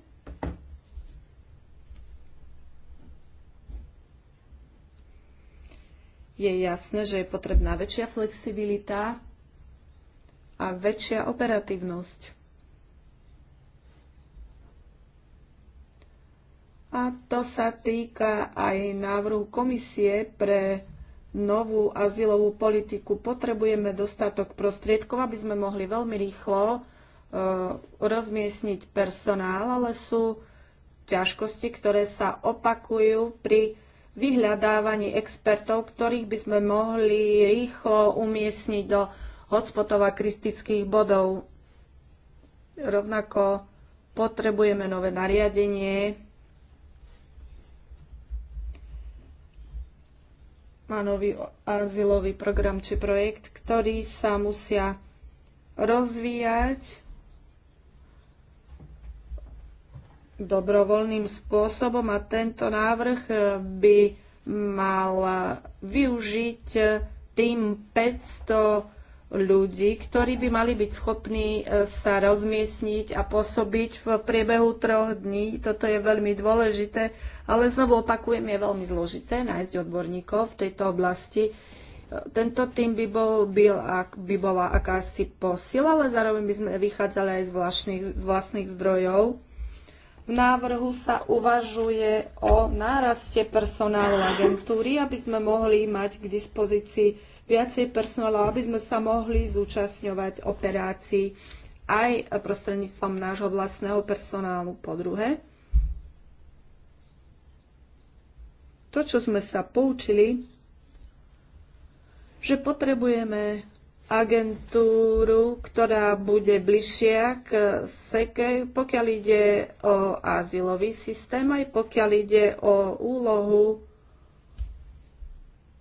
Je jasné, že je potrebná väčšia flexibilita a väčšia operatívnosť. A to sa týka aj návrhu komisie pre novú azylovú politiku. Potrebujeme dostatok prostriedkov, aby sme mohli veľmi rýchlo e, rozmiestniť personál, ale sú ťažkosti, ktoré sa opakujú pri vyhľadávaní expertov, ktorých by sme mohli rýchlo umiestniť do hotspotov a kristických bodov. Rovnako potrebujeme nové nariadenie má nový azylový program či projekt, ktorý sa musia rozvíjať dobrovoľným spôsobom a tento návrh eh, by mal eh, využiť eh, tým 500 ľudí, ktorí by mali byť schopní e, sa rozmiestniť a pôsobiť v priebehu troch dní. Toto je veľmi dôležité, ale znovu opakujem, je veľmi zložité nájsť odborníkov v tejto oblasti. E, tento tým by, bol, byl, ak, by bola akási posila, ale zároveň by sme vychádzali aj z vlastných, z vlastných zdrojov. V návrhu sa uvažuje o náraste personálu agentúry, aby sme mohli mať k dispozícii viacej personálov, aby sme sa mohli zúčastňovať operácií aj prostredníctvom nášho vlastného personálu. Po druhé, to, čo sme sa poučili, že potrebujeme agentúru, ktorá bude bližšia k SEKE, pokiaľ ide o azylový systém, aj pokiaľ ide o úlohu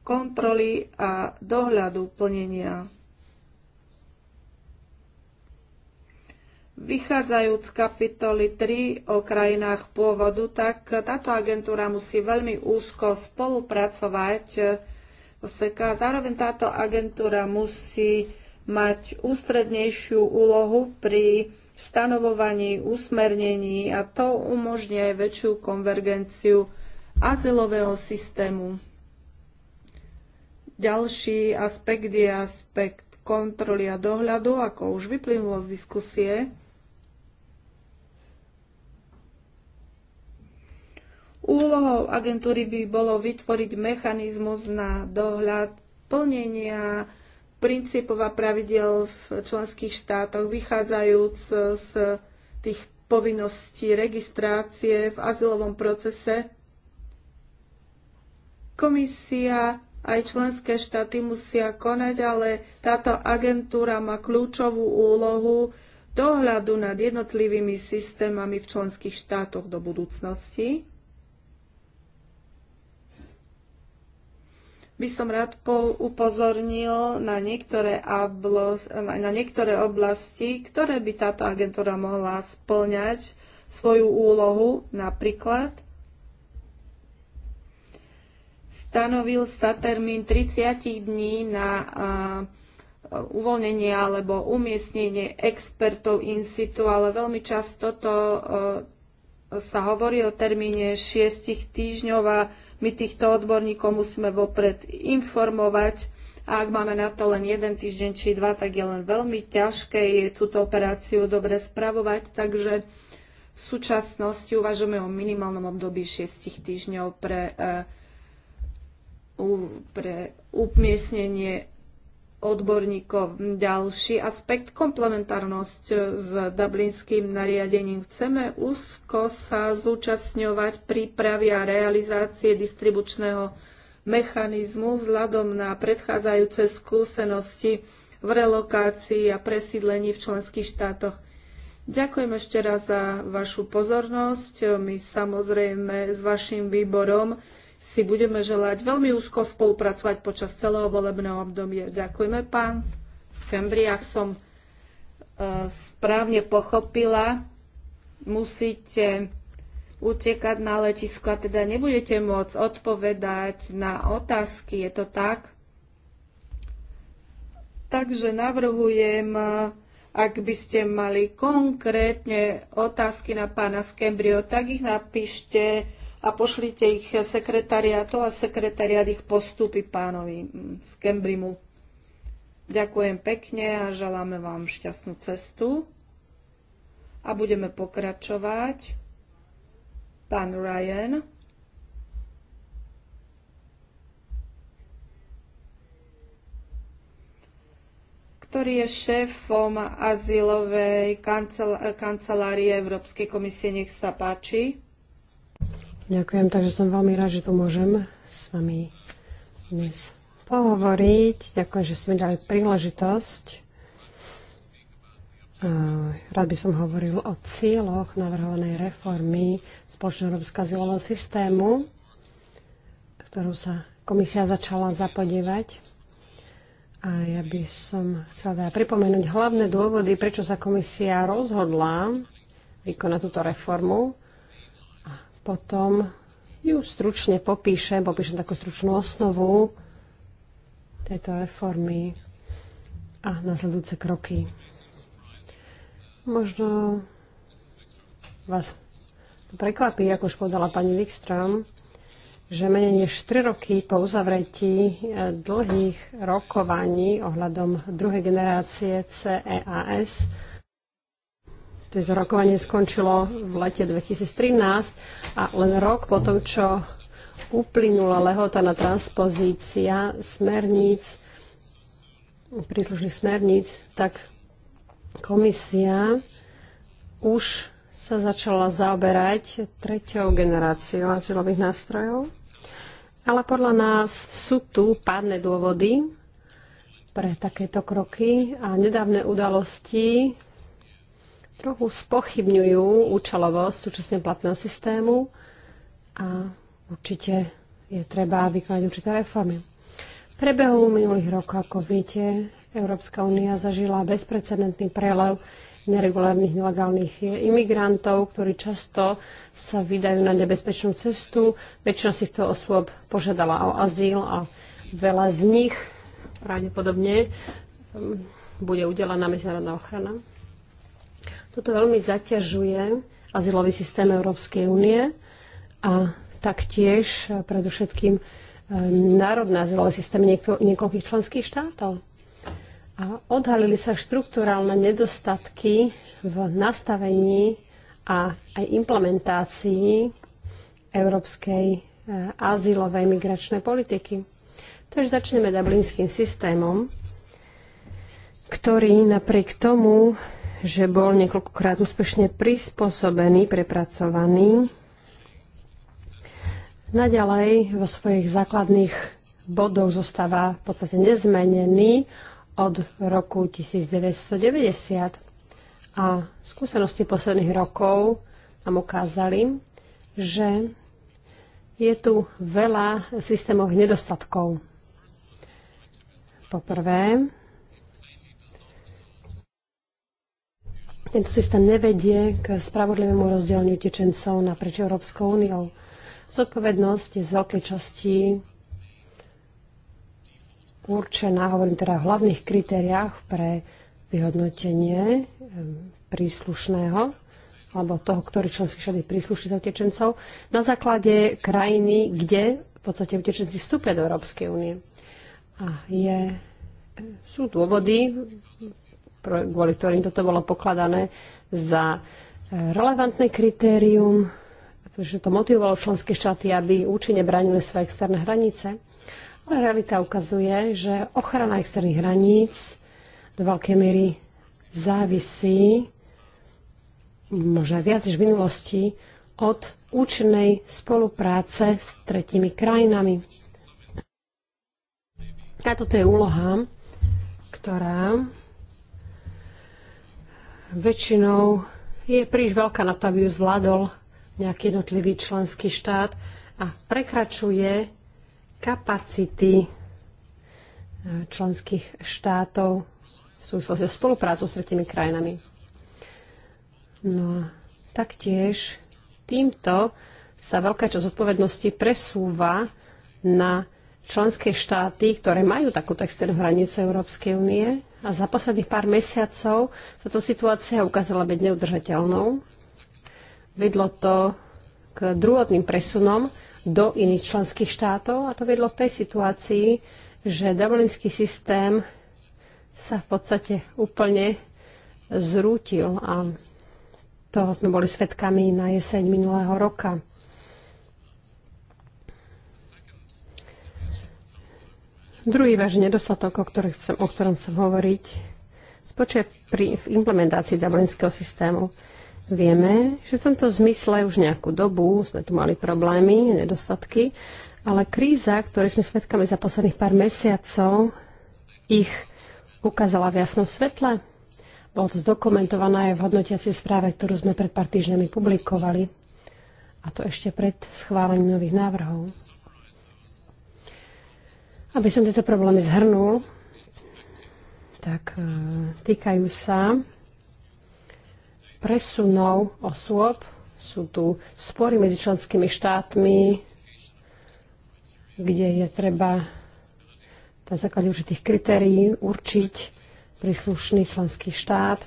kontroly a dohľadu plnenia. Vychádzajúc z kapitoly 3 o krajinách pôvodu, tak táto agentúra musí veľmi úzko spolupracovať Zároveň táto agentúra musí mať ústrednejšiu úlohu pri stanovovaní usmernení a to umožňuje väčšiu konvergenciu azylového systému. Ďalší aspekt je aspekt kontroly a dohľadu, ako už vyplynulo z diskusie. Úlohou agentúry by bolo vytvoriť mechanizmus na dohľad plnenia princípov a pravidel v členských štátoch, vychádzajúc z tých povinností registrácie v azylovom procese. Komisia aj členské štáty musia konať, ale táto agentúra má kľúčovú úlohu dohľadu nad jednotlivými systémami v členských štátoch do budúcnosti. By som rád upozornil na niektoré, ablos, na niektoré oblasti, ktoré by táto agentúra mohla splňať svoju úlohu, napríklad stanovil sa termín 30 dní na uvoľnenie alebo umiestnenie expertov in situ, ale veľmi často to e, sa hovorí o termíne 6 týždňov a my týchto odborníkov musíme vopred informovať a ak máme na to len jeden týždeň či dva, tak je len veľmi ťažké je túto operáciu dobre spravovať, takže v súčasnosti uvažujeme o minimálnom období 6 týždňov pre e, pre umiestnenie odborníkov. Ďalší aspekt, komplementárnosť s dublinským nariadením. Chceme úzko sa zúčastňovať v prípravy a realizácie distribučného mechanizmu vzhľadom na predchádzajúce skúsenosti v relokácii a presídlení v členských štátoch. Ďakujem ešte raz za vašu pozornosť. My samozrejme s vašim výborom si budeme želať veľmi úzko spolupracovať počas celého volebného obdobia. Ďakujeme, pán V Cambry, som e, správne pochopila, musíte utekať na letisko a teda nebudete môcť odpovedať na otázky. Je to tak? Takže navrhujem, e, ak by ste mali konkrétne otázky na pána Skembrio, tak ich napíšte a pošlite ich sekretariátu a sekretariát ich postupy pánovi z Kembrimu. Ďakujem pekne a želáme vám šťastnú cestu. A budeme pokračovať. Pán Ryan. ktorý je šéfom azylovej kancel- kancelárie Európskej komisie. Nech sa páči. Ďakujem, takže som veľmi rád, že tu môžem s vami dnes pohovoriť. Ďakujem, že ste mi dali príležitosť. Rád by som hovoril o cieľoch navrhovanej reformy spoločného azylového systému, ktorú sa komisia začala zapodievať. A ja by som chcela teda pripomenúť hlavné dôvody, prečo sa komisia rozhodla vykonať túto reformu potom ju stručne popíšem, popíšem takú stručnú osnovu tejto reformy a nasledujúce kroky. Možno vás to prekvapí, ako už povedala pani Wikström, že menej než 3 roky po uzavretí eh, dlhých rokovaní ohľadom druhej generácie CEAS toto rokovanie skončilo v lete 2013 a len rok po tom, čo uplynula lehota na transpozícia smerníc, príslušných smerníc, tak komisia už sa začala zaoberať treťou generáciou azylových nástrojov. Ale podľa nás sú tu pádne dôvody pre takéto kroky a nedávne udalosti trochu spochybňujú účelovosť súčasne platného systému a určite je treba vykonať určité reformy. V prebehu minulých rokov, ako viete, Európska únia zažila bezprecedentný prelev neregulárnych nelegálnych imigrantov, ktorí často sa vydajú na nebezpečnú cestu. Väčšina si týchto osôb požiadala o azyl a veľa z nich pravdepodobne bude udelená medzinárodná ochrana. Toto veľmi zaťažuje azylový systém Európskej únie a taktiež e, predovšetkým e, národné azylové systémy niekoľkých členských štátov. A odhalili sa štruktúrálne nedostatky v nastavení a aj implementácii európskej e, azylovej migračnej politiky. Takže začneme dublinským systémom, ktorý napriek tomu, že bol niekoľkokrát úspešne prispôsobený, prepracovaný. Naďalej vo svojich základných bodoch zostáva v podstate nezmenený od roku 1990. A skúsenosti posledných rokov nám ukázali, že je tu veľa systémov nedostatkov. Poprvé, Tento systém nevedie k spravodlivému rozdeleniu tečencov naprieč Európskou úniou. Zodpovednosť je z veľkej časti určená, hovorím teda o hlavných kritériách pre vyhodnotenie príslušného alebo toho, ktorý členský štát je príslušný za utečencov, na základe krajiny, kde v podstate utečenci vstúpia do Európskej únie. A je, sú dôvody, kvôli ktorým toto bolo pokladané za e, relevantné kritérium, pretože to motivovalo členské štáty, aby účinne bránili svoje externé hranice. Ale realita ukazuje, že ochrana externých hraníc do veľkej miery závisí možno viac než v minulosti od účinnej spolupráce s tretími krajinami. A toto je úloha, ktorá väčšinou je príliš veľká na to, aby ju zvládol nejaký jednotlivý členský štát a prekračuje kapacity e, členských štátov v súvislosti so spoluprácou s tretimi krajinami. No a taktiež týmto sa veľká časť zodpovednosti presúva na členské štáty, ktoré majú takú externú hranicu Európskej únie a za posledných pár mesiacov sa to situácia ukázala byť neudržateľnou. Vedlo to k druhotným presunom do iných členských štátov a to vedlo k tej situácii, že dublinský systém sa v podstate úplne zrútil a toho sme boli svedkami na jeseň minulého roka. Druhý váš nedostatok, o, ktorý chcem, o ktorom chcem hovoriť, spočíva pri, v implementácii dublinského systému. Vieme, že v tomto zmysle už nejakú dobu sme tu mali problémy, nedostatky, ale kríza, ktoré sme svedkami za posledných pár mesiacov, ich ukázala v jasnom svetle. Bolo to zdokumentované aj v hodnotiacej správe, ktorú sme pred pár týždňami publikovali. A to ešte pred schválením nových návrhov. Aby som tieto problémy zhrnul, tak e, týkajú sa presunov osôb. Sú tu spory medzi členskými štátmi, kde je treba na základe určitých kritérií určiť príslušný členský štát.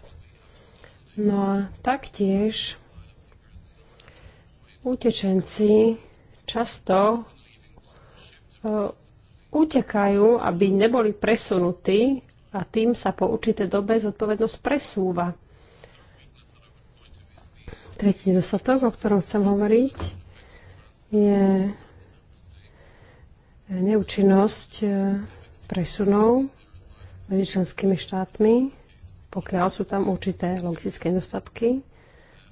No a taktiež utečenci často e, utekajú, aby neboli presunutí a tým sa po určité dobe zodpovednosť presúva. Tretí dostatok, o ktorom chcem hovoriť, je neúčinnosť e, presunov medzi členskými štátmi, pokiaľ sú tam určité logistické nedostatky.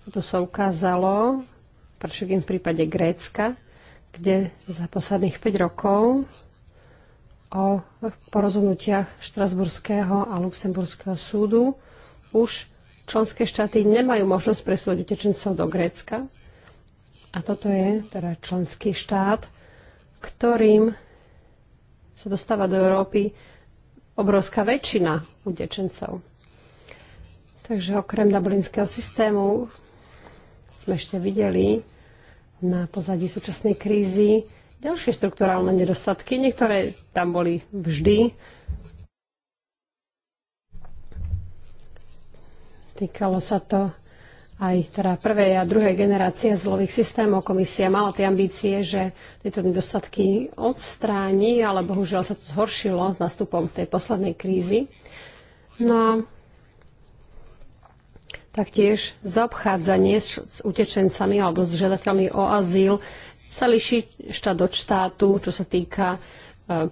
Toto sa ukázalo v prípade Grécka, kde za posledných 5 rokov o porozumnutiach Štrasburského a Luxemburského súdu. Už členské štáty nemajú možnosť presúvať utečencov do Grécka. A toto je teda členský štát, ktorým sa dostáva do Európy obrovská väčšina utečencov. Takže okrem dublinského systému sme ešte videli na pozadí súčasnej krízy ďalšie štruktúrálne nedostatky. Niektoré tam boli vždy. Týkalo sa to aj teda prvej a druhej generácie zlových systémov. Komisia mala tie ambície, že tieto nedostatky odstráni, ale bohužiaľ sa to zhoršilo s nastupom tej poslednej krízy. No a taktiež zaobchádzanie s, s utečencami alebo s žiadateľmi o azyl sa liší štát od štátu, čo sa týka e,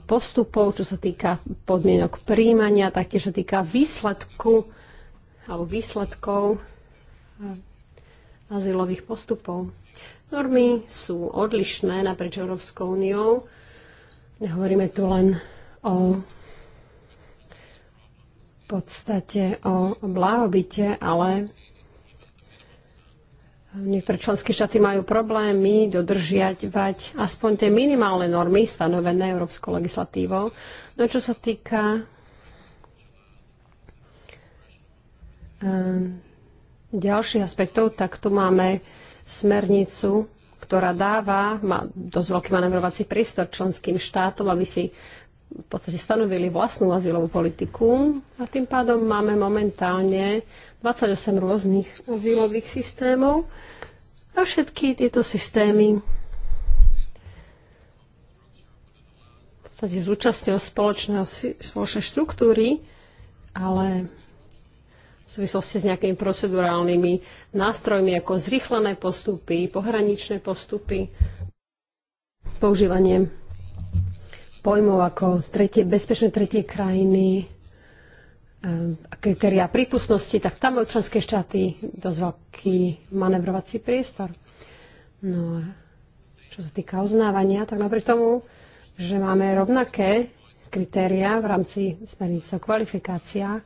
postupov, čo sa týka podmienok príjmania, taktiež sa týka výsledku alebo výsledkov e, azylových postupov. Normy sú odlišné naprieč Európskou úniou. Nehovoríme tu len o v podstate o blahobite, ale Niektoré členské štáty majú problémy dodržiavať aspoň tie minimálne normy stanovené európskou legislatívou. No čo sa týka ehm, ďalších aspektov, tak tu máme smernicu, ktorá dáva má dosť veľký manevrovací prístor členským štátom, aby si v podstate stanovili vlastnú azylovú politiku a tým pádom máme momentálne 28 rôznych azylových systémov a všetky tieto systémy v podstate zúčastňujú spoločného, spoločnej štruktúry, ale v súvislosti s nejakými procedurálnymi nástrojmi ako zrýchlené postupy, pohraničné postupy, používanie pojmov ako tretie, bezpečné tretie krajiny eh, a kritéria prípustnosti, tak tam majú členské štáty dosť veľký manevrovací priestor. No a čo sa týka uznávania, tak napriek tomu, že máme rovnaké kritéria v rámci smernice o kvalifikáciách,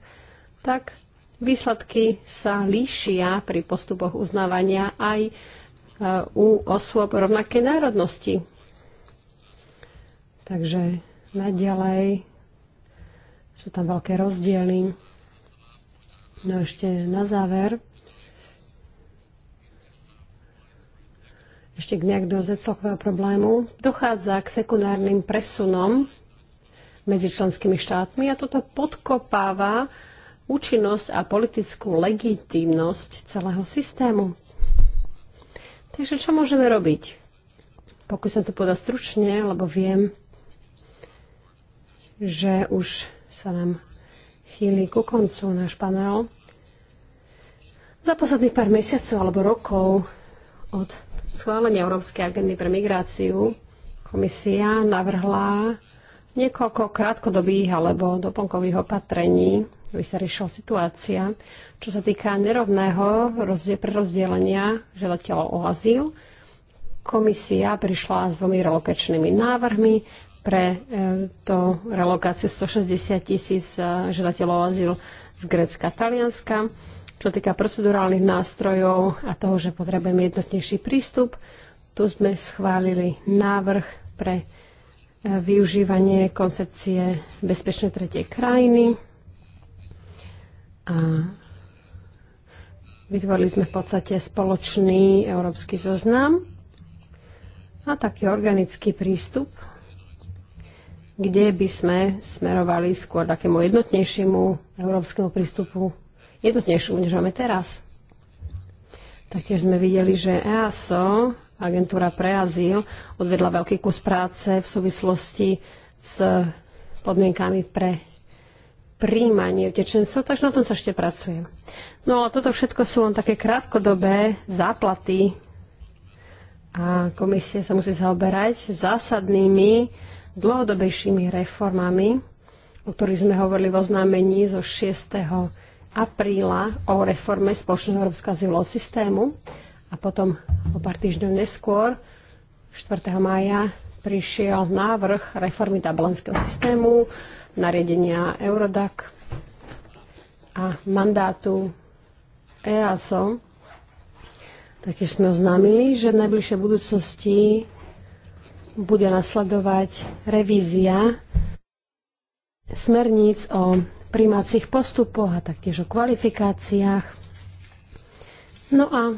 tak výsledky sa líšia pri postupoch uznávania aj eh, u osôb rovnakej národnosti. Takže naďalej sú tam veľké rozdiely. No a ešte na záver. Ešte k nejak do celkového problému. Dochádza k sekundárnym presunom medzi členskými štátmi a toto podkopáva účinnosť a politickú legitímnosť celého systému. Takže čo môžeme robiť? Pokúsim to povedať stručne, lebo viem, že už sa nám chýli ku koncu náš panel. Za posledných pár mesiacov alebo rokov od schválenia Európskej agendy pre migráciu komisia navrhla niekoľko krátkodobých alebo doplnkových opatrení, aby sa riešila situácia, čo sa týka nerovného prerozdelenia žiadateľov o azyl. Komisia prišla s dvomi relokačnými návrhmi pre e, to relokáciu 160 tisíc e, žiadateľov azyl z Grécka a Talianska. Čo týka procedurálnych nástrojov a toho, že potrebujeme jednotnejší prístup, tu sme schválili návrh pre e, využívanie koncepcie bezpečnej tretej krajiny. A vytvorili sme v podstate spoločný európsky zoznam a taký organický prístup kde by sme smerovali skôr takému jednotnejšiemu európskemu prístupu, jednotnejšiemu, než máme teraz. Taktiež sme videli, že EASO, agentúra pre azyl, odvedla veľký kus práce v súvislosti s podmienkami pre príjmanie utečencov, takže na tom sa ešte pracuje. No a toto všetko sú len také krátkodobé záplaty a komisia sa musí zaoberať zásadnými, dlhodobejšími reformami, o ktorých sme hovorili vo znamení zo 6. apríla o reforme spoločného európskeho azylového systému. A potom o pár týždňov neskôr, 4. mája, prišiel návrh reformy dublinského systému, nariadenia Eurodac a mandátu EASO Taktiež sme oznámili, že v najbližšej budúcnosti bude nasledovať revízia smerníc o príjmacích postupoch a taktiež o kvalifikáciách. No a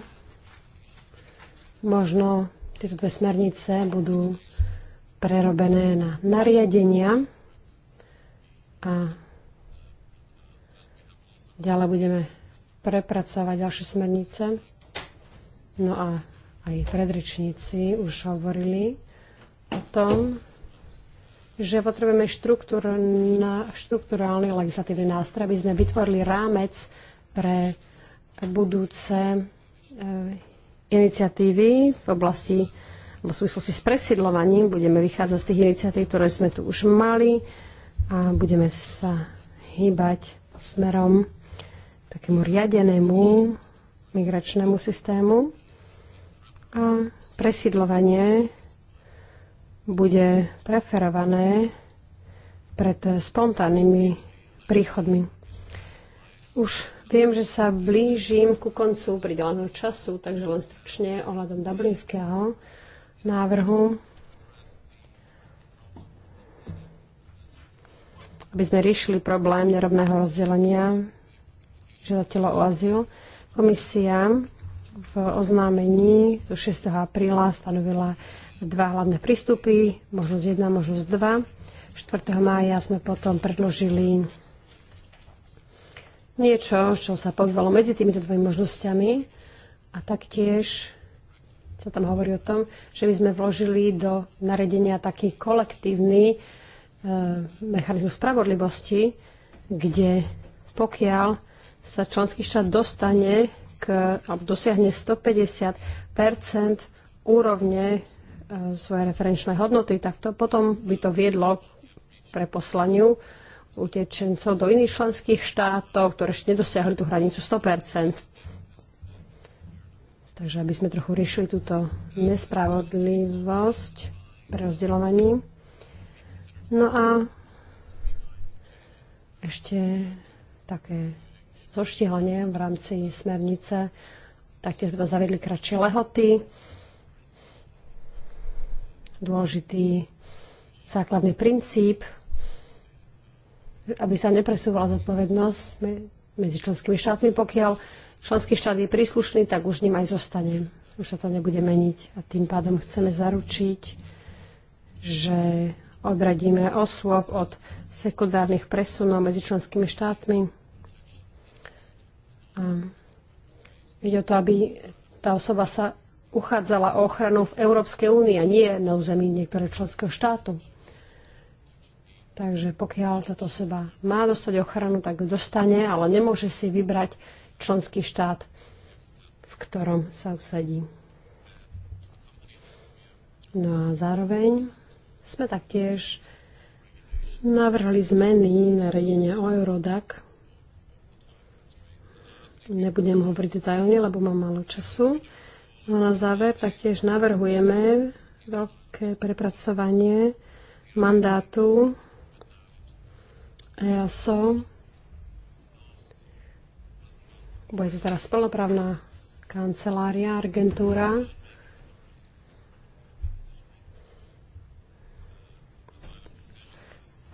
možno tieto dve smernice budú prerobené na nariadenia a ďalej budeme prepracovať ďalšie smernice. No a aj predrečníci už hovorili o tom, že potrebujeme štruktúrálny legislatívny nástroj, aby sme vytvorili rámec pre budúce e, iniciatívy v oblasti v súvislosti s presídlovaním. Budeme vychádzať z tých iniciatív, ktoré sme tu už mali a budeme sa hýbať smerom takému riadenému migračnému systému a presídlovanie bude preferované pred spontánnymi príchodmi. Už viem, že sa blížim ku koncu prideleného času, takže len stručne ohľadom dublinského návrhu. Aby sme riešili problém nerovného rozdelenia žiadateľov o azyl, komisia v oznámení do 6. apríla stanovila dva hlavné prístupy, možnosť 1, možnosť 2. 4. mája sme potom predložili niečo, čo sa pohybovalo medzi týmito dvomi možnosťami a taktiež sa tam hovorí o tom, že by sme vložili do naredenia taký kolektívny e, mechanizmus spravodlivosti, kde pokiaľ sa členský štát dostane alebo dosiahne 150 úrovne e, svojej referenčnej hodnoty, tak to potom by to viedlo pre poslaniu utečencov do iných členských štátov, ktoré ešte nedosiahli tú hranicu 100 Takže aby sme trochu riešili túto nespravodlivosť pre rozdeľovaní. No a ešte také zoštihlenie v rámci smernice. Taktiež sme zaviedli kratšie lehoty. Dôležitý základný princíp, aby sa nepresúvala zodpovednosť medzi členskými štátmi, pokiaľ členský štát je príslušný, tak už ním aj zostane. Už sa to nebude meniť a tým pádom chceme zaručiť, že odradíme osôb od sekundárnych presunov medzi členskými štátmi. Hm. Ide o to, aby tá osoba sa uchádzala o ochranu v Európskej únii a nie na území niektorého členského štátu. Takže pokiaľ táto osoba má dostať ochranu, tak ju dostane, ale nemôže si vybrať členský štát, v ktorom sa usadí. No a zároveň sme taktiež navrhli zmeny nariadenia o Eurodac, Nebudem hovoriť detailne, lebo mám málo času. No a na záver taktiež navrhujeme veľké prepracovanie mandátu EASO. Bude to teraz plnoprávna kancelária, agentúra.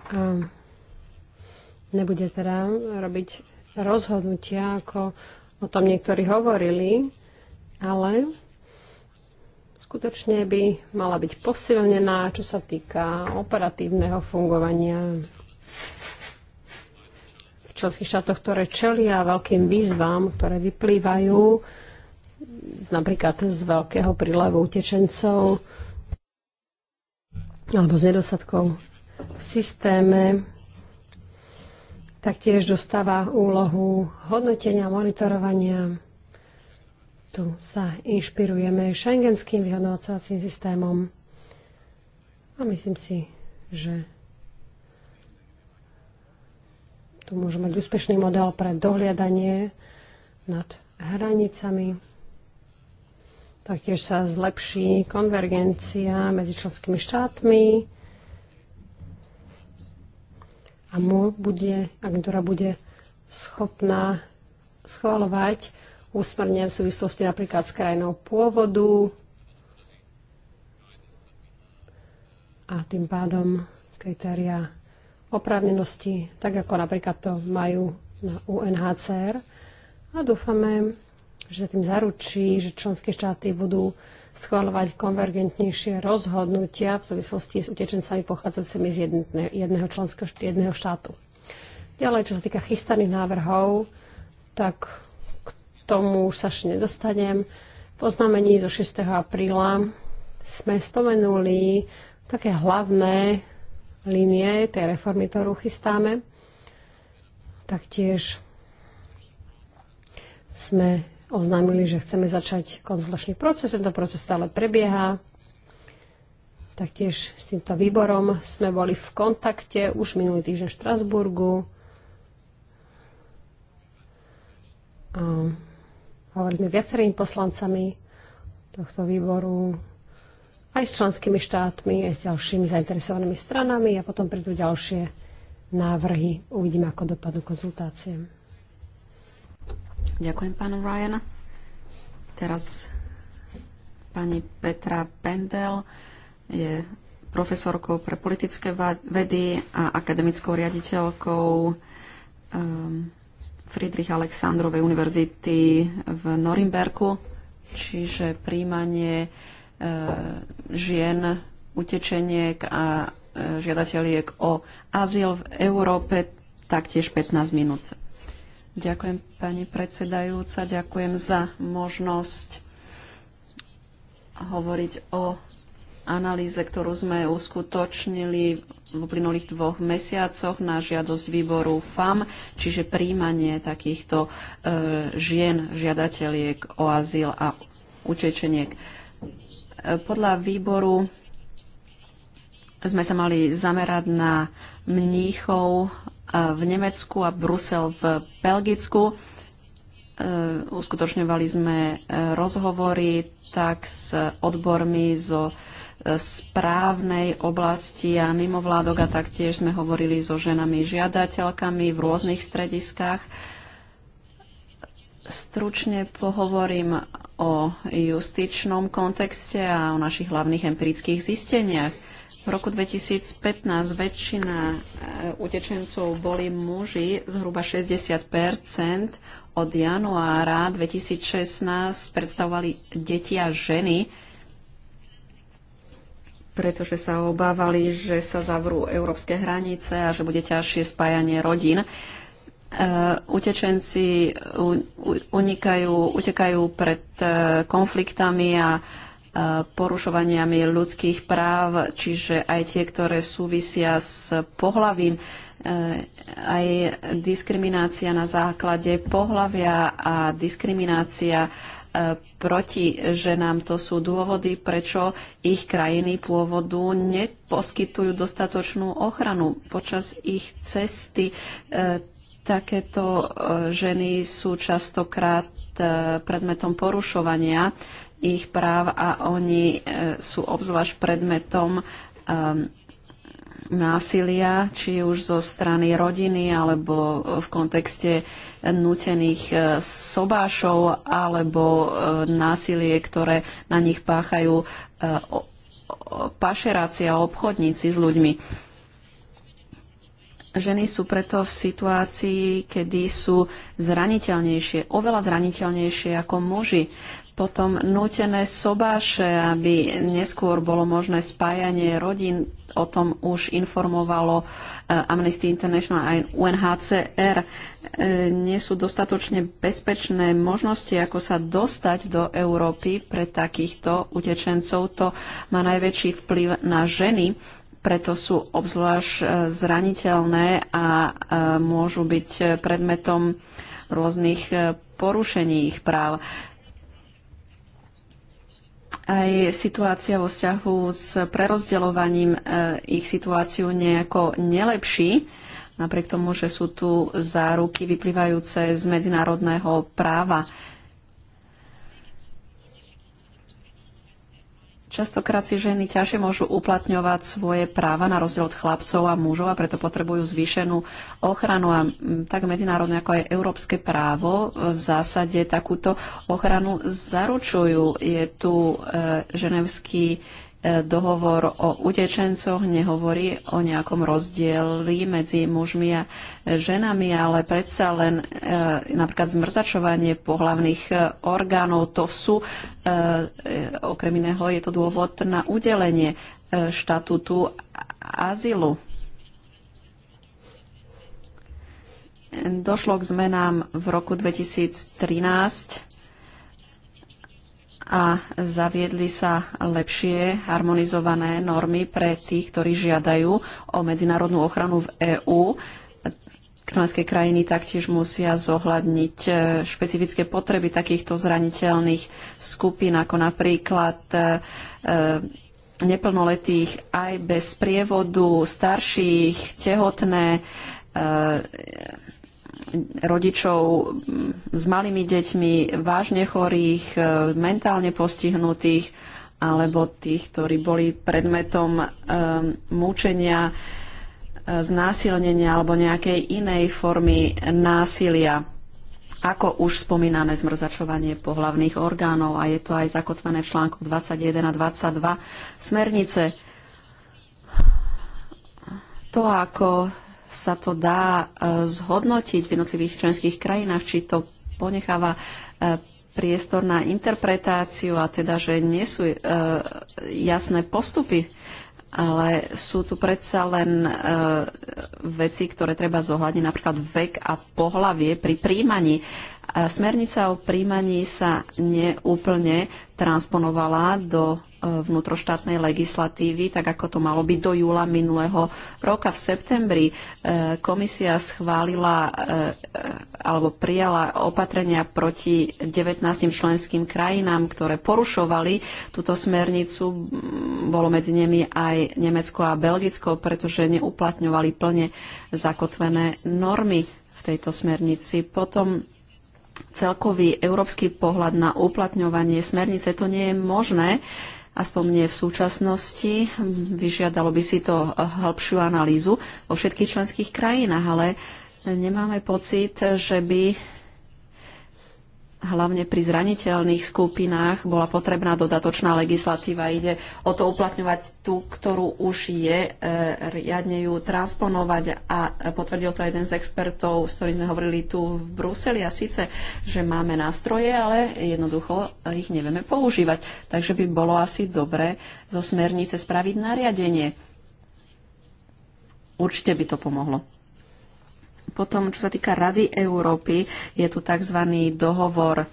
A nebude teda robiť rozhodnutia, ako o tom niektorí hovorili, ale skutočne by mala byť posilnená, čo sa týka operatívneho fungovania v členských štátoch, ktoré čelia veľkým výzvam, ktoré vyplývajú z, napríklad z veľkého prílevu utečencov alebo z nedostatkov v systéme taktiež dostáva úlohu hodnotenia, monitorovania. Tu sa inšpirujeme šengenským vyhodnocovacím systémom a myslím si, že tu môžeme mať úspešný model pre dohliadanie nad hranicami. Taktiež sa zlepší konvergencia medzi členskými štátmi a mu bude, agentúra bude schopná schvalovať úsmrne v súvislosti napríklad s krajinou pôvodu a tým pádom kritéria oprávnenosti, tak ako napríklad to majú na UNHCR. A dúfame, že sa tým zaručí, že členské štáty budú schváľovať konvergentnejšie rozhodnutia v súvislosti s utečencami pochádzajúcimi z jedného členského jedného štátu. Ďalej, čo sa týka chystaných návrhov, tak k tomu už sa ešte nedostanem. V oznámení zo 6. apríla sme spomenuli také hlavné línie tej reformy, ktorú chystáme. Taktiež sme oznámili, že chceme začať konzulačný proces. Tento proces stále prebieha. Taktiež s týmto výborom sme boli v kontakte už minulý týždeň v Štrasburgu. A hovorili sme viacerými poslancami tohto výboru, aj s členskými štátmi, aj s ďalšími zainteresovanými stranami a potom prídu ďalšie návrhy. Uvidíme, ako dopadnú konzultácie. Ďakujem, pánu Ryan. Teraz pani Petra Pendel je profesorkou pre politické vedy a akademickou riaditeľkou ehm, Friedrich Aleksandrovej univerzity v Norimberku, čiže príjmanie eh, žien, utečeniek a eh, žiadateľiek o azyl v Európe, taktiež 15 minút Ďakujem, pani predsedajúca, ďakujem za možnosť hovoriť o analýze, ktorú sme uskutočnili v uplynulých dvoch mesiacoch na žiadosť výboru FAM, čiže príjmanie takýchto e, žien, žiadateľiek o azyl a utečeniek. E, podľa výboru sme sa mali zamerať na mníchov E, v Nemecku a Brusel v Belgicku. E, uskutočňovali sme e, rozhovory tak s odbormi zo správnej oblasti a mimovládok a taktiež sme hovorili so ženami žiadateľkami v rôznych strediskách. Stručne pohovorím o justičnom kontexte a o našich hlavných empirických zisteniach. V roku 2015 väčšina e, utečencov boli muži, zhruba 60 od januára 2016 predstavovali deti a ženy, pretože sa obávali, že sa zavrú európske hranice a že bude ťažšie spájanie rodín. Uh, utečenci unikajú, utekajú pred uh, konfliktami a porušovaniami ľudských práv, čiže aj tie, ktoré súvisia s pohlavím, e, aj diskriminácia na základe pohlavia a diskriminácia e, proti ženám. To sú dôvody, prečo ich krajiny pôvodu neposkytujú dostatočnú ochranu. Počas ich cesty e, takéto ženy sú častokrát predmetom porušovania ich práv a oni e, sú obzvlášť predmetom e, násilia, či už zo strany rodiny alebo v kontexte nutených e, sobášov alebo násilie, ktoré na nich páchajú pašeráci a obchodníci s ľuďmi. Ženy sú preto v situácii, kedy sú zraniteľnejšie, oveľa zraniteľnejšie ako muži potom nútené sobáše, aby neskôr bolo možné spájanie rodín. O tom už informovalo eh, Amnesty International aj UNHCR. Eh, nie sú dostatočne bezpečné možnosti, ako sa dostať do Európy pre takýchto utečencov. To má najväčší vplyv na ženy, preto sú obzvlášť eh, zraniteľné a môžu byť predmetom rôznych porušení ich práv aj situácia vo vzťahu s prerozdeľovaním e, ich situáciu nejako nelepší, napriek tomu, že sú tu záruky vyplývajúce z medzinárodného práva. Častokrát si ženy ťažšie môžu uplatňovať svoje práva na rozdiel od chlapcov a mužov a preto potrebujú zvýšenú ochranu a mm, tak medzinárodné ako aj európske právo e, v zásade takúto ochranu zaručujú. Je tu e, ženevský dohovor o utečencoch nehovorí o nejakom rozdieli medzi mužmi a ženami, ale predsa len e, napríklad zmrzačovanie pohlavných e, orgánov, to sú, e, okrem iného, je to dôvod na udelenie štatútu azylu. Došlo k zmenám v roku 2013 a zaviedli sa lepšie harmonizované normy pre tých, ktorí žiadajú o medzinárodnú ochranu v EÚ. Členské krajiny taktiež musia zohľadniť e, špecifické potreby takýchto zraniteľných skupín, ako napríklad e, e, neplnoletých aj bez prievodu, starších, tehotné, rodičov mm, s malými deťmi, vážne chorých, e, mentálne postihnutých alebo tých, ktorí boli predmetom e, mučenia, e, znásilnenia alebo nejakej inej formy násilia. Ako už spomínané zmrzačovanie pohlavných orgánov a je to aj zakotvené v článku 21 a 22 smernice. To, ako sa to dá e, zhodnotiť v jednotlivých členských krajinách, či to ponecháva e, priestor na interpretáciu a teda, že nie sú e, jasné postupy, ale sú tu predsa len veci, ktoré treba zohľadniť, napríklad vek a pohlavie pri príjmaní. Smernica o príjmaní sa neúplne transponovala do e, vnútroštátnej legislatívy, tak ako to malo byť do júla minulého roka. V septembri e, komisia schválila e, alebo prijala opatrenia proti 19 členským krajinám, ktoré porušovali túto smernicu. Bolo medzi nimi aj Nemecko a Belgicko, pretože neuplatňovali plne zakotvené normy v tejto smernici. Potom celkový európsky pohľad na uplatňovanie smernice. To nie je možné, aspoň nie v súčasnosti. Vyžiadalo by si to hĺbšiu analýzu vo všetkých členských krajinách, ale nemáme pocit, že by hlavne pri zraniteľných skupinách bola potrebná dodatočná legislatíva. Ide o to uplatňovať tú, ktorú už je, e, riadne ju transponovať a potvrdil to jeden z expertov, s ktorým sme hovorili tu v Bruseli a síce, že máme nástroje, ale jednoducho ich nevieme používať. Takže by bolo asi dobre zo smernice spraviť nariadenie. Určite by to pomohlo. Potom, čo sa týka Rady Európy, je tu tzv. dohovor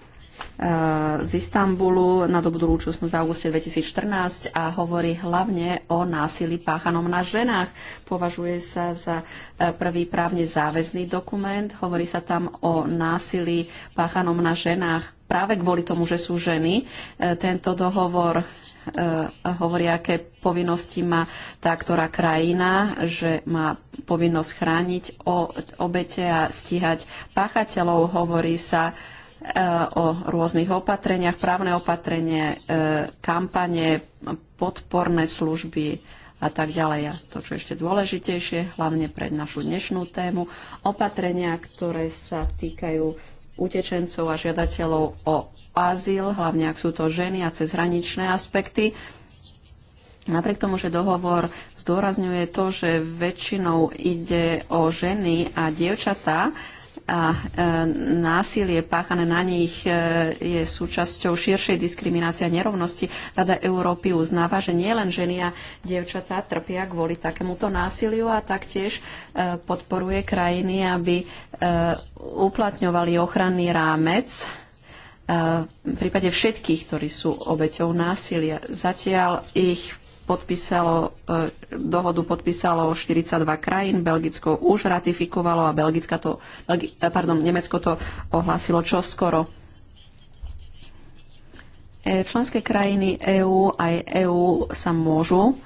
z Istanbulu na dobu účastnú v auguste 2014 a hovorí hlavne o násilí páchanom na ženách. Považuje sa za e, prvý právne záväzný dokument. Hovorí sa tam o násilí páchanom na ženách práve kvôli tomu, že sú ženy. E, tento dohovor e, hovorí, aké povinnosti má tá ktorá krajina, že má povinnosť chrániť obete a stíhať páchateľov. Hovorí sa o rôznych opatreniach, právne opatrenie, e, kampane, podporné služby a tak ďalej. A to, čo je ešte dôležitejšie, hlavne pre našu dnešnú tému, opatrenia, ktoré sa týkajú utečencov a žiadateľov o azyl, hlavne ak sú to ženy a cezhraničné aspekty. Napriek tomu, že dohovor zdôrazňuje to, že väčšinou ide o ženy a dievčatá, a e, násilie páchané na nich e, je súčasťou širšej diskriminácie a nerovnosti. Rada Európy uznáva, že nielen ženy a dievčatá trpia kvôli takémuto násiliu a taktiež e, podporuje krajiny, aby uplatňovali ochranný rámec v prípade všetkých, ktorí sú obeťou násilia. Zatiaľ ich podpísalo, e, dohodu podpísalo 42 krajín, Belgicko už ratifikovalo a Belgicka to, Belgi, e, pardon, Nemecko to ohlásilo čoskoro. E, členské krajiny EÚ aj EÚ sa môžu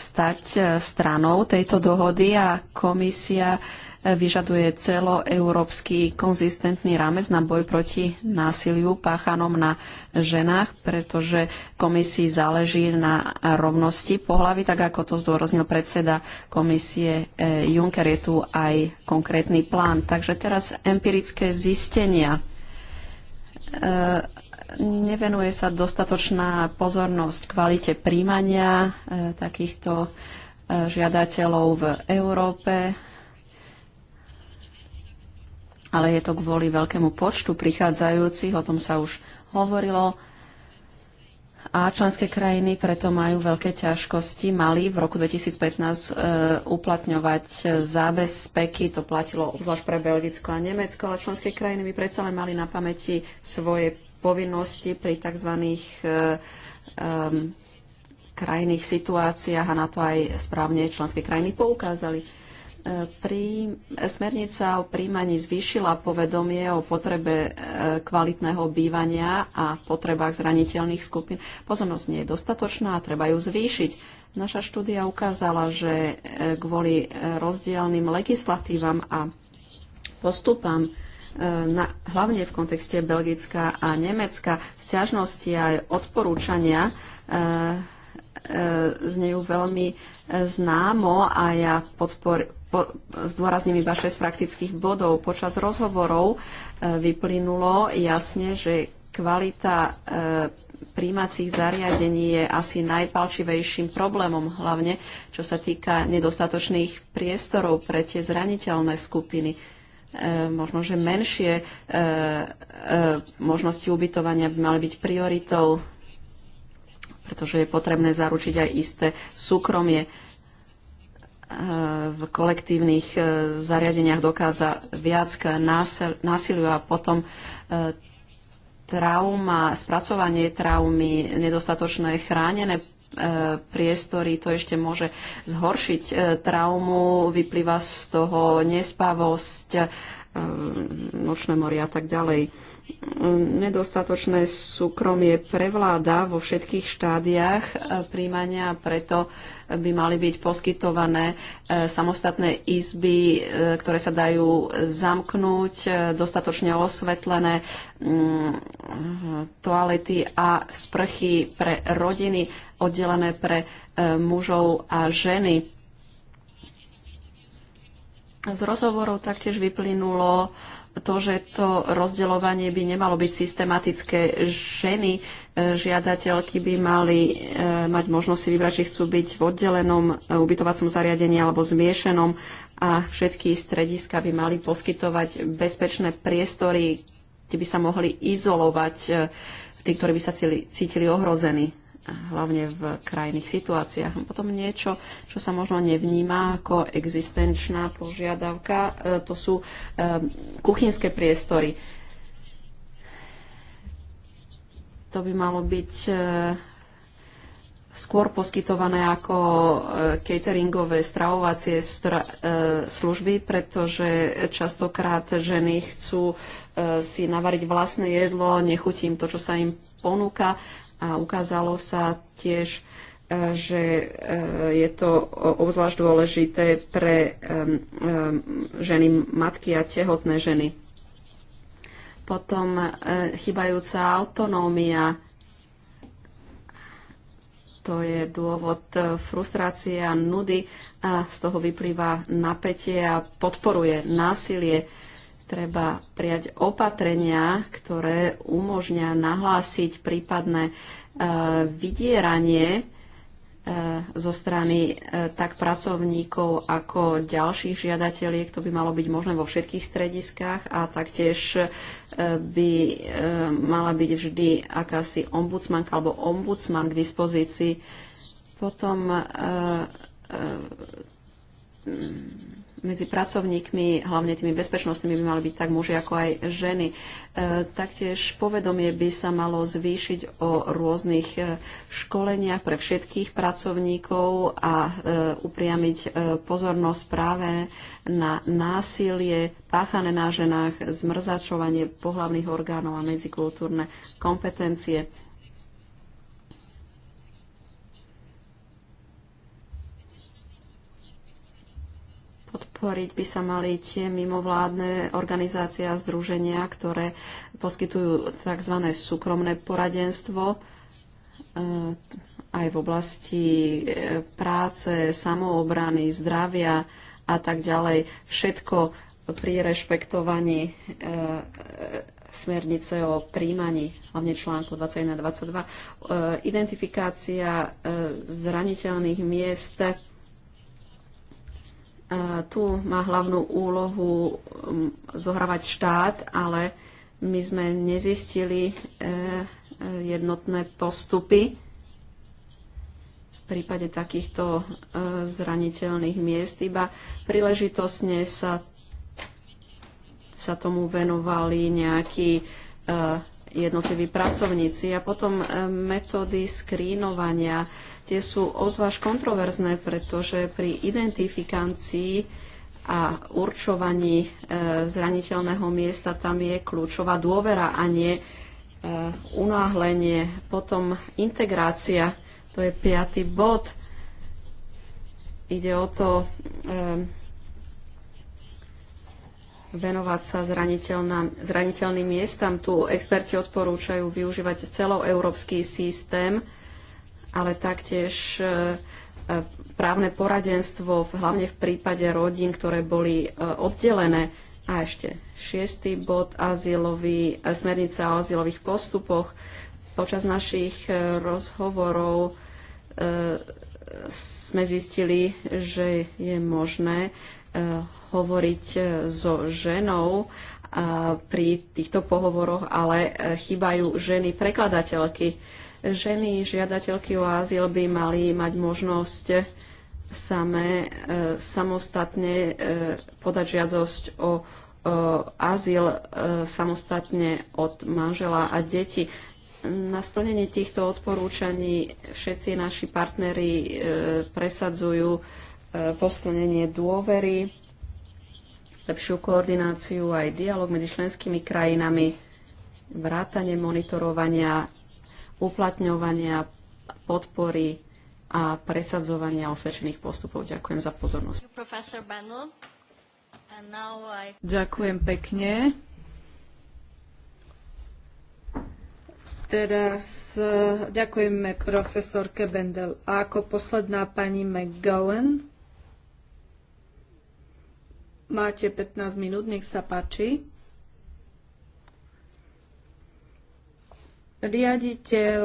stať stranou tejto dohody a komisia vyžaduje celoeurópsky konzistentný rámec na boj proti násiliu páchanom na ženách, pretože komisii záleží na rovnosti pohlavy, tak ako to zdôraznil predseda komisie e, Juncker. Je tu aj konkrétny plán. Takže teraz empirické zistenia. E, nevenuje sa dostatočná pozornosť kvalite príjmania e, takýchto žiadateľov v Európe ale je to kvôli veľkému počtu prichádzajúcich, o tom sa už hovorilo. A členské krajiny preto majú veľké ťažkosti. Mali v roku 2015 e, uplatňovať zábezpeky, to platilo obzvlášť pre Belgicko a Nemecko, ale členské krajiny by predsa len mali na pamäti svoje povinnosti pri tzv. E, e krajných situáciách a na to aj správne členské krajiny poukázali. E, prí, smernica o príjmaní zvýšila povedomie o potrebe e, kvalitného bývania a potrebách zraniteľných skupín. Pozornosť nie je dostatočná a treba ju zvýšiť. Naša štúdia ukázala, že e, kvôli rozdielným legislatívam a postupám na, hlavne v kontexte Belgická a Nemecka, sťažnosti aj odporúčania e, e, znejú veľmi známo a ja podpor, po, zdôrazním iba 6 praktických bodov. Počas rozhovorov e, vyplynulo jasne, že kvalita e, príjmacích zariadení je asi najpalčivejším problémom, hlavne čo sa týka nedostatočných priestorov pre tie zraniteľné skupiny. E, možno, že menšie e, e, možnosti ubytovania by mali byť prioritou, pretože je potrebné zaručiť aj isté súkromie. E, v kolektívnych e, zariadeniach dokáza viac k násiliu a potom e, trauma, spracovanie traumy, nedostatočné chránené e, priestory, to ešte môže zhoršiť traumu, vyplýva z toho nespavosť, nočné moria a tak ďalej nedostatočné súkromie prevláda vo všetkých štádiách e, príjmania, preto by mali byť poskytované e, samostatné izby, e, ktoré sa dajú zamknúť, dostatočne osvetlené mm, toalety a sprchy pre rodiny, oddelené pre mužov a ženy. Z rozhovorov taktiež vyplynulo, to, že to rozdeľovanie by nemalo byť systematické. Ženy e, žiadateľky by mali e, mať možnosť si vybrať, či chcú byť v oddelenom e, ubytovacom zariadení alebo zmiešenom a všetky strediska by mali poskytovať bezpečné priestory, kde by sa mohli izolovať tí, ktorí by sa cítili ohrození hlavne v krajných situáciách. No, potom niečo, čo sa možno nevníma ako existenčná požiadavka, e, to sú e, kuchynské priestory. To by malo byť e, skôr poskytované ako cateringové stravovacie služby, pretože častokrát ženy chcú si navariť vlastné jedlo, nechutím to, čo sa im ponúka a ukázalo sa tiež, e, že e, je to obzvlášť dôležité pre e, ženy matky a tehotné ženy. Potom chybajúca autonómia, to je dôvod frustrácie a nudy a z toho vyplýva napätie a podporuje násilie treba prijať opatrenia, ktoré umožňa nahlásiť prípadné e, vydieranie e, zo strany e, tak pracovníkov ako ďalších žiadateľiek. To by malo byť možné vo všetkých strediskách a taktiež by mala byť vždy akási ombudsmanka alebo ombudsman k dispozícii. Potom medzi pracovníkmi, hlavne tými bezpečnostnými by mali byť tak muži ako aj ženy. E, taktiež povedomie by sa malo zvýšiť o rôznych e, školeniach pre všetkých pracovníkov a e, upriamiť pozornosť práve na násilie páchané na ženách, zmrzačovanie pohlavných orgánov a medzikultúrne kompetencie. Podporiť by sa mali tie mimovládne organizácie a združenia, ktoré poskytujú tzv. súkromné poradenstvo e, aj v oblasti e, práce, samoobrany, zdravia a tak ďalej. Všetko pri rešpektovaní e, smernice o príjmaní, hlavne článku 21 a 22, identifikácia zraniteľných miest tu má hlavnú úlohu um, zohrávať štát, ale my sme nezistili eh, eh, jednotné postupy v prípade takýchto eh, zraniteľných miest. Iba príležitosne sa, sa tomu venovali nejakí jednotliví pracovníci a potom metódy skrínovania tie sú ozváž kontroverzné, pretože pri identifikácii a určovaní e, zraniteľného miesta tam je kľúčová dôvera a nie e, unáhlenie. Potom integrácia, to je piatý bod. Ide o to, e, venovať sa zraniteľným miestam. Tu experti odporúčajú využívať celoeurópsky systém ale taktiež e, e, právne poradenstvo, hlavne v prípade rodín, ktoré boli e, oddelené. A ešte šiestý bod, azylový, smernica o azylových postupoch. Počas našich rozhovorov sme zistili, že je možné hovoriť so ženou pri týchto pohovoroch, ale chýbajú ženy prekladateľky Ženy žiadateľky o azyl by mali mať možnosť samé, e, samostatne e, podať žiadosť o azyl e, samostatne od manžela a detí. Na splnenie týchto odporúčaní všetci naši partneri presadzujú posplnenie dôvery, lepšiu koordináciu aj dialog medzi členskými krajinami, vrátanie monitorovania uplatňovania podpory a presadzovania osvedčených postupov. Ďakujem za pozornosť. Ďakujem pekne. Teraz e, ďakujeme profesorke Bendel. A ako posledná pani McGowan. Máte 15 minút, nech sa páči. riaditeľ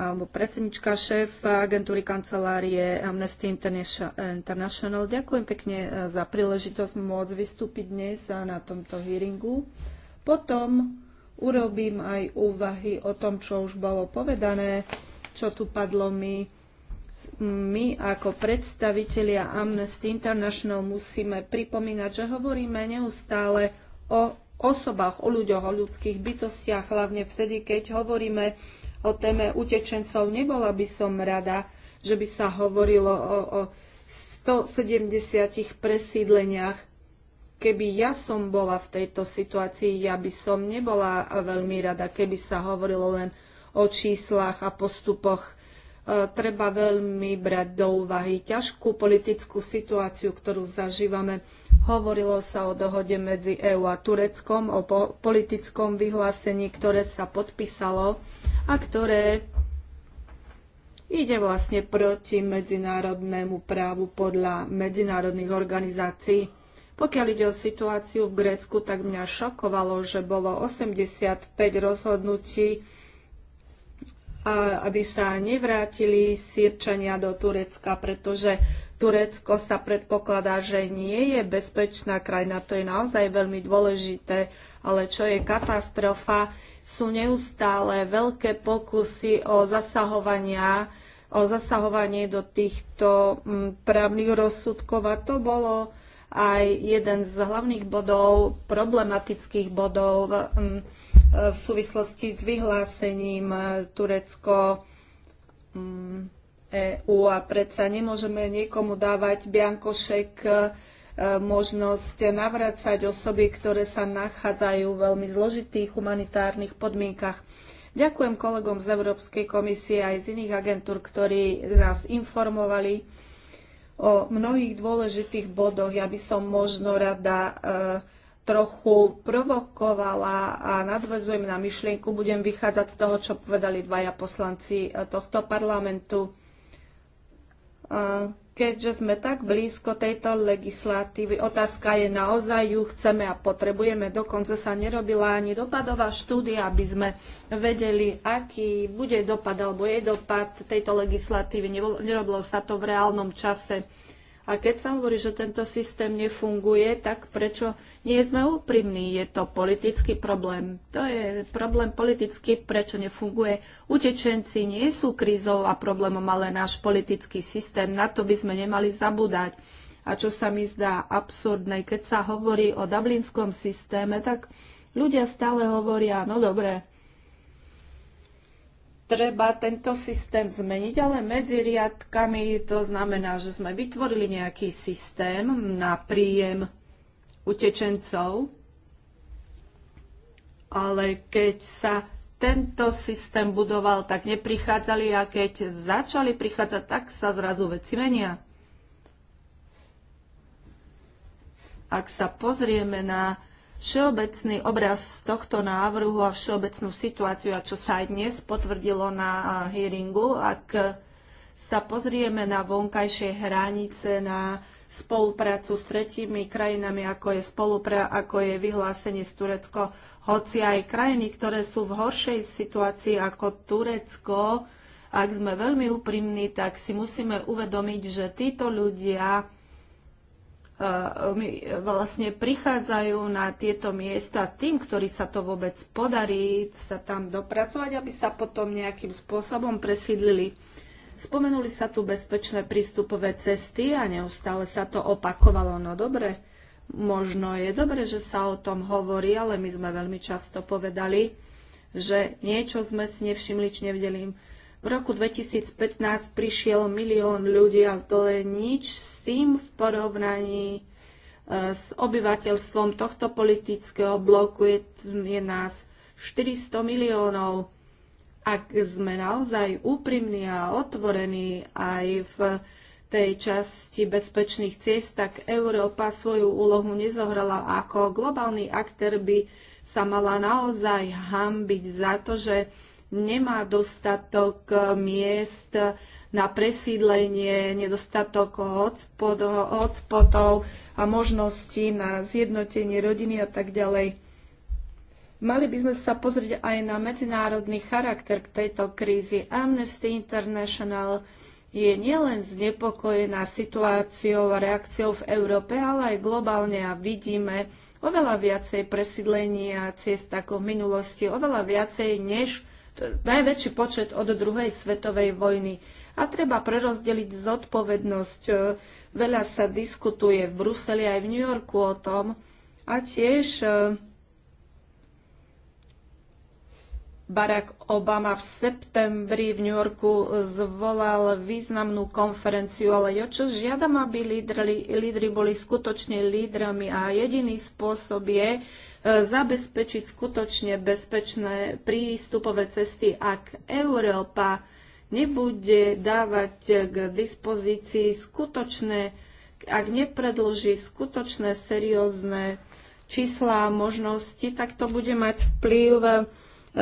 alebo predsednička, šéf agentúry kancelárie Amnesty International. Ďakujem pekne e, za príležitosť môcť vystúpiť dnes na tomto hearingu. Potom urobím aj úvahy o tom, čo už bolo povedané, čo tu padlo my. My ako predstavitelia Amnesty International musíme pripomínať, že hovoríme neustále o osobách, o ľuďoch, o ľudských bytostiach, hlavne vtedy, keď hovoríme o téme utečencov. Nebola by som rada, že by sa hovorilo o, o 170 presídleniach. Keby ja som bola v tejto situácii, ja by som nebola veľmi rada, keby sa hovorilo len o číslach a postupoch e, treba veľmi brať do úvahy ťažkú politickú situáciu, ktorú zažívame. Hovorilo sa o dohode medzi EÚ a Tureckom, o po politickom vyhlásení, ktoré sa podpísalo a ktoré ide vlastne proti medzinárodnému právu podľa medzinárodných organizácií. Pokiaľ ide o situáciu v Grécku, tak mňa šokovalo, že bolo 85 rozhodnutí, aby sa nevrátili sírčania do Turecka, pretože Turecko sa predpokladá, že nie je bezpečná krajina, to je naozaj veľmi dôležité, ale čo je katastrofa, sú neustále veľké pokusy o zasahovania o zasahovanie do týchto mm, právnych rozsudkov a to bolo aj jeden z hlavných bodov, problematických bodov v mm, súvislosti s vyhlásením e, Turecko mm, EÚ a predsa nemôžeme niekomu dávať biankošek e, možnosť navracať osoby, ktoré sa nachádzajú v veľmi zložitých humanitárnych podmienkach. Ďakujem kolegom z Európskej komisie aj z iných agentúr, ktorí nás informovali o mnohých dôležitých bodoch. Ja by som možno rada e, trochu provokovala a nadvezujem na myšlienku. Budem vychádzať z toho, čo povedali dvaja poslanci e, tohto parlamentu keďže sme tak blízko tejto legislatívy, otázka je naozaj ju chceme a potrebujeme. Dokonca sa nerobila ani dopadová štúdia, aby sme vedeli, aký bude dopad alebo jej dopad tejto legislatívy. Nerobilo sa to v reálnom čase. A keď sa hovorí, že tento systém nefunguje, tak prečo nie sme úprimní? Je to politický problém. To je problém politický, prečo nefunguje. Utečenci nie sú krízou a problémom, ale náš politický systém. Na to by sme nemali zabúdať. A čo sa mi zdá absurdné, keď sa hovorí o dublinskom systéme, tak ľudia stále hovoria, no dobre, treba tento systém zmeniť, ale medzi riadkami to znamená, že sme vytvorili nejaký systém na príjem utečencov, ale keď sa tento systém budoval, tak neprichádzali a keď začali prichádzať, tak sa zrazu veci menia. Ak sa pozrieme na Všeobecný obraz tohto návrhu a všeobecnú situáciu, a čo sa aj dnes potvrdilo na hearingu, ak sa pozrieme na vonkajšie hranice, na spoluprácu s tretími krajinami, ako je, spolupra- ako je vyhlásenie z Turecko, hoci aj krajiny, ktoré sú v horšej situácii ako Turecko, ak sme veľmi úprimní, tak si musíme uvedomiť, že títo ľudia E, vlastne prichádzajú na tieto miesta tým, ktorí sa to vôbec podarí sa tam dopracovať, aby sa potom nejakým spôsobom presídlili. Spomenuli sa tu bezpečné prístupové cesty a neustále sa to opakovalo. No dobre, možno je dobre, že sa o tom hovorí, ale my sme veľmi často povedali, že niečo sme si nevšimli, či nevdelím. im v roku 2015 prišiel milión ľudí, ale to je nič s tým v porovnaní e, s obyvateľstvom tohto politického bloku je, je nás 400 miliónov. Ak sme naozaj úprimní a otvorení aj v tej časti bezpečných ciest, tak Európa svoju úlohu nezohrala ako globálny aktér by sa mala naozaj hambiť za to, že nemá dostatok e, miest na presídlenie, nedostatok hotspotov a možností na zjednotenie rodiny a tak ďalej. Mali by sme sa pozrieť aj na medzinárodný charakter k tejto krízy. Amnesty International je nielen znepokojená situáciou a reakciou v Európe, ale aj globálne a vidíme oveľa viacej presídlenia ciest ako v minulosti, oveľa viacej než najväčší počet od druhej svetovej vojny. A treba prerozdeliť zodpovednosť. E, Veľa sa diskutuje v Bruseli aj v New Yorku o tom. A tiež e, Barack Obama v septembri v New Yorku zvolal významnú konferenciu, ale jo čo žiadam, aby lídry, lídry boli skutočne lídrami a jediný spôsob je, E, zabezpečiť skutočne bezpečné prístupové cesty, ak Európa nebude dávať k dispozícii skutočné, ak nepredlží skutočné seriózne čísla a možnosti, tak to bude mať vplyv e,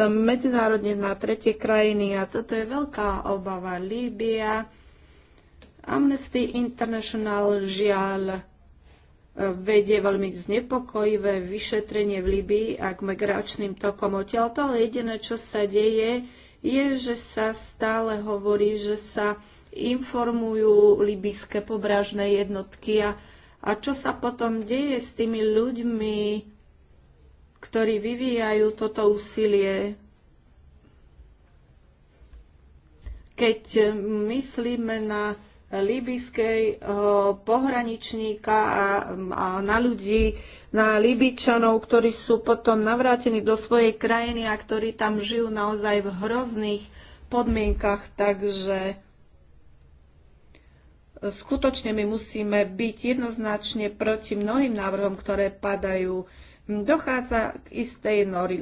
medzinárodne na tretie krajiny. A toto je veľká obava. Líbia, Amnesty International žiaľ vedie veľmi znepokojivé vyšetrenie v Libii a k migračným tokom odtiaľto, ale jediné, čo sa deje, je, že sa stále hovorí, že sa informujú libyské pobražné jednotky a, a čo sa potom deje s tými ľuďmi, ktorí vyvíjajú toto úsilie. Keď myslíme na libyskej eh, pohraničníka a, a na ľudí, na Libyčanov, ktorí sú potom navrátení do svojej krajiny a ktorí tam žijú naozaj v hrozných podmienkach. Takže eh, skutočne my musíme byť jednoznačne proti mnohým návrhom, ktoré padajú Dochádza k istej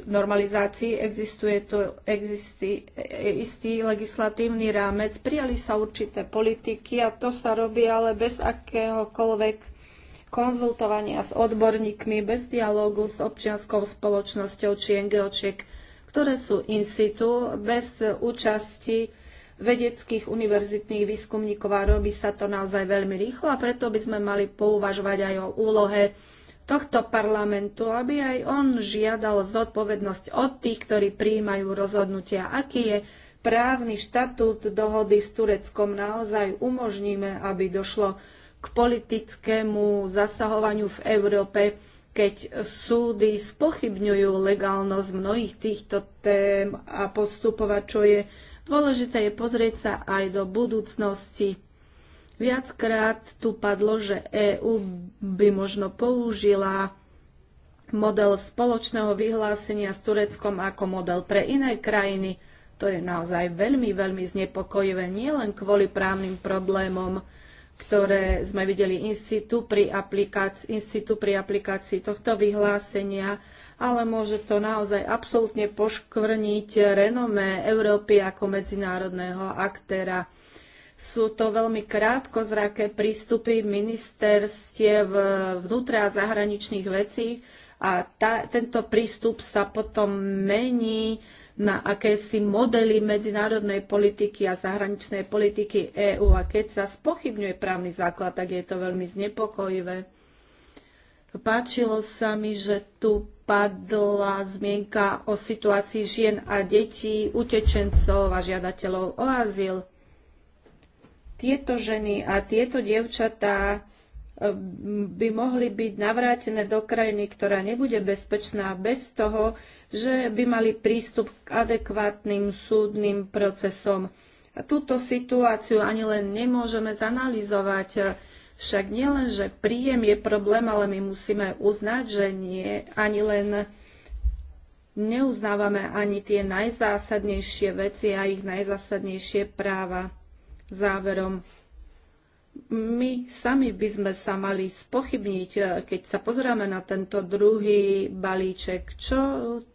normalizácii, existuje tu existí, istý legislatívny rámec, prijali sa určité politiky a to sa robí ale bez akéhokoľvek konzultovania s odborníkmi, bez dialógu s občianskou spoločnosťou či NGOčiek, ktoré sú in situ, bez účasti vedeckých univerzitných výskumníkov a robí sa to naozaj veľmi rýchlo a preto by sme mali pouvažovať aj o úlohe tohto parlamentu, aby aj on žiadal zodpovednosť od tých, ktorí prijímajú rozhodnutia, aký je právny štatút dohody s Tureckom. Naozaj umožníme, aby došlo k politickému zasahovaniu v Európe, keď súdy spochybňujú legálnosť mnohých týchto tém a postupovať, čo je dôležité, je pozrieť sa aj do budúcnosti Viackrát tu padlo, že EÚ by možno použila model spoločného vyhlásenia s Tureckom ako model pre iné krajiny. To je naozaj veľmi, veľmi znepokojivé, nielen kvôli právnym problémom, ktoré sme videli institú pri, aplikácii, pri aplikácii tohto vyhlásenia, ale môže to naozaj absolútne poškvrniť renomé Európy ako medzinárodného aktéra sú to veľmi krátkozraké prístupy ministerstiev e, vnútra a zahraničných vecí a tá, tento prístup sa potom mení na akési modely medzinárodnej politiky a zahraničnej politiky EÚ. A keď sa spochybňuje právny základ, tak je to veľmi znepokojivé. Páčilo sa mi, že tu padla zmienka o situácii žien a detí, utečencov a žiadateľov o azyl tieto ženy a tieto dievčatá eh, by mohli byť navrátené do krajiny, ktorá nebude bezpečná bez toho, že by mali prístup k adekvátnym súdnym procesom. A túto situáciu ani len nemôžeme zanalizovať. Však nielen, že príjem je problém, ale my musíme uznať, že nie, ani len neuznávame ani tie najzásadnejšie veci a ich najzásadnejšie práva. Záverom, my sami by sme sa mali spochybniť, eh, keď sa pozrieme na tento druhý balíček, čo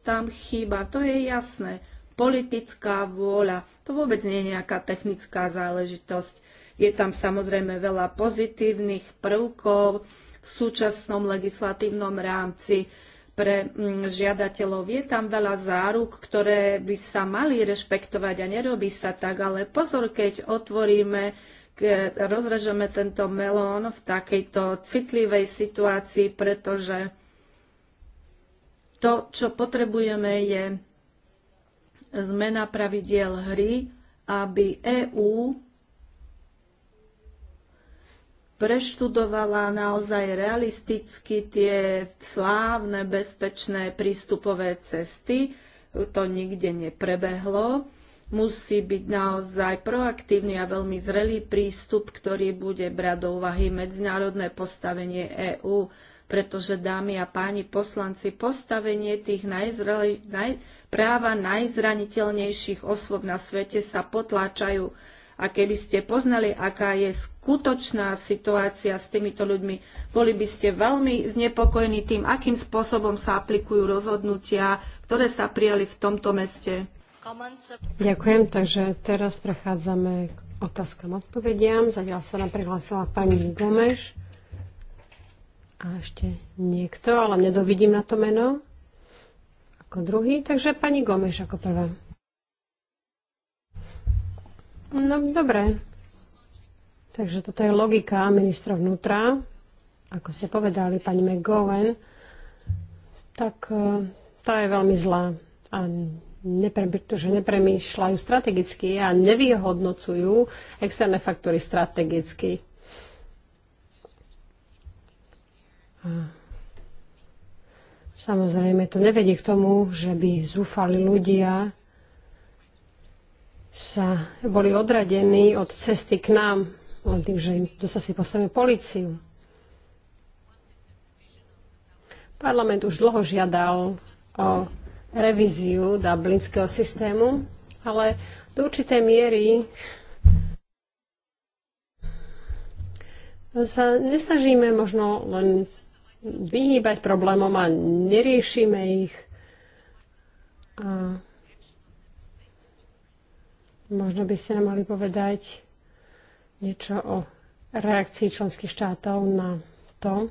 tam chýba, to je jasné. Politická vôľa, to vôbec nie je nejaká technická záležitosť. Je tam samozrejme veľa pozitívnych prvkov v súčasnom legislatívnom rámci, pre mm, žiadateľov. Je tam veľa záruk, ktoré by sa mali rešpektovať a nerobí sa tak, ale pozor, keď otvoríme, keď rozrežeme tento melón v takejto citlivej situácii, pretože to, čo potrebujeme, je zmena pravidiel hry, aby EÚ preštudovala naozaj realisticky tie slávne bezpečné prístupové cesty. To nikde neprebehlo. Musí byť naozaj proaktívny a veľmi zrelý prístup, ktorý bude brať do úvahy medzinárodné postavenie EÚ, pretože dámy a páni poslanci, postavenie tých najzreli, naj, práva najzraniteľnejších osôb na svete sa potláčajú a keby ste poznali, aká je skutočná situácia s týmito ľuďmi, boli by ste veľmi znepokojení tým, akým spôsobom sa aplikujú rozhodnutia, ktoré sa prijali v tomto meste. Ďakujem, takže teraz prechádzame k otázkam odpovediam. Zatiaľ sa nám prihlásila pani Gomeš. A ešte niekto, ale nedovidím na to meno ako druhý. Takže pani Gomeš ako prvá. No, dobre. Takže toto je logika ministra vnútra. Ako ste povedali, pani McGowan, tak e, tá je veľmi zlá a nepre, pretože nepremýšľajú strategicky a nevyhodnocujú externé faktory strategicky. A samozrejme to nevedie k tomu, že by zúfali ľudia, sa boli odradení od cesty k nám, len tým, že im tu sa si postavíme policiu. Parlament už dlho žiadal o revíziu dublinského systému, ale do určitej miery sa nesnažíme možno len vyhýbať problémom a neriešime ich. A Možno by ste nám mali povedať niečo o reakcii členských štátov na to,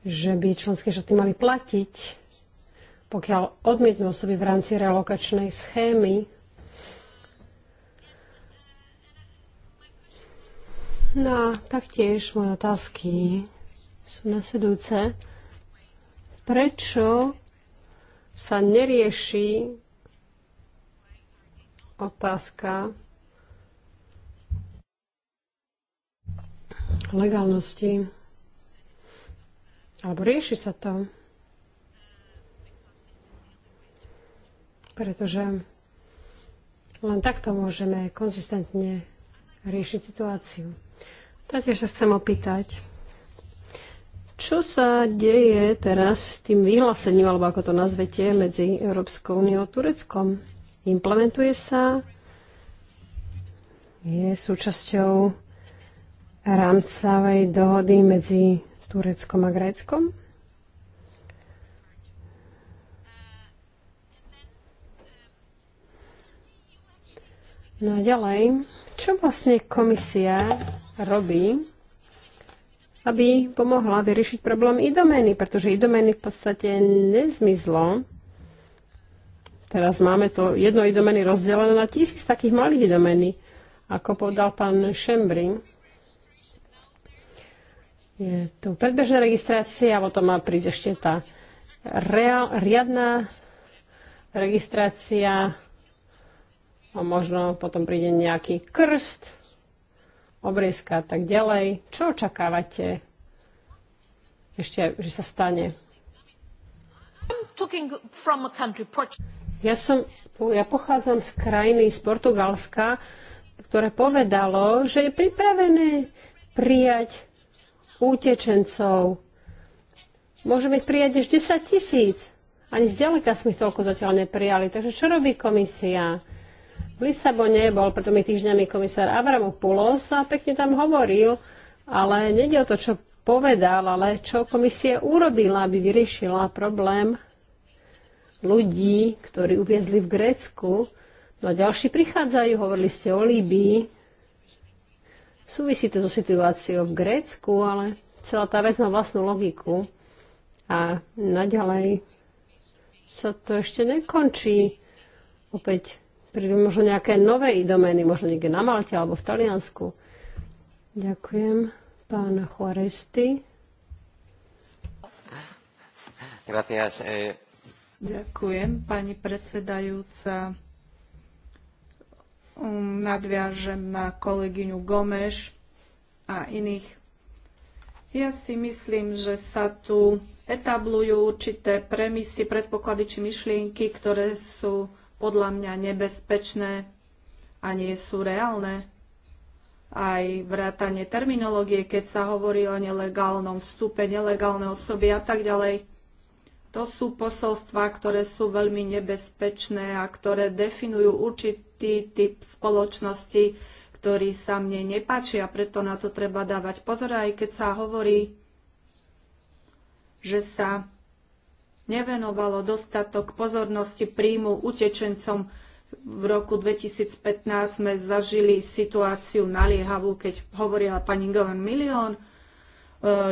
že by členské štáty mali platiť, pokiaľ odmietnú osoby v rámci relokačnej schémy. No a taktiež moje otázky sú nasledujúce. Prečo sa nerieši otázka legálnosti. Alebo rieši sa to. Pretože len takto môžeme konzistentne riešiť situáciu. Taktiež sa chcem opýtať, čo sa deje teraz s tým vyhlásením, alebo ako to nazvete, medzi Európskou úniou a Tureckom? implementuje sa, je súčasťou rámcavej dohody medzi Tureckom a Gréckom. No a ďalej, čo vlastne komisia robí, aby pomohla vyriešiť problém idomény, pretože idomény v podstate nezmizlo Teraz máme to jedno idomeny rozdelené na tisíc takých malých domeny, ako povedal pán Šembrin. Je tu predbežná registrácia a potom má prísť ešte tá reál, riadna registrácia a možno potom príde nejaký krst, obrieska a tak ďalej. Čo očakávate ešte, že sa stane? Ja, som, ja pochádzam z krajiny, z Portugalska, ktoré povedalo, že je pripravené prijať útečencov. Môžeme ich prijať až 10 tisíc. Ani zďaleka sme ich toľko zatiaľ neprijali. Takže čo robí komisia? V Lisabone bol pred tými týždňami komisár Pulos a pekne tam hovoril, ale nedie o to, čo povedal, ale čo komisia urobila, aby vyriešila problém ľudí, ktorí uviezli v Grécku. No a ďalší prichádzajú, hovorili ste o Líbii. Súvisí to so situáciou v Grécku, ale celá tá vec má vlastnú logiku. A naďalej sa to ešte nekončí. Opäť prídu možno nejaké nové domény, možno niekde na Malte alebo v Taliansku. Ďakujem. Pán Juaresti. Gracias. Eh, Ďakujem, pani predsedajúca. Um, nadviažem na kolegyňu Gomeš a iných. Ja si myslím, že sa tu etablujú určité premisy, predpoklady či myšlienky, ktoré sú podľa mňa nebezpečné a nie sú reálne. Aj vrátanie terminológie, keď sa hovorí o nelegálnom vstupe, nelegálne osoby a tak ďalej. To sú posolstvá, ktoré sú veľmi nebezpečné a ktoré definujú určitý typ spoločnosti, ktorý sa mne nepáči a preto na to treba dávať pozor, aj keď sa hovorí, že sa nevenovalo dostatok pozornosti príjmu utečencom. V roku 2015 sme zažili situáciu naliehavú, keď hovorila pani Govan milión e,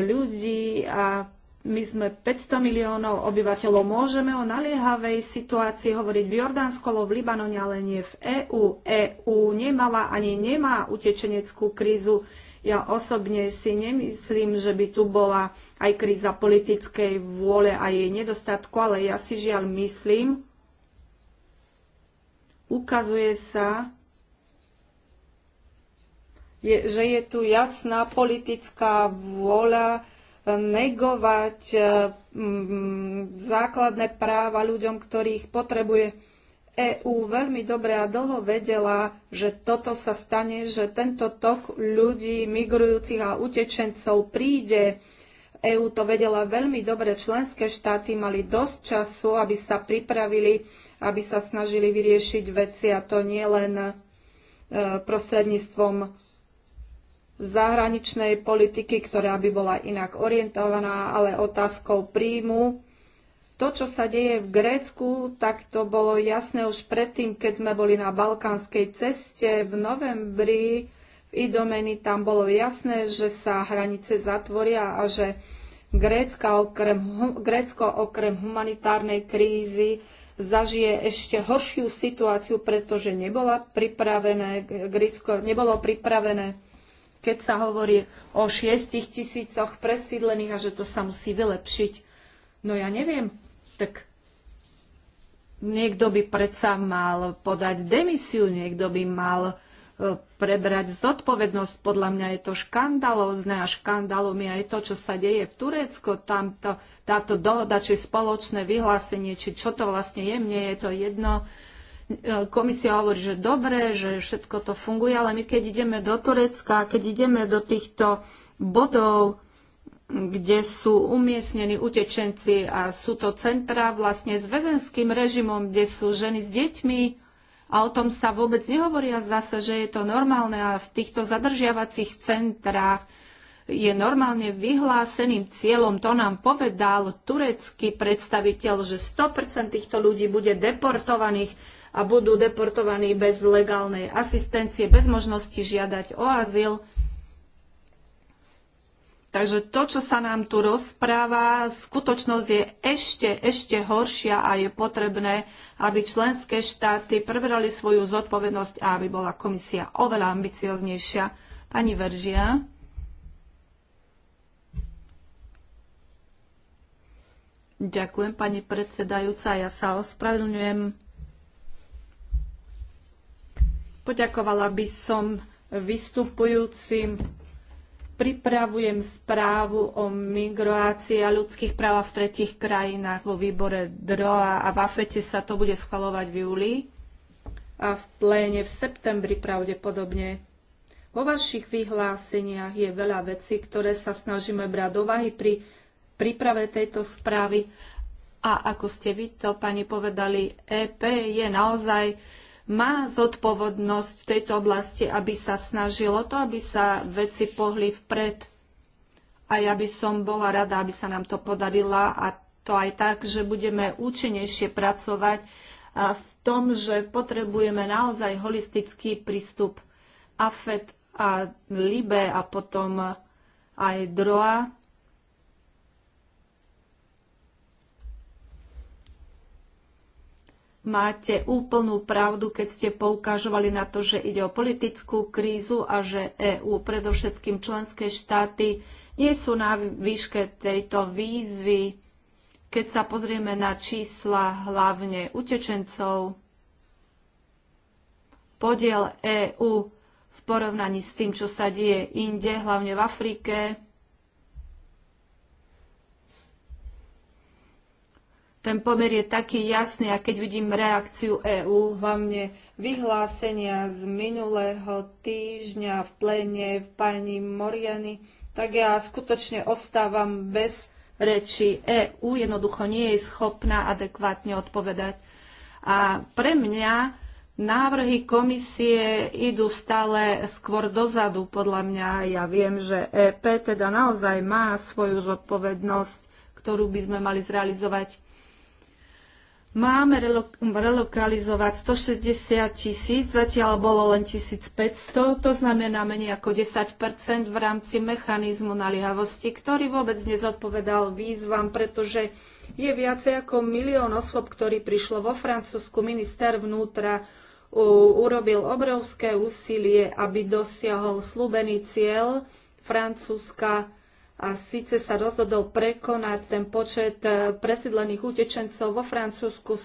ľudí a my sme 500 miliónov obyvateľov. Môžeme o naliehavej situácii hovoriť v Jordánsku, v Libanone, ale nie v EÚ. EÚ nemala ani nemá utečeneckú krízu. Ja osobne si nemyslím, že by tu bola aj kríza politickej vôle a jej nedostatku, ale ja si žiaľ myslím, ukazuje sa, že je tu jasná politická vôľa, negovať eh, mm, základné práva ľuďom, ktorých potrebuje. EÚ veľmi dobre a dlho vedela, že toto sa stane, že tento tok ľudí, migrujúcich a utečencov príde. EÚ to vedela veľmi dobre, členské štáty mali dosť času, aby sa pripravili, aby sa snažili vyriešiť veci a to nie len eh, prostredníctvom zahraničnej politiky, ktorá by bola inak orientovaná, ale otázkou príjmu. To, čo sa deje v Grécku, tak to bolo jasné už predtým, keď sme boli na balkánskej ceste v novembri. V Idomeni tam bolo jasné, že sa hranice zatvoria a že Grécka okrem, Grécko okrem humanitárnej krízy zažije ešte horšiu situáciu, pretože nebola pripravené, Grécko nebolo pripravené keď sa hovorí o šiestich tisícoch presídlených a že to sa musí vylepšiť. No ja neviem, tak niekto by predsa mal podať demisiu, niekto by mal e, prebrať zodpovednosť. Podľa mňa je to škandalózne a škandalom je aj to, čo sa deje v Turecku. Tam to, táto dohoda, či spoločné vyhlásenie, či čo to vlastne je, mne je to jedno. Uh, komisia hovorí, že dobre, že všetko to funguje, ale my keď ideme do Turecka, keď ideme do týchto bodov, kde sú umiestnení utečenci a sú to centra vlastne s väzenským režimom, kde sú ženy s deťmi a o tom sa vôbec nehovoria. Zase, že je to normálne a v týchto zadržiavacích centrách je normálne vyhláseným cieľom, to nám povedal turecký predstaviteľ, že 100% týchto ľudí bude deportovaných a budú deportovaní bez legálnej asistencie, bez možnosti žiadať o azyl. Takže to, čo sa nám tu rozpráva, skutočnosť je ešte, ešte horšia a je potrebné, aby členské štáty prebrali svoju zodpovednosť a aby bola komisia oveľa ambicioznejšia. Pani Veržia. Ďakujem, pani predsedajúca. Ja sa ospravedlňujem Poďakovala by som vystupujúcim. Pripravujem správu o migrácii a ľudských práv v tretich krajinách vo výbore DROA a v AFETE sa to bude schvalovať v júli a v pléne v septembri pravdepodobne. Vo vašich vyhláseniach je veľa vecí, ktoré sa snažíme brať do vahy pri príprave tejto správy. A ako ste vy to, pani, povedali, EP je naozaj má zodpovednosť v tejto oblasti, aby sa snažilo to, aby sa veci pohli vpred. A ja by som bola rada, aby sa nám to podarila a to aj tak, že budeme účinnejšie pracovať v tom, že potrebujeme naozaj holistický prístup AFET a LIBE a potom aj DROA máte úplnú pravdu, keď ste poukážovali na to, že ide o politickú krízu a že EÚ, predovšetkým členské štáty, nie sú na výške tejto výzvy, keď sa pozrieme na čísla hlavne utečencov, podiel EÚ v porovnaní s tým, čo sa deje inde, hlavne v Afrike, Ten pomer je taký jasný a keď vidím reakciu EÚ, hlavne vyhlásenia z minulého týždňa v plene v pani Moriany, tak ja skutočne ostávam bez reči. EÚ jednoducho nie je schopná adekvátne odpovedať. A pre mňa návrhy komisie idú stále skôr dozadu, podľa mňa. Ja viem, že EP teda naozaj má svoju zodpovednosť, ktorú by sme mali zrealizovať. Máme relokalizovať 160 tisíc, zatiaľ bolo len 1500, to znamená menej ako 10 v rámci mechanizmu naliehavosti, ktorý vôbec nezodpovedal výzvam, pretože je viacej ako milión osôb, ktorí prišlo vo Francúzsku. Minister vnútra urobil obrovské úsilie, aby dosiahol slúbený cieľ Francúzska a síce sa rozhodol prekonať ten počet e, presídlených utečencov vo Francúzsku z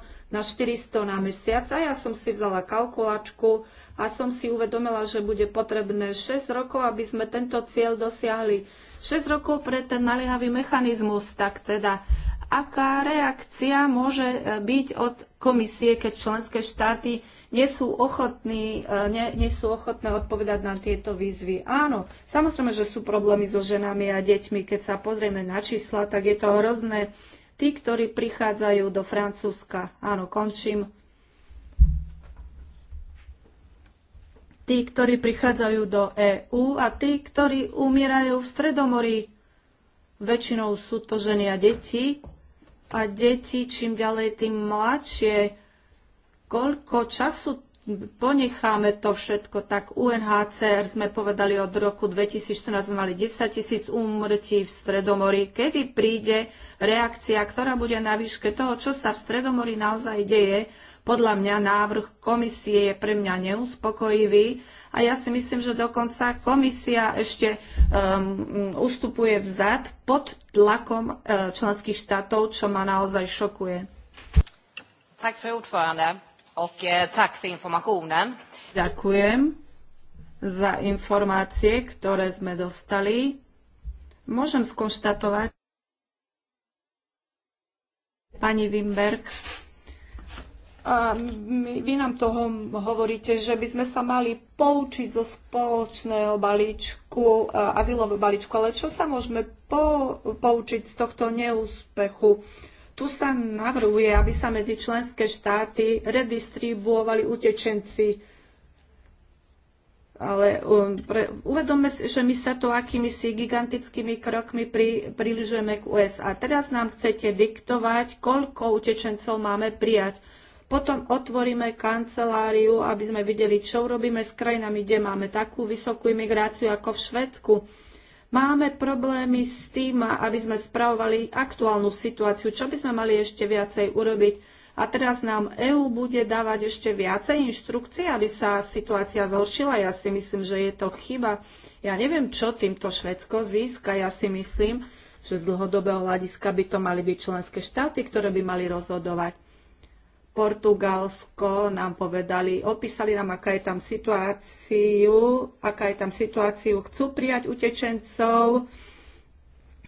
300 na 400 na mesiac a ja som si vzala kalkulačku a som si uvedomila, že bude potrebné 6 rokov, aby sme tento cieľ dosiahli. 6 rokov pre ten naliehavý mechanizmus, tak teda aká reakcia môže e, byť od komisie, keď členské štáty nie sú, ochotní, nie, nie sú ochotné odpovedať na tieto výzvy. Áno, samozrejme, že sú problémy so ženami a deťmi. Keď sa pozrieme na čísla, tak je to hrozné. Tí, ktorí prichádzajú do Francúzska, áno, končím. Tí, ktorí prichádzajú do EÚ a tí, ktorí umierajú v Stredomorí, väčšinou sú to ženy a deti. A deti čím ďalej, tým mladšie koľko času ponecháme to všetko, tak UNHCR sme povedali od roku 2014 mali 10 tisíc úmrtí v Stredomori. Kedy príde reakcia, ktorá bude na výške toho, čo sa v Stredomori naozaj deje? Podľa mňa návrh komisie je pre mňa neuspokojivý a ja si myslím, že dokonca komisia ešte um, ustupuje vzad pod tlakom uh, členských štátov, čo ma naozaj šokuje. Tak och eh, tack för informationen. Ďakujem za informácie, ktoré sme dostali. Môžem skonštatovať, pani Wimberg, a vy nám toho hovoríte, že by sme sa mali poučiť zo spoločného balíčku, azylového balíčku, ale čo sa môžeme po, poučiť z tohto neúspechu? Tu sa navrhuje, aby sa medzi členské štáty redistribuovali utečenci, ale um, pre, uvedome si, že my sa to akýmisi gigantickými krokmi pri, približujeme k USA. Teraz nám chcete diktovať, koľko utečencov máme prijať. Potom otvoríme kanceláriu, aby sme videli, čo urobíme s krajinami, kde máme takú vysokú imigráciu ako v Švedsku. Máme problémy s tým, aby sme spravovali aktuálnu situáciu, čo by sme mali ešte viacej urobiť. A teraz nám EÚ bude dávať ešte viacej inštrukcií, aby sa situácia zhoršila. Ja si myslím, že je to chyba. Ja neviem, čo týmto Švedsko získa. Ja si myslím, že z dlhodobého hľadiska by to mali byť členské štáty, ktoré by mali rozhodovať. Portugalsko nám povedali, opísali nám, aká je tam situáciu, aká je tam situáciu, chcú prijať utečencov,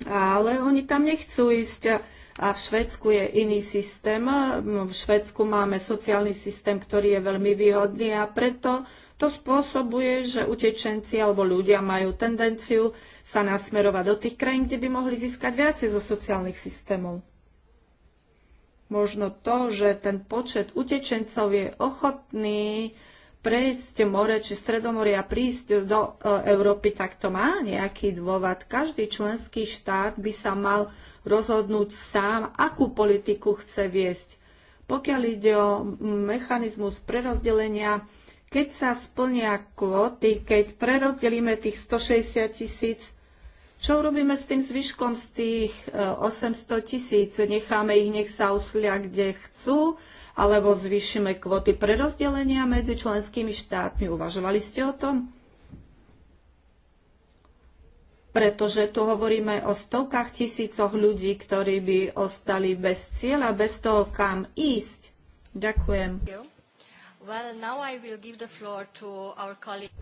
ale oni tam nechcú ísť. A v Švedsku je iný systém. V Švedsku máme sociálny systém, ktorý je veľmi výhodný a preto to spôsobuje, že utečenci alebo ľudia majú tendenciu sa nasmerovať do tých krajín, kde by mohli získať viacej zo sociálnych systémov možno to, že ten počet utečencov je ochotný prejsť more či stredomorie a prísť do e, Európy, tak to má nejaký dôvod. Každý členský štát by sa mal rozhodnúť sám, akú politiku chce viesť. Pokiaľ ide o mechanizmus prerozdelenia, keď sa splnia kvóty, keď prerozdelíme tých 160 tisíc čo urobíme s tým zvyškom z tých 800 e, tisíc? Necháme ich, nech sa uslia, kde chcú, alebo zvýšime kvoty pre rozdelenia medzi členskými štátmi. Uvažovali ste o tom? Pretože tu hovoríme o stovkách tisícoch ľudí, ktorí by ostali bez cieľa, bez toho, kam ísť. Ďakujem.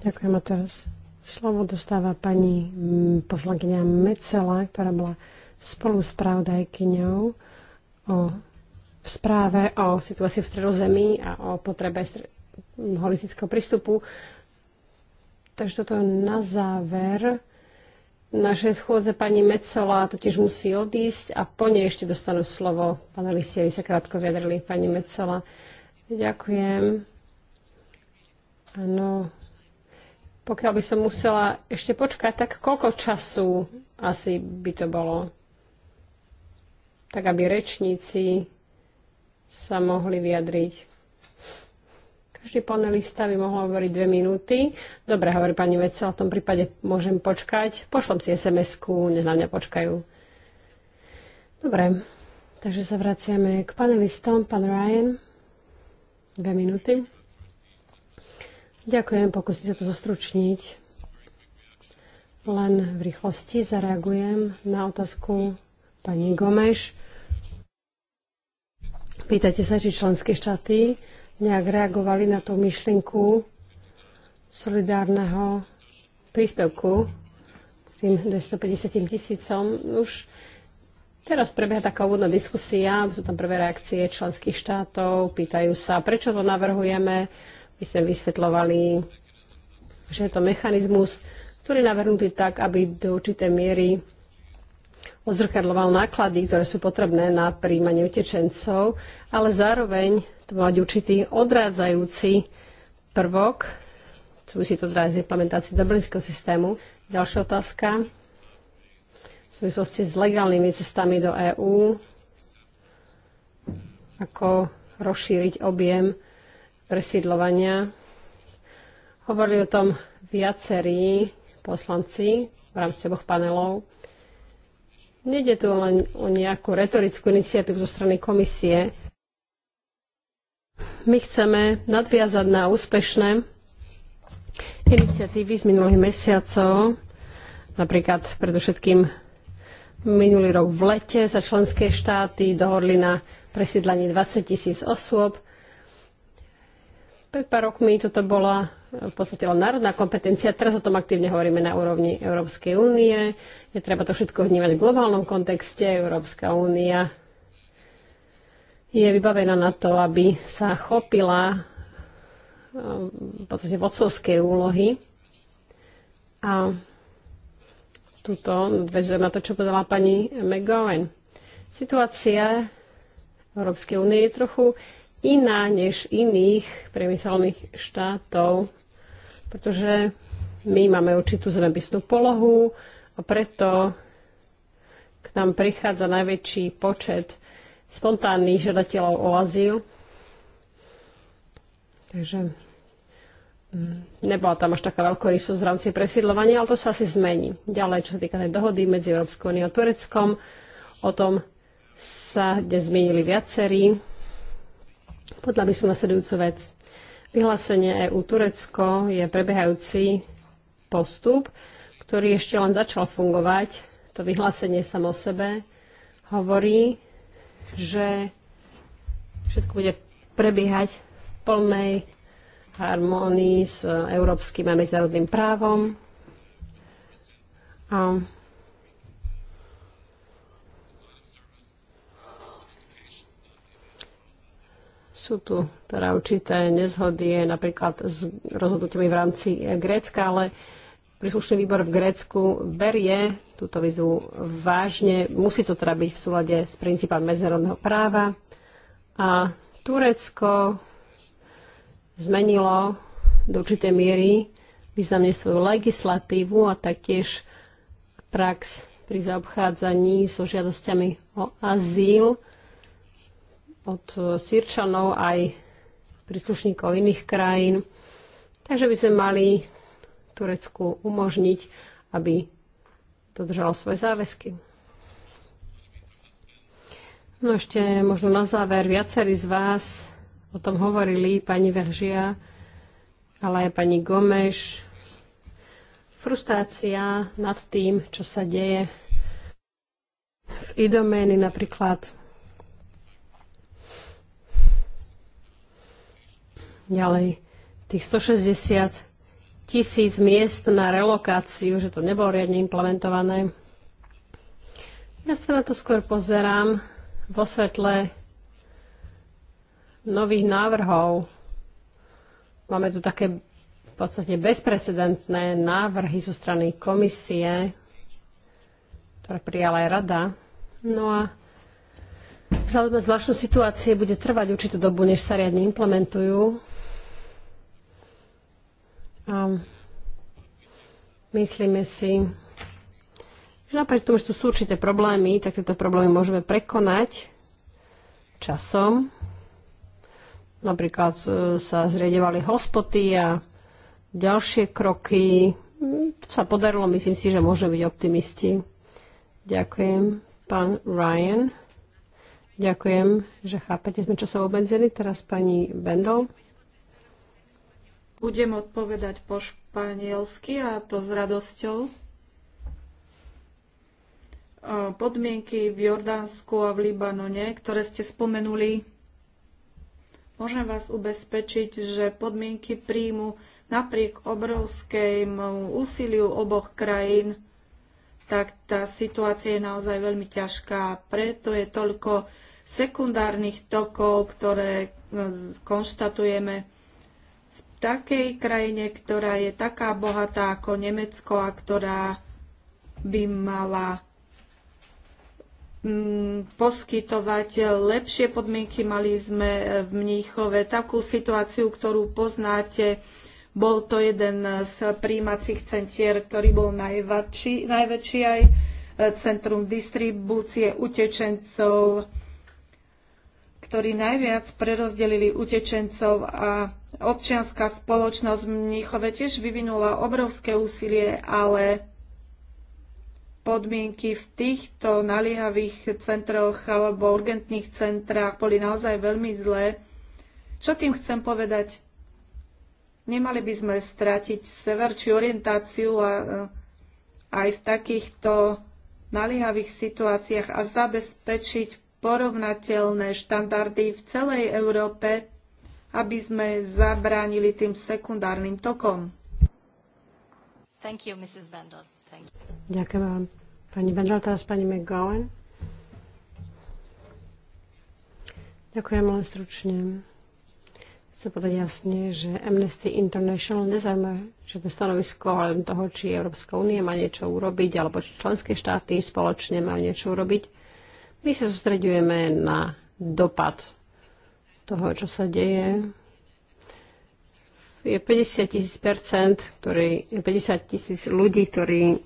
Ďakujem a teraz Slovo dostáva pani mm, poslankyňa Mecela, ktorá bola spolu s pravdajkyňou o v správe o situácii v stredozemí a o potrebe holistického prístupu. Takže toto je na záver našej schôdze pani Mecela totiž musí odísť a po nej ešte dostanú slovo panelisti, aby sa krátko vyjadrili pani Mecela. Ďakujem. Áno, pokiaľ by som musela ešte počkať, tak koľko času asi by to bolo? Tak, aby rečníci sa mohli vyjadriť. Každý panelista by mohol hovoriť dve minúty. Dobre, hovorí pani Vecel, v tom prípade môžem počkať. Pošlom si SMS-ku, nech na mňa počkajú. Dobre, takže sa vraciame k panelistom. Pán Ryan, dve minúty. Ďakujem, pokúsim sa to zostručniť. Len v rýchlosti zareagujem na otázku pani Gomeš. Pýtate sa, či členské štáty nejak reagovali na tú myšlienku solidárneho príspevku s tým 250 tisícom. Už Teraz prebieha taká úvodná diskusia, sú tam prvé reakcie členských štátov, pýtajú sa, prečo to navrhujeme, my sme vysvetľovali, že je to mechanizmus, ktorý je navrhnutý tak, aby do určitej miery odzrkadloval náklady, ktoré sú potrebné na príjmanie utečencov, ale zároveň to mať určitý odrádzajúci prvok, si to teda s implementáciou dublinského systému. Ďalšia otázka v súvislosti s legálnymi cestami do EÚ, ako rozšíriť objem presídlovania. Hovorili o tom viacerí poslanci v rámci oboch panelov. Nede tu len o nejakú retorickú iniciatívu zo strany komisie. My chceme nadviazať na úspešné iniciatívy z minulých mesiacov, napríklad predovšetkým minulý rok v lete sa členské štáty dohodli na presídlení 20 tisíc osôb pred pár rokmi toto bola v podstate len národná kompetencia. Teraz o tom aktívne hovoríme na úrovni Európskej únie. Je treba to všetko vnímať v globálnom kontexte. Európska únia je vybavená na to, aby sa chopila v podstate vodcovskej úlohy. A tuto nadväzujem na to, čo povedala pani McGowan. Situácia Európskej únie je trochu iná než iných priemyselných štátov, pretože my máme určitú zemepisnú polohu a preto k nám prichádza najväčší počet spontánnych žiadateľov o azyl. Takže mm, nebola tam až taká veľkorysosť v rámci presídlovania, ale to sa asi zmení. Ďalej, čo sa týka tej dohody medzi Európskou úniou a Tureckom, o tom sa dnes zmenili viacerí podľa by som nasledujúcu vec. Vyhlásenie EU Turecko je prebiehajúci postup, ktorý ešte len začal fungovať. To vyhlásenie samo o sebe hovorí, že všetko bude prebiehať v plnej harmónii s európskym a medzinárodným právom. A Sú tu teda určité nezhody napríklad s rozhodnutiami v rámci eh, Grécka, ale príslušný výbor v Grécku berie túto výzvu vážne. Musí to teda byť v súlade s princípom medzinárodného práva. A Turecko zmenilo do určitej miery významne svoju legislatívu a taktiež prax pri zaobchádzaní so žiadosťami o azyl od eh, Sýrčanov aj príslušníkov iných krajín. Takže by sme mali Turecku umožniť, aby dodržalo svoje záväzky. No ešte možno na záver, viacerí z vás o tom hovorili, pani Veržia, ale aj pani Gomeš. Frustrácia nad tým, čo sa deje v Idomény napríklad Ďalej, tých 160 tisíc miest na relokáciu, že to nebolo riadne implementované. Ja sa na to skôr pozerám vo svetle nových návrhov. Máme tu také v podstate bezprecedentné návrhy zo strany komisie, ktoré prijala aj rada. No a vzhľadom na zvláštnu situácie bude trvať určitú dobu, než sa riadne implementujú. A myslíme si, že napriek tomu, že tu sú určité problémy, tak tieto problémy môžeme prekonať časom. Napríklad e, sa zriedevali hospody a ďalšie kroky. To sa podarilo, myslím si, že môžeme byť optimisti. Ďakujem, pán Ryan. Ďakujem, že chápete, sme časovo obmedzení. Teraz pani Bendel. Budem odpovedať po španielsky a to s radosťou. E, podmienky v Jordánsku a v Libanone, ktoré ste spomenuli, môžem vás ubezpečiť, že podmienky príjmu napriek obrovskému úsiliu oboch krajín, tak tá situácia je naozaj veľmi ťažká. Preto je toľko sekundárnych tokov, ktoré e, konštatujeme takej krajine, ktorá je taká bohatá ako Nemecko a ktorá by mala mm, poskytovať lepšie podmienky. Mali sme e, v Mníchove takú situáciu, ktorú poznáte. Bol to jeden z príjmacích centier, ktorý bol najväčší, najväčší aj e, centrum distribúcie utečencov, ktorí najviac prerozdelili utečencov a Občianská spoločnosť v Mníchove tiež vyvinula obrovské úsilie, ale podmienky v týchto naliehavých centroch alebo urgentných centrách boli naozaj veľmi zlé. Čo tým chcem povedať? Nemali by sme stratiť sever či orientáciu a, e, aj v takýchto naliehavých situáciách a zabezpečiť porovnateľné štandardy v celej Európe aby sme zabránili tým sekundárnym tokom. Thank you, Mrs. Bendel. Thank you. Ďakujem vám. Pani Bendel, teraz pani McGowan. Ďakujem len stručne. Chcem povedať jasne, že Amnesty International že to stanovisko len toho, či Európska únia má niečo urobiť, alebo či členské štáty spoločne majú niečo urobiť. My sa sústredujeme na dopad toho, čo sa deje. Je 50 tisíc percent, ktorý, 50 tisíc ľudí, ktorí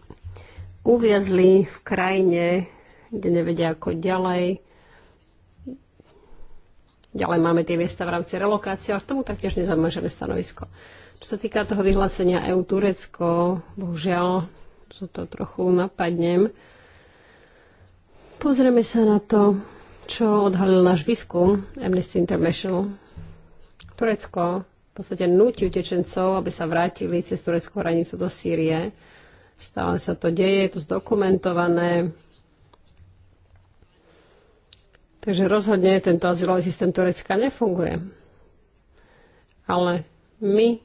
uviazli v krajine, kde nevedia ako ďalej. Ďalej máme tie miesta v rámci relokácie, ale k tomu taktiež nezamážené stanovisko. Čo sa týka toho vyhlásenia EU Turecko, bohužiaľ, to trochu napadnem. Pozrieme sa na to čo odhalil náš výskum Amnesty International. Turecko v podstate nutí utečencov, aby sa vrátili cez tureckú hranicu do Sýrie. Stále sa to deje, je to zdokumentované. Takže rozhodne tento azylový systém Turecka nefunguje. Ale my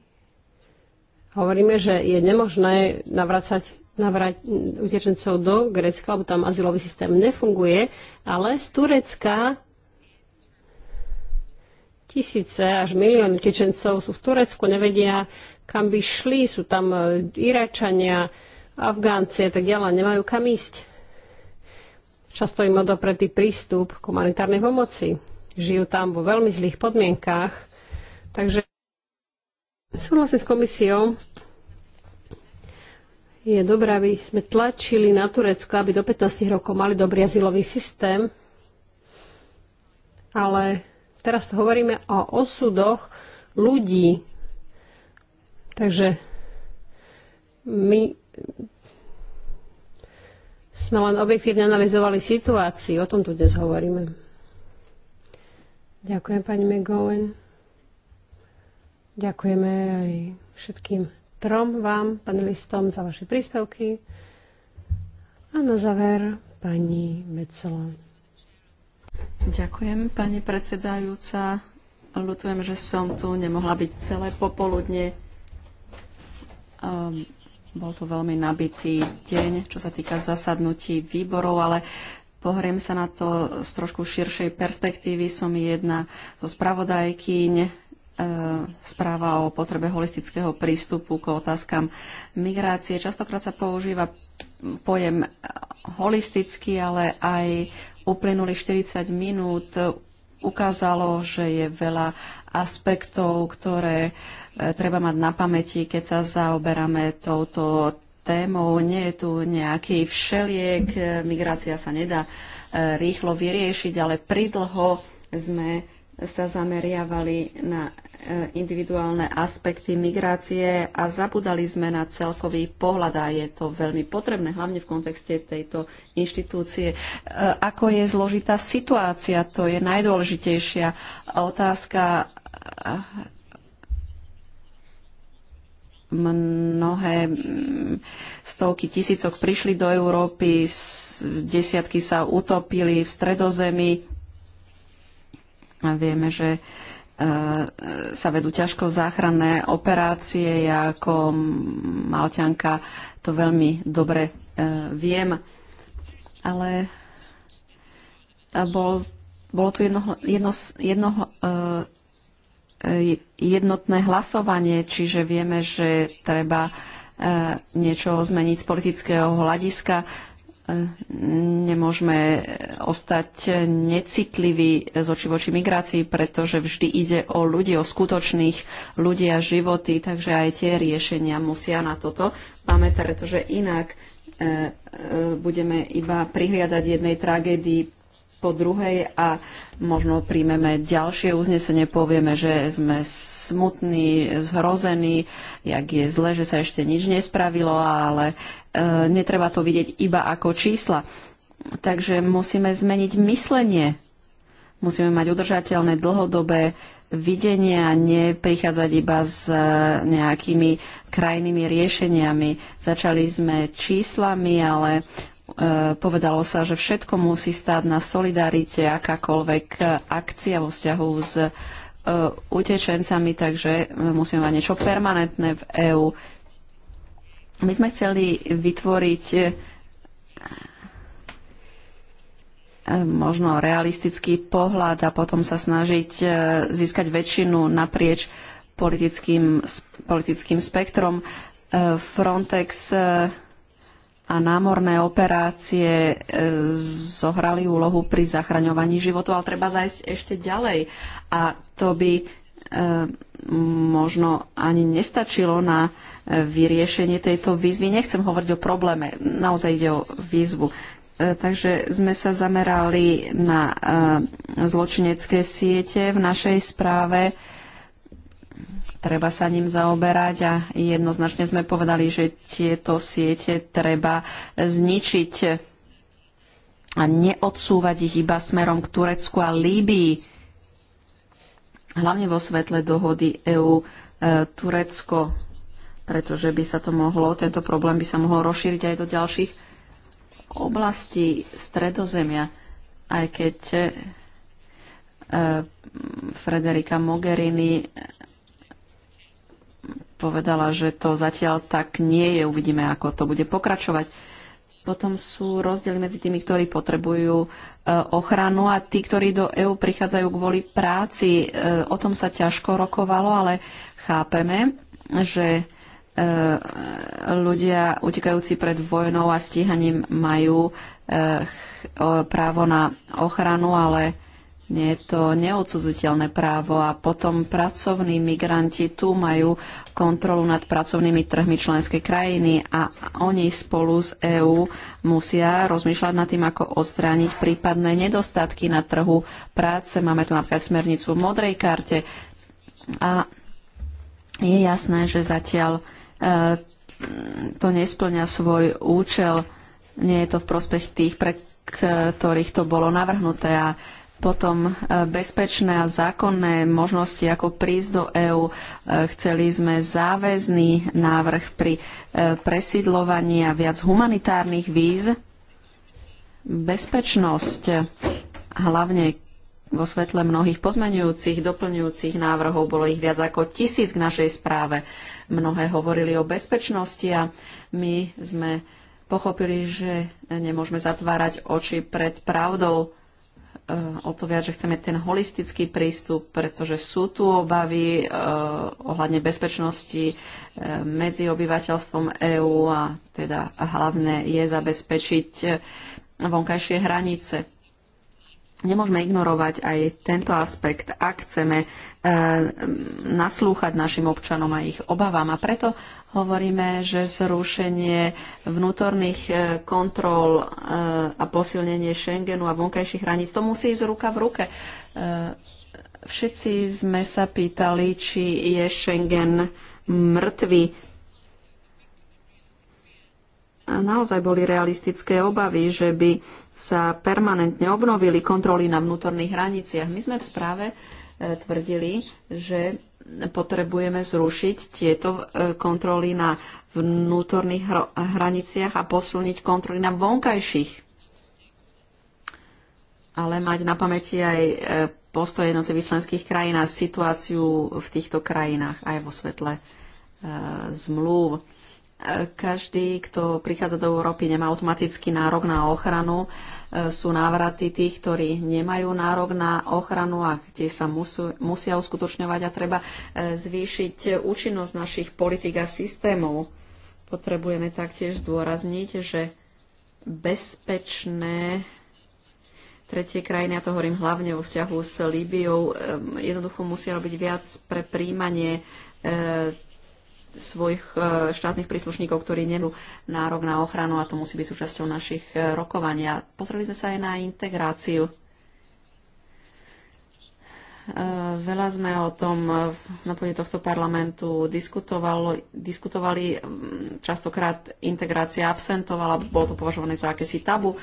hovoríme, že je nemožné navracať navrať utečencov do Grécka, lebo tam azylový systém nefunguje, ale z Turecka tisíce až milión utečencov sú v Turecku, nevedia, kam by šli, sú tam e, Iračania, Afgánci a tak ďalej, nemajú kam ísť. Často im odopretý prístup k humanitárnej pomoci. Žijú tam vo veľmi zlých podmienkách, takže súhlasím s komisiou, je dobré, aby sme tlačili na Turecko, aby do 15 rokov mali dobrý azylový systém, ale teraz tu hovoríme o osudoch ľudí. Takže my sme len objektívne analyzovali situáciu. O tom tu dnes hovoríme. Ďakujem, pani McGowan. Ďakujeme aj všetkým trom vám, panelistom, za vaše príspevky. A na záver pani Becela. Ďakujem, pani predsedajúca. Ľutujem, že som tu nemohla byť celé popoludne. Um, bol to veľmi nabitý deň, čo sa týka zasadnutí výborov, ale pohriem sa na to z trošku širšej perspektívy. Som jedna zo spravodajkyň E, správa o potrebe holistického prístupu k otázkam migrácie. Častokrát sa používa pojem holistický, ale aj uplynulých 40 minút ukázalo, že je veľa aspektov, ktoré e, treba mať na pamäti, keď sa zaoberáme touto témou. Nie je tu nejaký všeliek, e, migrácia sa nedá rýchlo vyriešiť, ale pridlho sme sa zameriavali na e, individuálne aspekty migrácie a zabudali sme na celkový pohľad a je to veľmi potrebné, hlavne v kontexte tejto inštitúcie. E, ako je zložitá situácia, to je najdôležitejšia otázka. Mnohé mm, stovky tisícok prišli do Európy, desiatky sa utopili v stredozemi Vieme, že e, sa vedú ťažko záchranné operácie. Ja ako Malťanka to veľmi dobre e, viem. Ale bol, bolo tu jedno, jedno, jedno, jednotné hlasovanie, čiže vieme, že treba e, niečo zmeniť z politického hľadiska nemôžeme ostať necitliví z oči voči migrácii, pretože vždy ide o ľudí, o skutočných ľudí a životy, takže aj tie riešenia musia na toto pamätať, pretože inak eh, eh, budeme iba prihliadať jednej tragédii po druhej a možno príjmeme ďalšie uznesenie, povieme, že sme smutní, zhrození, jak je zle, že sa ešte nič nespravilo, ale e, netreba to vidieť iba ako čísla. Takže musíme zmeniť myslenie. Musíme mať udržateľné dlhodobé videnie a neprichádzať iba s e, nejakými krajnými riešeniami. Začali sme číslami, ale E, povedalo sa, že všetko musí stáť na solidarite, akákoľvek akcia vo vzťahu s e, utečencami, takže musíme mať niečo permanentné v EÚ. My sme chceli vytvoriť e, možno realistický pohľad a potom sa snažiť získať väčšinu naprieč politickým, politickým spektrom. Frontex a námorné operácie e, zohrali úlohu pri zachraňovaní životu, ale treba zajsť ešte ďalej. A to by e, možno ani nestačilo na e, vyriešenie tejto výzvy. Nechcem hovoriť o probléme, naozaj ide o výzvu. Takže sme sa zamerali na zločinecké siete v našej správe treba sa ním zaoberať a jednoznačne sme povedali, že tieto siete treba zničiť a neodsúvať ich iba smerom k Turecku a Líbii, hlavne vo svetle dohody EU-Turecko, e, pretože by sa to mohlo, tento problém by sa mohol rozšíriť aj do ďalších oblastí Stredozemia, aj keď e, Frederika Mogherini povedala, že to zatiaľ tak nie je. Uvidíme, ako to bude pokračovať. Potom sú rozdiely medzi tými, ktorí potrebujú e, ochranu a tí, ktorí do EÚ prichádzajú kvôli práci. E, o tom sa ťažko rokovalo, ale chápeme, že e, ľudia utekajúci pred vojnou a stíhaním majú právo na ochranu, ale nie je to neodsudziteľné právo a potom pracovní migranti tu majú kontrolu nad pracovnými trhmi členskej krajiny a oni spolu s EÚ musia rozmýšľať nad tým, ako odstrániť prípadné nedostatky na trhu práce. Máme tu napríklad smernicu v modrej karte a je jasné, že zatiaľ e, to nesplňa svoj účel. Nie je to v prospech tých, pre ktorých to bolo navrhnuté a potom e, bezpečné a zákonné možnosti, ako prísť do EÚ. E, chceli sme záväzný návrh pri e, presídlovaní a viac humanitárnych víz. Bezpečnosť, hlavne vo svetle mnohých pozmenujúcich, doplňujúcich návrhov, bolo ich viac ako tisíc k našej správe. Mnohé hovorili o bezpečnosti a my sme pochopili, že nemôžeme zatvárať oči pred pravdou o to viac, že chceme ten holistický prístup, pretože sú tu obavy e, ohľadne bezpečnosti e, medzi obyvateľstvom EÚ a teda hlavné je zabezpečiť e, vonkajšie hranice. Nemôžeme ignorovať aj tento aspekt, ak chceme e, naslúchať našim občanom a ich obavám. A preto hovoríme, že zrušenie vnútorných e, kontrol e, a posilnenie Schengenu a vonkajších hraníc, to musí ísť ruka v ruke. E, všetci sme sa pýtali, či je Schengen mŕtvy naozaj boli realistické obavy, že by sa permanentne obnovili kontroly na vnútorných hraniciach. My sme v správe e, tvrdili, že potrebujeme zrušiť tieto e, kontroly na vnútorných hraniciach a posilniť kontroly na vonkajších. Ale mať na pamäti aj e, postoj jednotlivých členských krajín a situáciu v týchto krajinách aj vo svetle zmluv. Každý, kto prichádza do Európy, nemá automaticky nárok na ochranu. Sú návraty tých, ktorí nemajú nárok na ochranu a tie sa musú, musia uskutočňovať a treba e, zvýšiť účinnosť našich politik a systémov. Potrebujeme taktiež zdôrazniť, že bezpečné tretie krajiny, ja to hovorím hlavne vo vzťahu s Líbiou, e, jednoducho musia robiť viac pre príjmanie e, svojich e, štátnych príslušníkov, ktorí nemajú nárok na ochranu a to musí byť súčasťou našich e, rokovania. Pozreli sme sa aj na integráciu e, Veľa sme o tom na pôde tohto parlamentu diskutovali. Mm, častokrát integrácia absentovala, bolo to považované za akési tabu,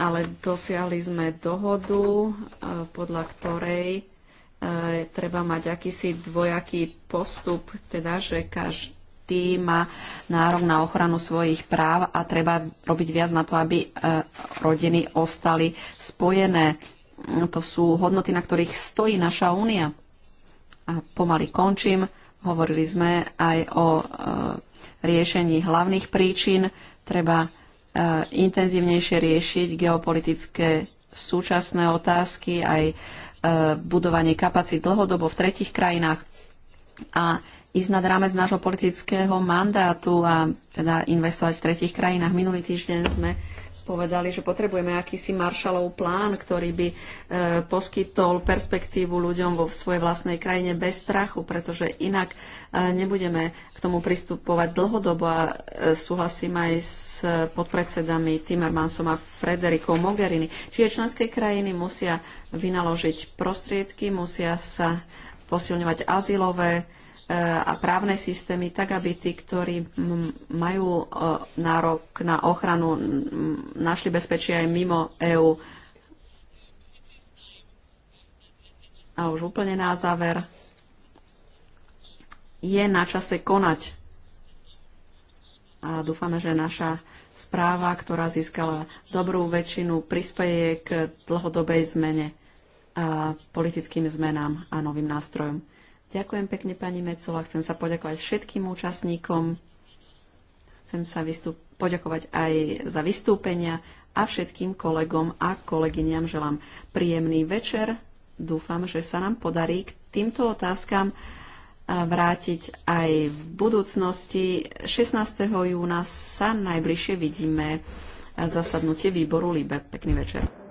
ale dosiahli sme dohodu, podľa ktorej treba mať akýsi dvojaký postup, teda že každý má nárok na ochranu svojich práv a treba robiť viac na to, aby e, rodiny ostali spojené. To sú hodnoty, na ktorých stojí naša únia. A pomaly končím. Hovorili sme aj o e, riešení hlavných príčin. Treba e, intenzívnejšie riešiť geopolitické súčasné otázky, aj E, budovanie kapacít dlhodobo v tretich krajinách a ísť nad rámec nášho politického mandátu a teda investovať v tretich krajinách. Minulý týždeň sme povedali, že potrebujeme akýsi maršalov plán, ktorý by e, poskytol perspektívu ľuďom vo svojej vlastnej krajine bez strachu, pretože inak e, nebudeme k tomu pristupovať dlhodobo a e, súhlasím aj s podpredsedami Timmermansom a Frederikou Mogherini. Čiže členské krajiny musia vynaložiť prostriedky, musia sa posilňovať azylové E, a právne systémy, tak aby tí, ktorí majú e, nárok na ochranu, našli bezpečie aj mimo EÚ. A už úplne na záver. Je na čase konať. A dúfame, že naša správa, ktorá získala dobrú väčšinu, prispeje k dlhodobej zmene a politickým zmenám a novým nástrojom. Ďakujem pekne, pani Mecola. Chcem sa poďakovať všetkým účastníkom. Chcem sa vystup- poďakovať aj za vystúpenia a všetkým kolegom a kolegyňam želám príjemný večer. Dúfam, že sa nám podarí k týmto otázkam vrátiť aj v budúcnosti. 16. júna sa najbližšie vidíme zasadnutie výboru LIBE. Pekný večer.